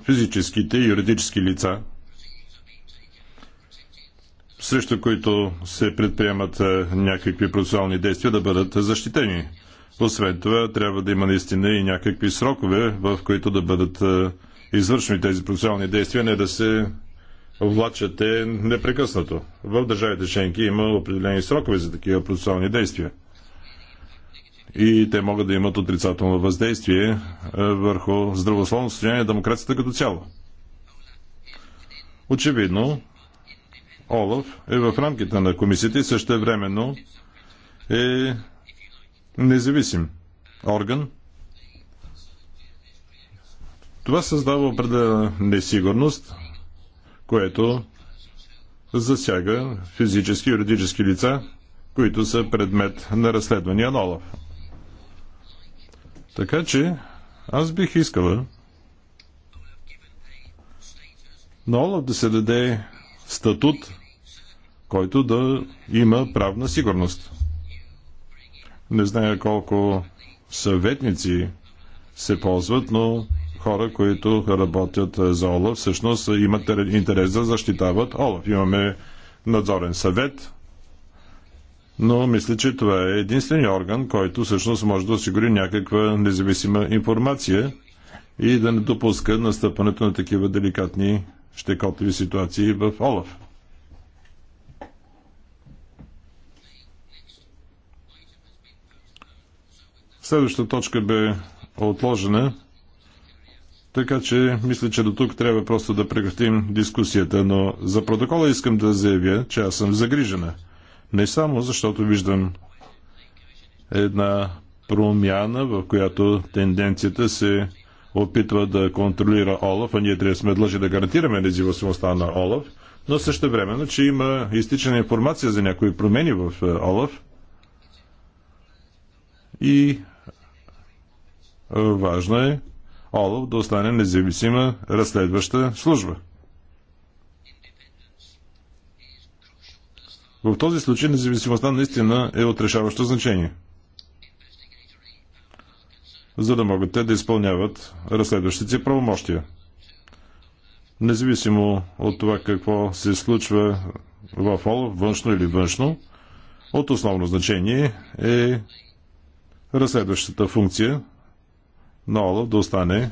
[SPEAKER 3] физическите и юридически лица, срещу които се предприемат е, някакви процесуални действия, да бъдат защитени. Освен това, трябва да има наистина и някакви срокове, в които да бъдат е, извършени тези процесуални действия, не да се влачате непрекъснато. В държавите членки има определени срокове за такива процесуални действия. И те могат да имат отрицателно въздействие е, върху здравословно състояние на демокрацията като цяло. Очевидно, Олаф е в рамките на комисията и също времено е независим орган, това създава определена несигурност, което засяга физически и юридически лица, които са предмет на разследвания на ОЛАФ. Така че аз бих искала на ОЛАФ да се даде статут, който да има правна сигурност. Не зная колко съветници се ползват, но хора, които работят е, за Олаф, всъщност е, имат интерес да защитават Олаф. Имаме надзорен съвет, но мисля, че това е единствения орган, който всъщност може да осигури някаква независима информация и да не допуска настъпването на такива деликатни щекотливи ситуации в Олаф. Следващата точка бе отложена. Така че мисля, че до тук трябва просто да прекратим дискусията, но за протокола искам да заявя, че аз съм загрижена. Не само защото виждам една промяна, в която тенденцията се опитва да контролира Олаф, а ние трябва да сме длъжи да гарантираме независимостта на Олаф, но също времено, че има изтичана информация за някои промени в е, Олаф и важно е ОЛАФ да остане независима разследваща служба. В този случай независимостта наистина е от решаващо значение, за да могат те да изпълняват разследващите правомощия. Независимо от това какво се случва в ОЛАФ, външно или външно, от основно значение е разследващата функция на Олаф да остане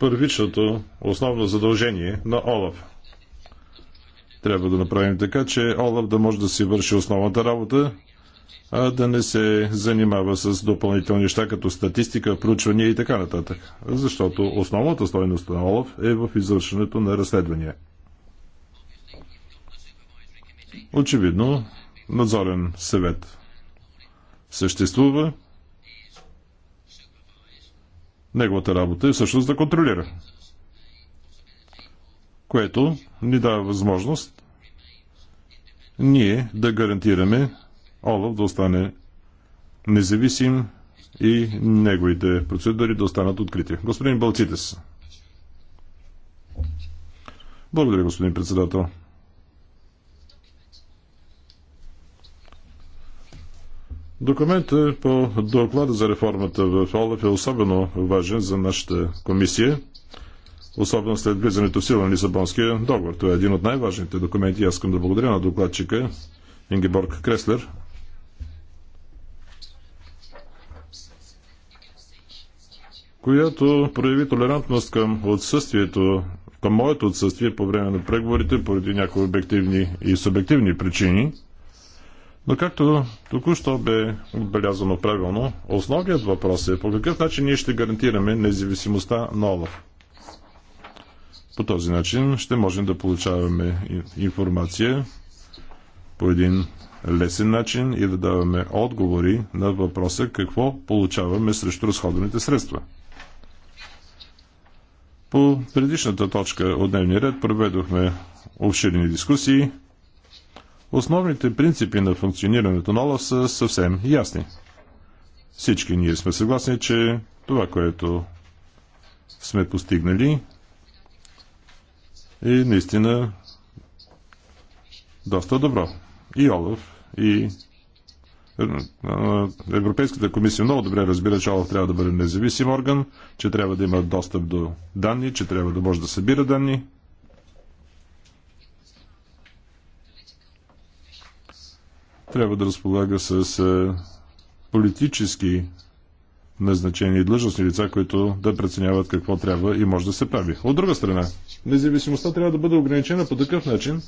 [SPEAKER 3] първичното основно задължение на Олаф. Трябва да направим така, че Олаф да може да си върши основната работа, а да не се занимава с допълнителни неща, като статистика, проучвания и така нататък. Защото основната стойност на Олаф е в извършването на разследвания. Очевидно, надзорен съвет съществува, Неговата работа е всъщност да контролира. Което ни дава възможност ние да гарантираме Олаф да остане независим и неговите процедури да останат открити. Господин Балцитес. Благодаря, господин председател. Документът е по доклада за реформата в ОЛАФ е особено важен за нашата комисия, особено след влизането в сила на Лисабонския договор. Това е един от най-важните документи. Аз искам да благодаря на докладчика Ингеборг Креслер. която прояви толерантност към отсъствието, към моето отсъствие по време на преговорите поради някои обективни и субективни причини – но както току-що бе отбелязано правилно, основният въпрос е по какъв начин ние ще гарантираме независимостта на ОЛАФ. По този начин ще можем да получаваме информация по един лесен начин и да даваме отговори на въпроса какво получаваме срещу разходените средства. По предишната точка от дневния ред проведохме обширни дискусии – Основните принципи на функционирането на ОЛАФ са съвсем ясни. Всички ние сме съгласни, че това, което сме постигнали е наистина доста добро. И Олаф, и е, е, Европейската комисия много добре разбира, че Олаф трябва да бъде независим орган, че трябва да има достъп до данни, че трябва да може да събира данни. трябва да разполага с е, политически назначени длъжностни лица, които да преценяват какво трябва и може да се прави. От друга страна, независимостта трябва да бъде ограничена по такъв начин,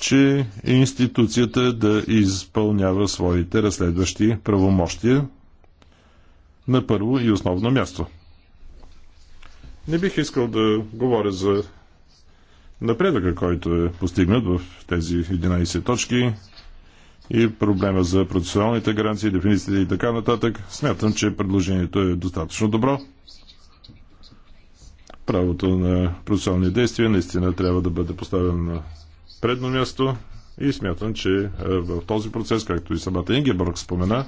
[SPEAKER 3] че институцията да изпълнява своите разследващи правомощия на първо и основно място. Не бих искал да говоря за напредъка, който е постигнат в тези 11 точки и проблема за процесуалните гаранции, дефинициите и така нататък, смятам, че предложението е достатъчно добро. Правото на процесуални действия наистина трябва да бъде поставено на предно място и смятам, че е, в този процес, както и самата Ингеборг спомена,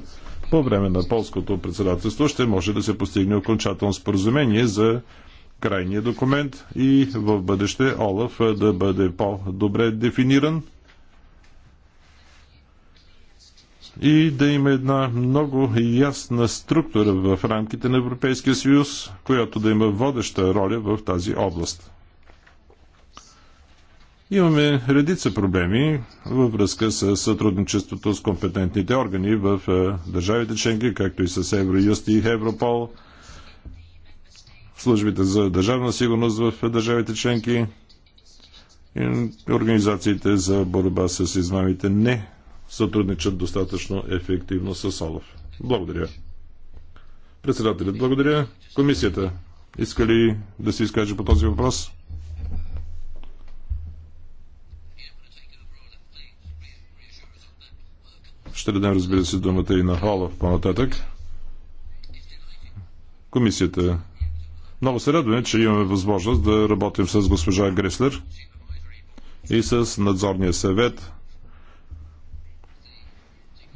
[SPEAKER 3] по време на полското председателство ще може да се постигне окончателно споразумение за крайния документ и в бъдеще Олаф да бъде по-добре дефиниран и да има една много ясна структура в рамките на Европейския съюз, която да има водеща роля в тази област. Имаме редица проблеми във връзка с сътрудничеството с компетентните органи в държавите членки, както и с Евроюст и Европол – службите за държавна сигурност в държавите членки и организациите за борба с измамите не сътрудничат достатъчно ефективно с ОЛАФ. Благодаря. Председателят, благодаря. Комисията, иска ли да се изкаже по този въпрос? Ще дадем, разбира се, думата и на Холов по-нататък. Комисията много се радваме, че имаме възможност да работим с госпожа Греслер и с надзорния съвет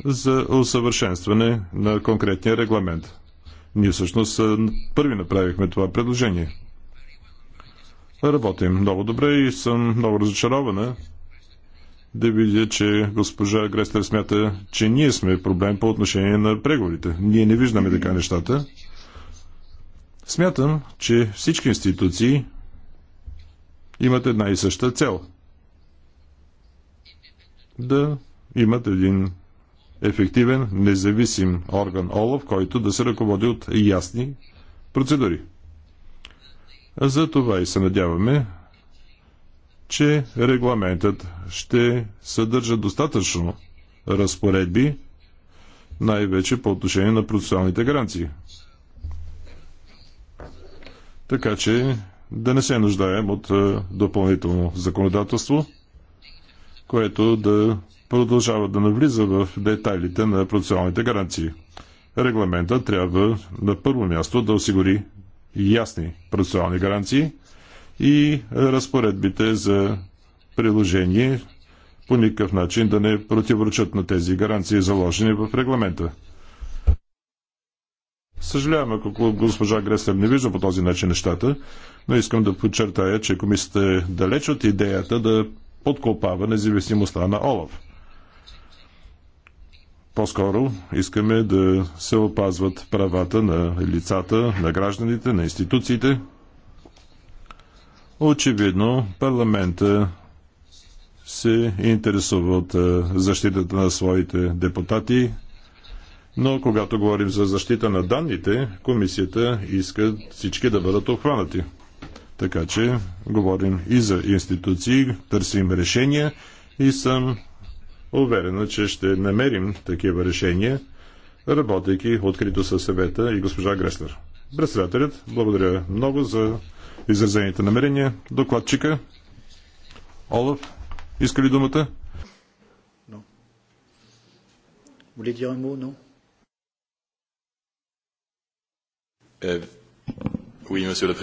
[SPEAKER 3] за усъвършенстване на конкретния регламент. Ние всъщност е, първи направихме това предложение. Работим много добре и съм много разочарована да видя, че госпожа Грестер смята, че ние сме проблем по отношение на преговорите. Ние не виждаме така нещата. Смятам, че всички институции имат една и съща цел. Да имат един ефективен, независим орган ОЛАВ, който да се ръководи от ясни процедури. За това и се надяваме, че регламентът ще съдържа достатъчно разпоредби, най-вече по отношение на процесуалните гаранции така че да не се нуждаем от е, допълнително законодателство, което да продължава да навлиза в детайлите на процесуалните гаранции. Регламента трябва на първо място да осигури ясни процесуални гаранции и разпоредбите за приложение по никакъв начин да не противоречат на тези гаранции, заложени в регламента. Съжалявам, ако госпожа Греслер не вижда по този начин нещата, но искам да подчертая, че комисията е далеч от идеята да подкопава независимостта на Олаф. По-скоро искаме да се опазват правата на лицата, на гражданите, на институциите. Очевидно, парламента се интересува от защитата на своите депутати, но когато говорим за защита на данните, комисията иска всички да бъдат обхванати. Така че говорим и за институции, търсим решения и съм уверена, че ще намерим такива решения, работейки открито със съвета и госпожа Греслер. Председателят, благодаря много за изразените намерения. Докладчика, Олаф, иска ли думата? No.
[SPEAKER 1] Не. dire un mot, non
[SPEAKER 3] Euh, euh,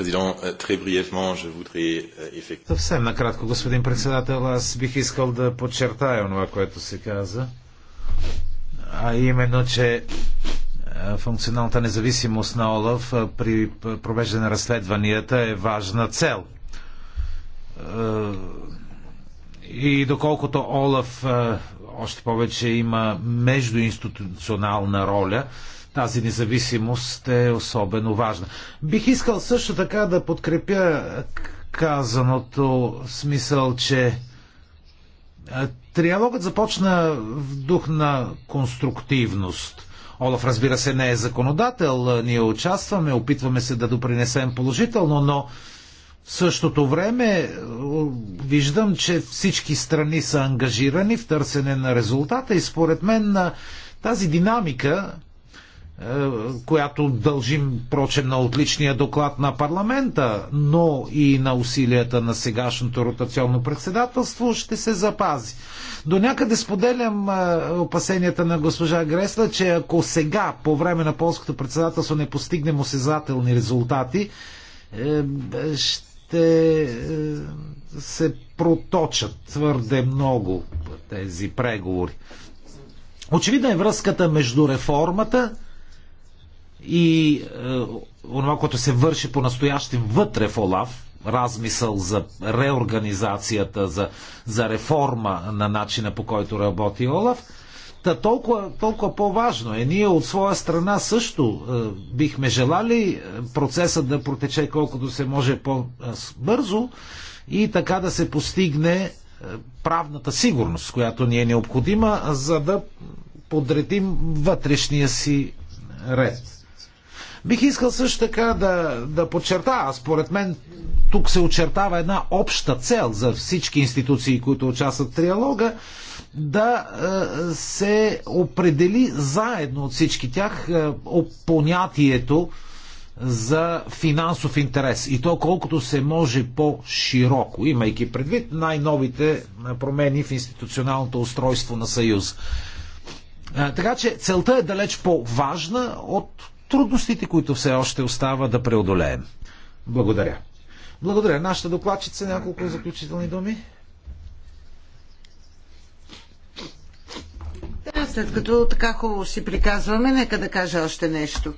[SPEAKER 3] euh,
[SPEAKER 2] Съвсем накратко, господин председател, аз бих искал да подчертая това, което се каза, а именно, че е, функционалната независимост на ОЛАФ е, при провеждане на разследванията е важна цел. Е, и доколкото ОЛАФ още повече има междуинституционална роля, тази независимост е особено важна. Бих искал също така да подкрепя казаното смисъл, че триалогът започна в дух на конструктивност – Олаф, разбира се, не е законодател. Ние участваме, опитваме се да допринесем положително, но в същото време виждам, че всички страни са ангажирани в търсене на резултата и според мен тази динамика е, която дължим, прочем, на отличния доклад на парламента, но и на усилията на сегашното ротационно председателство, ще се запази. До някъде споделям е, опасенията на госпожа Гресла, че ако сега, по време на полското председателство, не постигнем осезателни резултати, е, ще се проточат твърде много тези преговори. Очевидна е връзката между реформата, и е, онова, което се върши по-настоящем вътре в ОЛАВ, размисъл за реорганизацията, за, за реформа на начина по който работи ОЛАВ, Та толкова, толкова по-важно е. Ние от своя страна също е, бихме желали е, процесът да протече колкото се може по-бързо и така да се постигне е, правната сигурност, която ни е необходима, за да подредим вътрешния си ред. Бих искал също така да, да подчертая, според мен тук се очертава една обща цел за всички институции, които участват в триалога, да е, се определи заедно от всички тях е, понятието за финансов интерес и то колкото се може по-широко, имайки предвид най-новите промени в институционалното устройство на Съюз. Е, така че целта е далеч по-важна от трудностите, които все още остава да преодолеем. Благодаря. Благодаря. Нашата докладчица, няколко заключителни думи.
[SPEAKER 1] Да, след като така хубаво си приказваме, нека да кажа още нещо.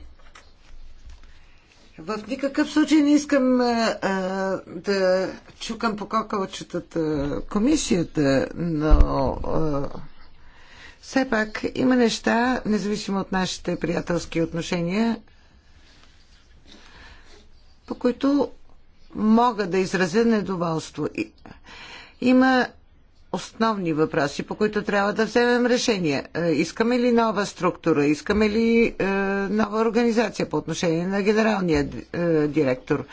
[SPEAKER 1] В никакъв случай не искам а, да чукам по кокалчетата комисията, но а, все пак има неща, независимо от нашите приятелски отношения, по които мога да изразя недоволство. Има основни въпроси, по които трябва да вземем решение. Е, искаме ли нова структура? Искаме ли е, нова организация по отношение на генералния е, директор?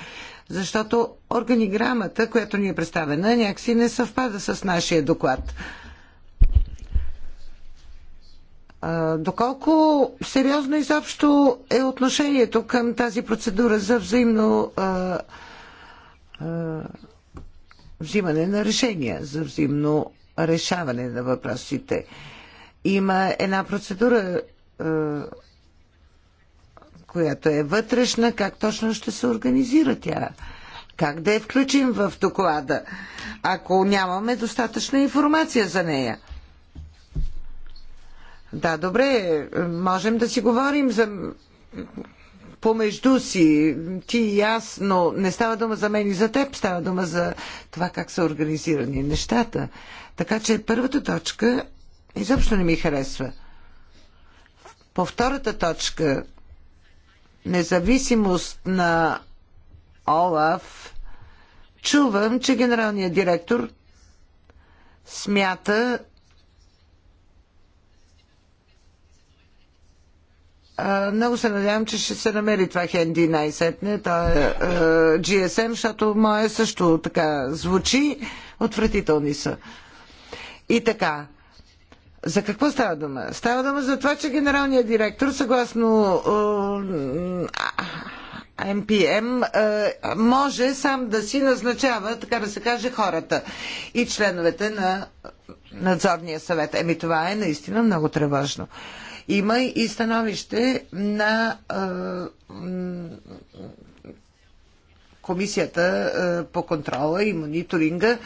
[SPEAKER 1] Защото органиграмата, която ни е представена, някакси не съвпада с нашия доклад. Доколко сериозно изобщо е отношението към тази процедура за взаимно а, а, взимане на решения, за взаимно решаване на въпросите? Има една процедура, а, която е вътрешна. Как точно ще се организира тя? Как да я включим в доклада, ако нямаме достатъчна информация за нея? Да, добре, можем да си говорим за помежду си, ти и аз, но не става дума за мен и за теб, става дума за това как са организирани нещата. Така че първата точка изобщо не ми харесва. По втората точка, независимост на Олаф, чувам, че генералният директор смята, много се надявам, че ще се намери това хенди най-сетне, то е, е GSM, защото мое също така звучи, отвратителни са. И така, за какво става дума? Става дума за това, че генералният директор, съгласно МПМ, е, е, може сам да си назначава, така да се каже, хората и членовете на надзорния съвет. Еми това е наистина много тревожно. Има и становище на Комисията по контрола и мониторинга,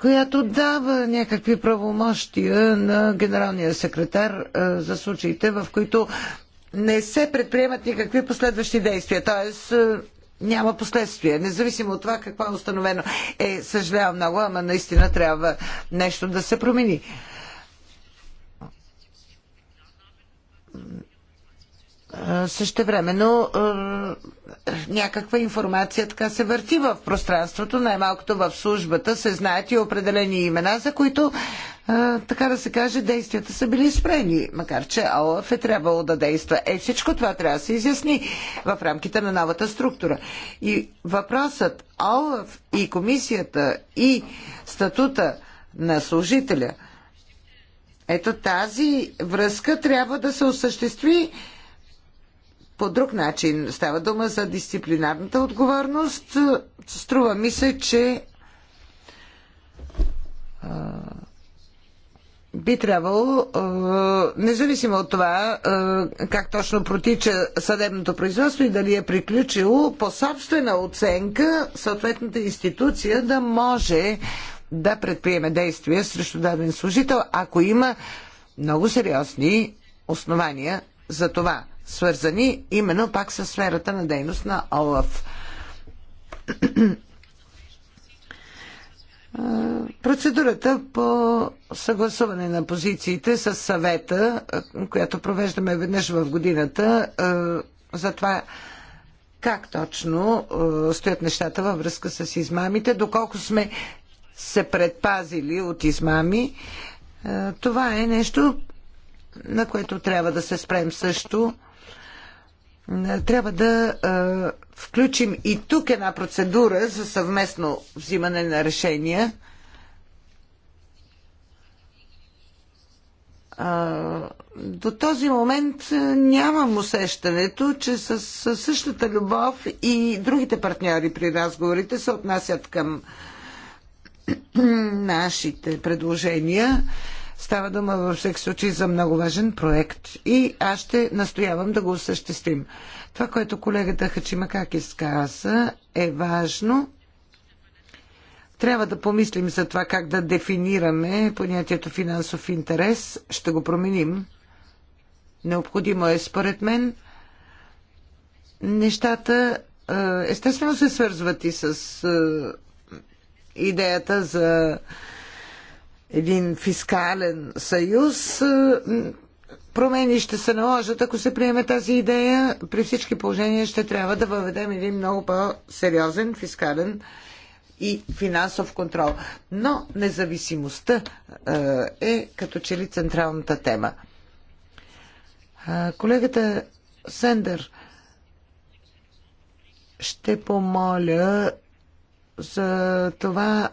[SPEAKER 1] която дава някакви правомощия на генералния секретар за случаите, в които не се предприемат никакви последващи действия. Тоест, няма последствия, независимо от това какво е установено. Е, съжалявам много, ама наистина трябва нещо да се промени. Същевременно е, някаква информация така се върти в пространството, най-малкото в службата се знаят и определени имена, за които, е, така да се каже, действията са били спрени, макар че ОЛАФ е трябвало да действа. Е, всичко това трябва да се изясни в рамките на новата структура. И въпросът ОЛАФ и комисията и статута на служителя – ето тази връзка трябва да се осъществи по друг начин. Става дума за дисциплинарната отговорност. Струва ми се, че би трябвало, независимо от това как точно протича съдебното производство и дали е приключило, по собствена оценка съответната институция да може да предприеме действия срещу даден служител, ако има много сериозни основания за това, свързани именно пак с сферата на дейност на ОЛАФ. Процедурата по съгласуване на позициите с съвета, която провеждаме веднъж в годината, е, за това как точно е, стоят нещата във връзка с измамите, доколко сме се предпазили от измами. Е, това е нещо, на което трябва да се спрем също. Е, трябва да е, включим и тук една процедура за съвместно взимане на решения. до този момент нямам усещането, че с същата любов и другите партньори при разговорите се отнасят към нашите предложения. Става дума във всеки случай за много важен проект и аз ще настоявам да го осъществим. Това, което колегата Хачимакакис изказа, е важно. Трябва да помислим за това как да дефинираме понятието финансов интерес. Ще го променим. Необходимо е, според мен, нещата е, естествено се свързват и с е, идеята за един фискален съюз. Промени ще се наложат, ако се приеме тази идея. При всички положения ще трябва да въведем един много по-сериозен фискален и финансов контрол. Но независимостта е, е като че ли централната тема. Колегата Сендер ще помоля за това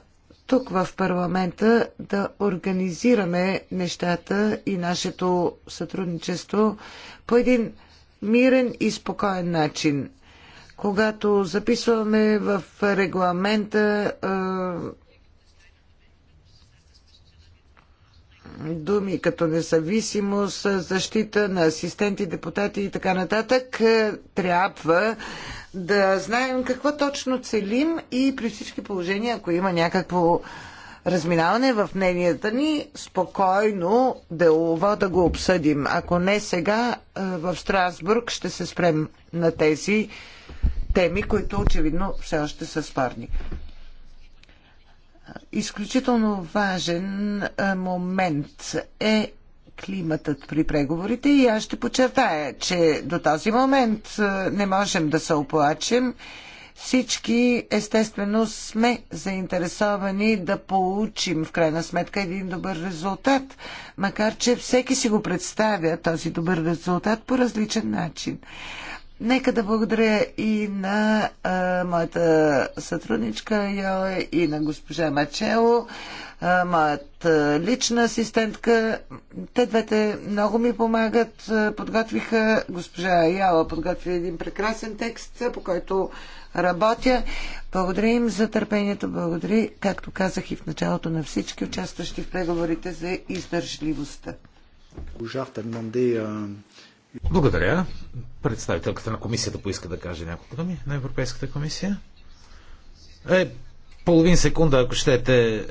[SPEAKER 1] тук в парламента да организираме нещата и нашето сътрудничество по един мирен и спокоен начин. Когато записваме в регламента думи като независимост, защита на асистенти, депутати и така нататък, е, трябва да знаем какво точно целим и при всички положения, ако има някакво разминаване в мненията ни, спокойно делово да го обсъдим. Ако не сега, е, в Страсбург ще се спрем на тези теми, които очевидно все още са спорни. Изключително важен момент е климатът при преговорите и аз ще подчертая, че до този момент не можем да се оплачем. Всички, естествено, сме заинтересовани да получим в крайна сметка един добър резултат, макар че всеки си го представя този добър резултат по различен начин. Нека да благодаря и на а, моята сътрудничка Йоле и на госпожа Мачело, а, моят а, лична асистентка. Те двете много ми помагат. Подготвиха, госпожа Яла, подготви един прекрасен текст, по който работя. Благодаря им за търпението. Благодаря, както казах и в началото на всички участващи в преговорите за издържливостта.
[SPEAKER 2] Божар, благодаря. Представителката на комисията поиска да каже няколко думи на Европейската комисия. Е, половин секунда, ако щете.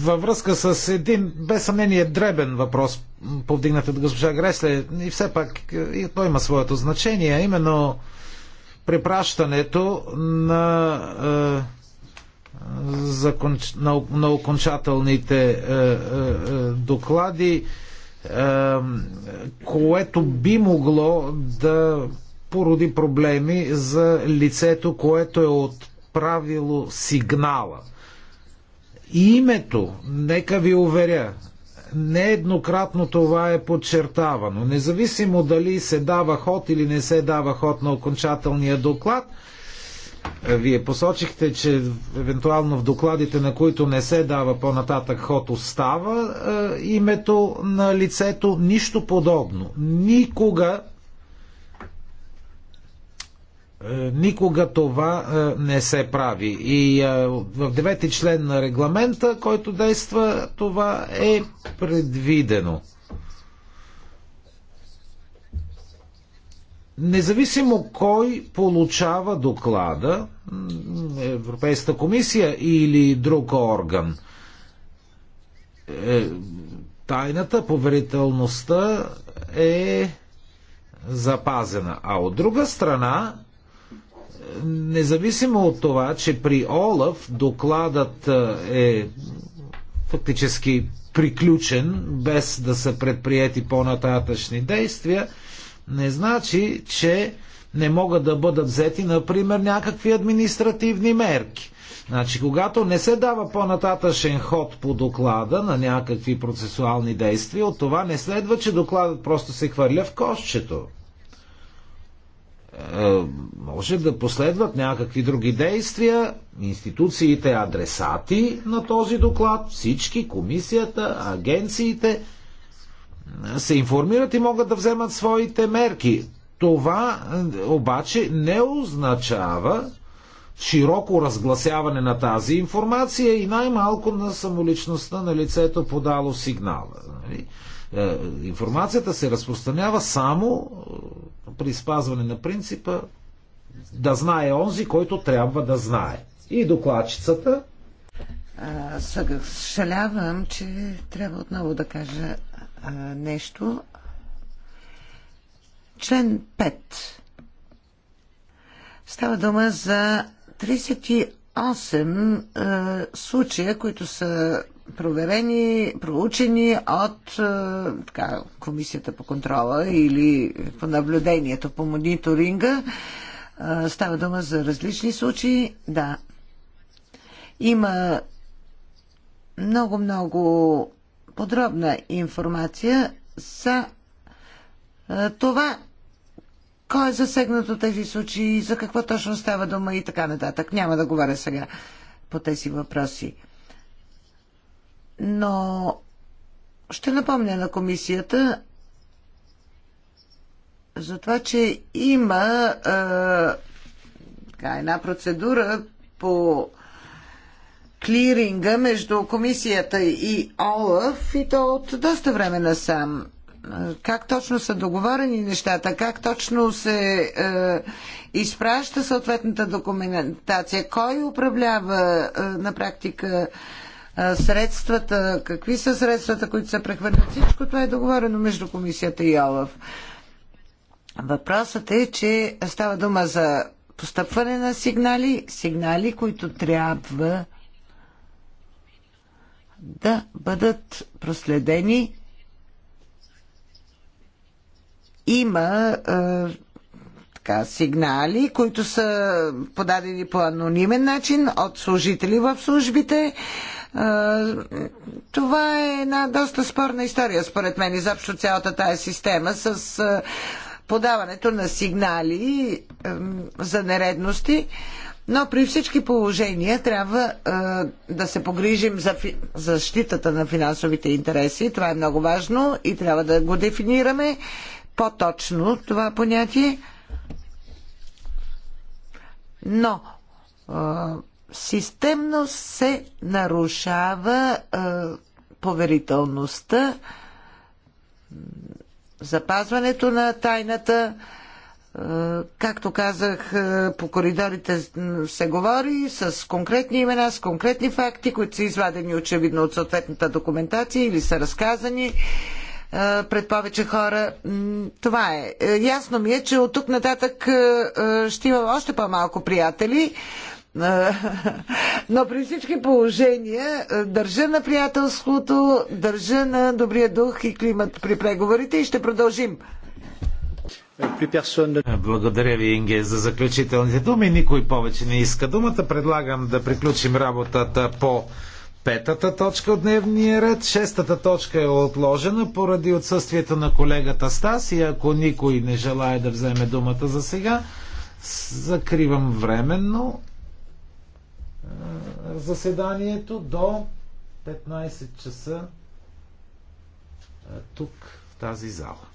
[SPEAKER 2] Във връзка с един, без съмнение, дребен въпрос, повдигнат от госпожа Гресле, и все пак и той има своето значение, именно препращането на, е, закон, на, на окончателните е, е, е доклади което би могло да породи проблеми за лицето, което е отправило сигнала. Името, нека ви уверя, нееднократно това е подчертавано. Независимо дали се дава ход или не се дава ход на окончателния доклад, е, вие посочихте, че евентуално в докладите, на които не се дава по-нататък ход, остава е, името на лицето. Нищо подобно. Никога е, никога това е, не се прави. И в девети член на регламента, който действа, това е предвидено. Независимо кой получава доклада, Европейската комисия или друг орган, е, тайната, поверителността е запазена. А от друга страна, независимо от това, че при Олаф докладът е фактически приключен, без да са предприяти по-нататъчни действия, не значи, че не могат да бъдат взети, например, някакви административни мерки. Значи, когато не се дава по-нататъшен ход по доклада на някакви процесуални действия, от това не следва, че докладът просто се хвърля в кошчето. Е, може да последват някакви други действия, институциите адресати на този доклад, всички, комисията, агенциите – се информират и могат да вземат своите мерки. Това е, обаче не означава широко разгласяване на тази информация и най-малко на самоличността на лицето подало сигнала. Нали? Е, информацията се разпространява само е, при спазване на принципа да знае онзи, който трябва да знае. И докладчицата.
[SPEAKER 1] Съжалявам, че трябва отново да кажа а, нещо. Член 5. Става дума за 38 е, случая, които са проверени, проучени от е, така, Комисията по контрола или по наблюдението, по мониторинга. Е, става дума за различни случаи. Да. Има много-много подробна информация за е, това, кой е засегнат от тези случаи, за какво точно става дума и така нататък. Няма да говоря сега по тези въпроси. Но ще напомня на комисията за това, че има е, така, една процедура по клиринга между комисията и ОЛАФ и то от доста време насам. Как точно са договорени нещата, как точно се е, изпраща съответната документация, кой управлява е, на практика е, средствата, какви са средствата, които се прехвърлят. Всичко това е договорено между комисията и ОЛАФ. Въпросът е, че става дума за постъпване на сигнали, сигнали, които трябва да бъдат проследени. Има е, така, сигнали, които са подадени по анонимен начин от служители в службите. Това е една доста спорна история, според мен, изобщо цялата тая система с подаването на сигнали за нередности. Но при всички положения трябва а, да се погрижим за фи... защитата на финансовите интереси. Това е много важно и трябва да го дефинираме по-точно това понятие. Но а, системно се нарушава а, поверителността, запазването на тайната. А, е, както казах, е, по коридорите се говори с конкретни имена, с конкретни факти, които са извадени очевидно от съответната документация или са разказани е, пред повече хора. Това е. Ясно ми е, че от тук нататък ще имам още по-малко приятели. Но при всички положения държа на приятелството, държа на добрия дух и климат при преговорите и ще продължим
[SPEAKER 2] благодаря ви, Инге, за заключителните думи. Никой повече не иска думата. Предлагам да приключим работата по петата точка от дневния ред. Шестата точка е отложена поради отсъствието на колегата Стас и ако никой не желая да вземе думата за сега, закривам временно заседанието до 15 часа тук в тази зала.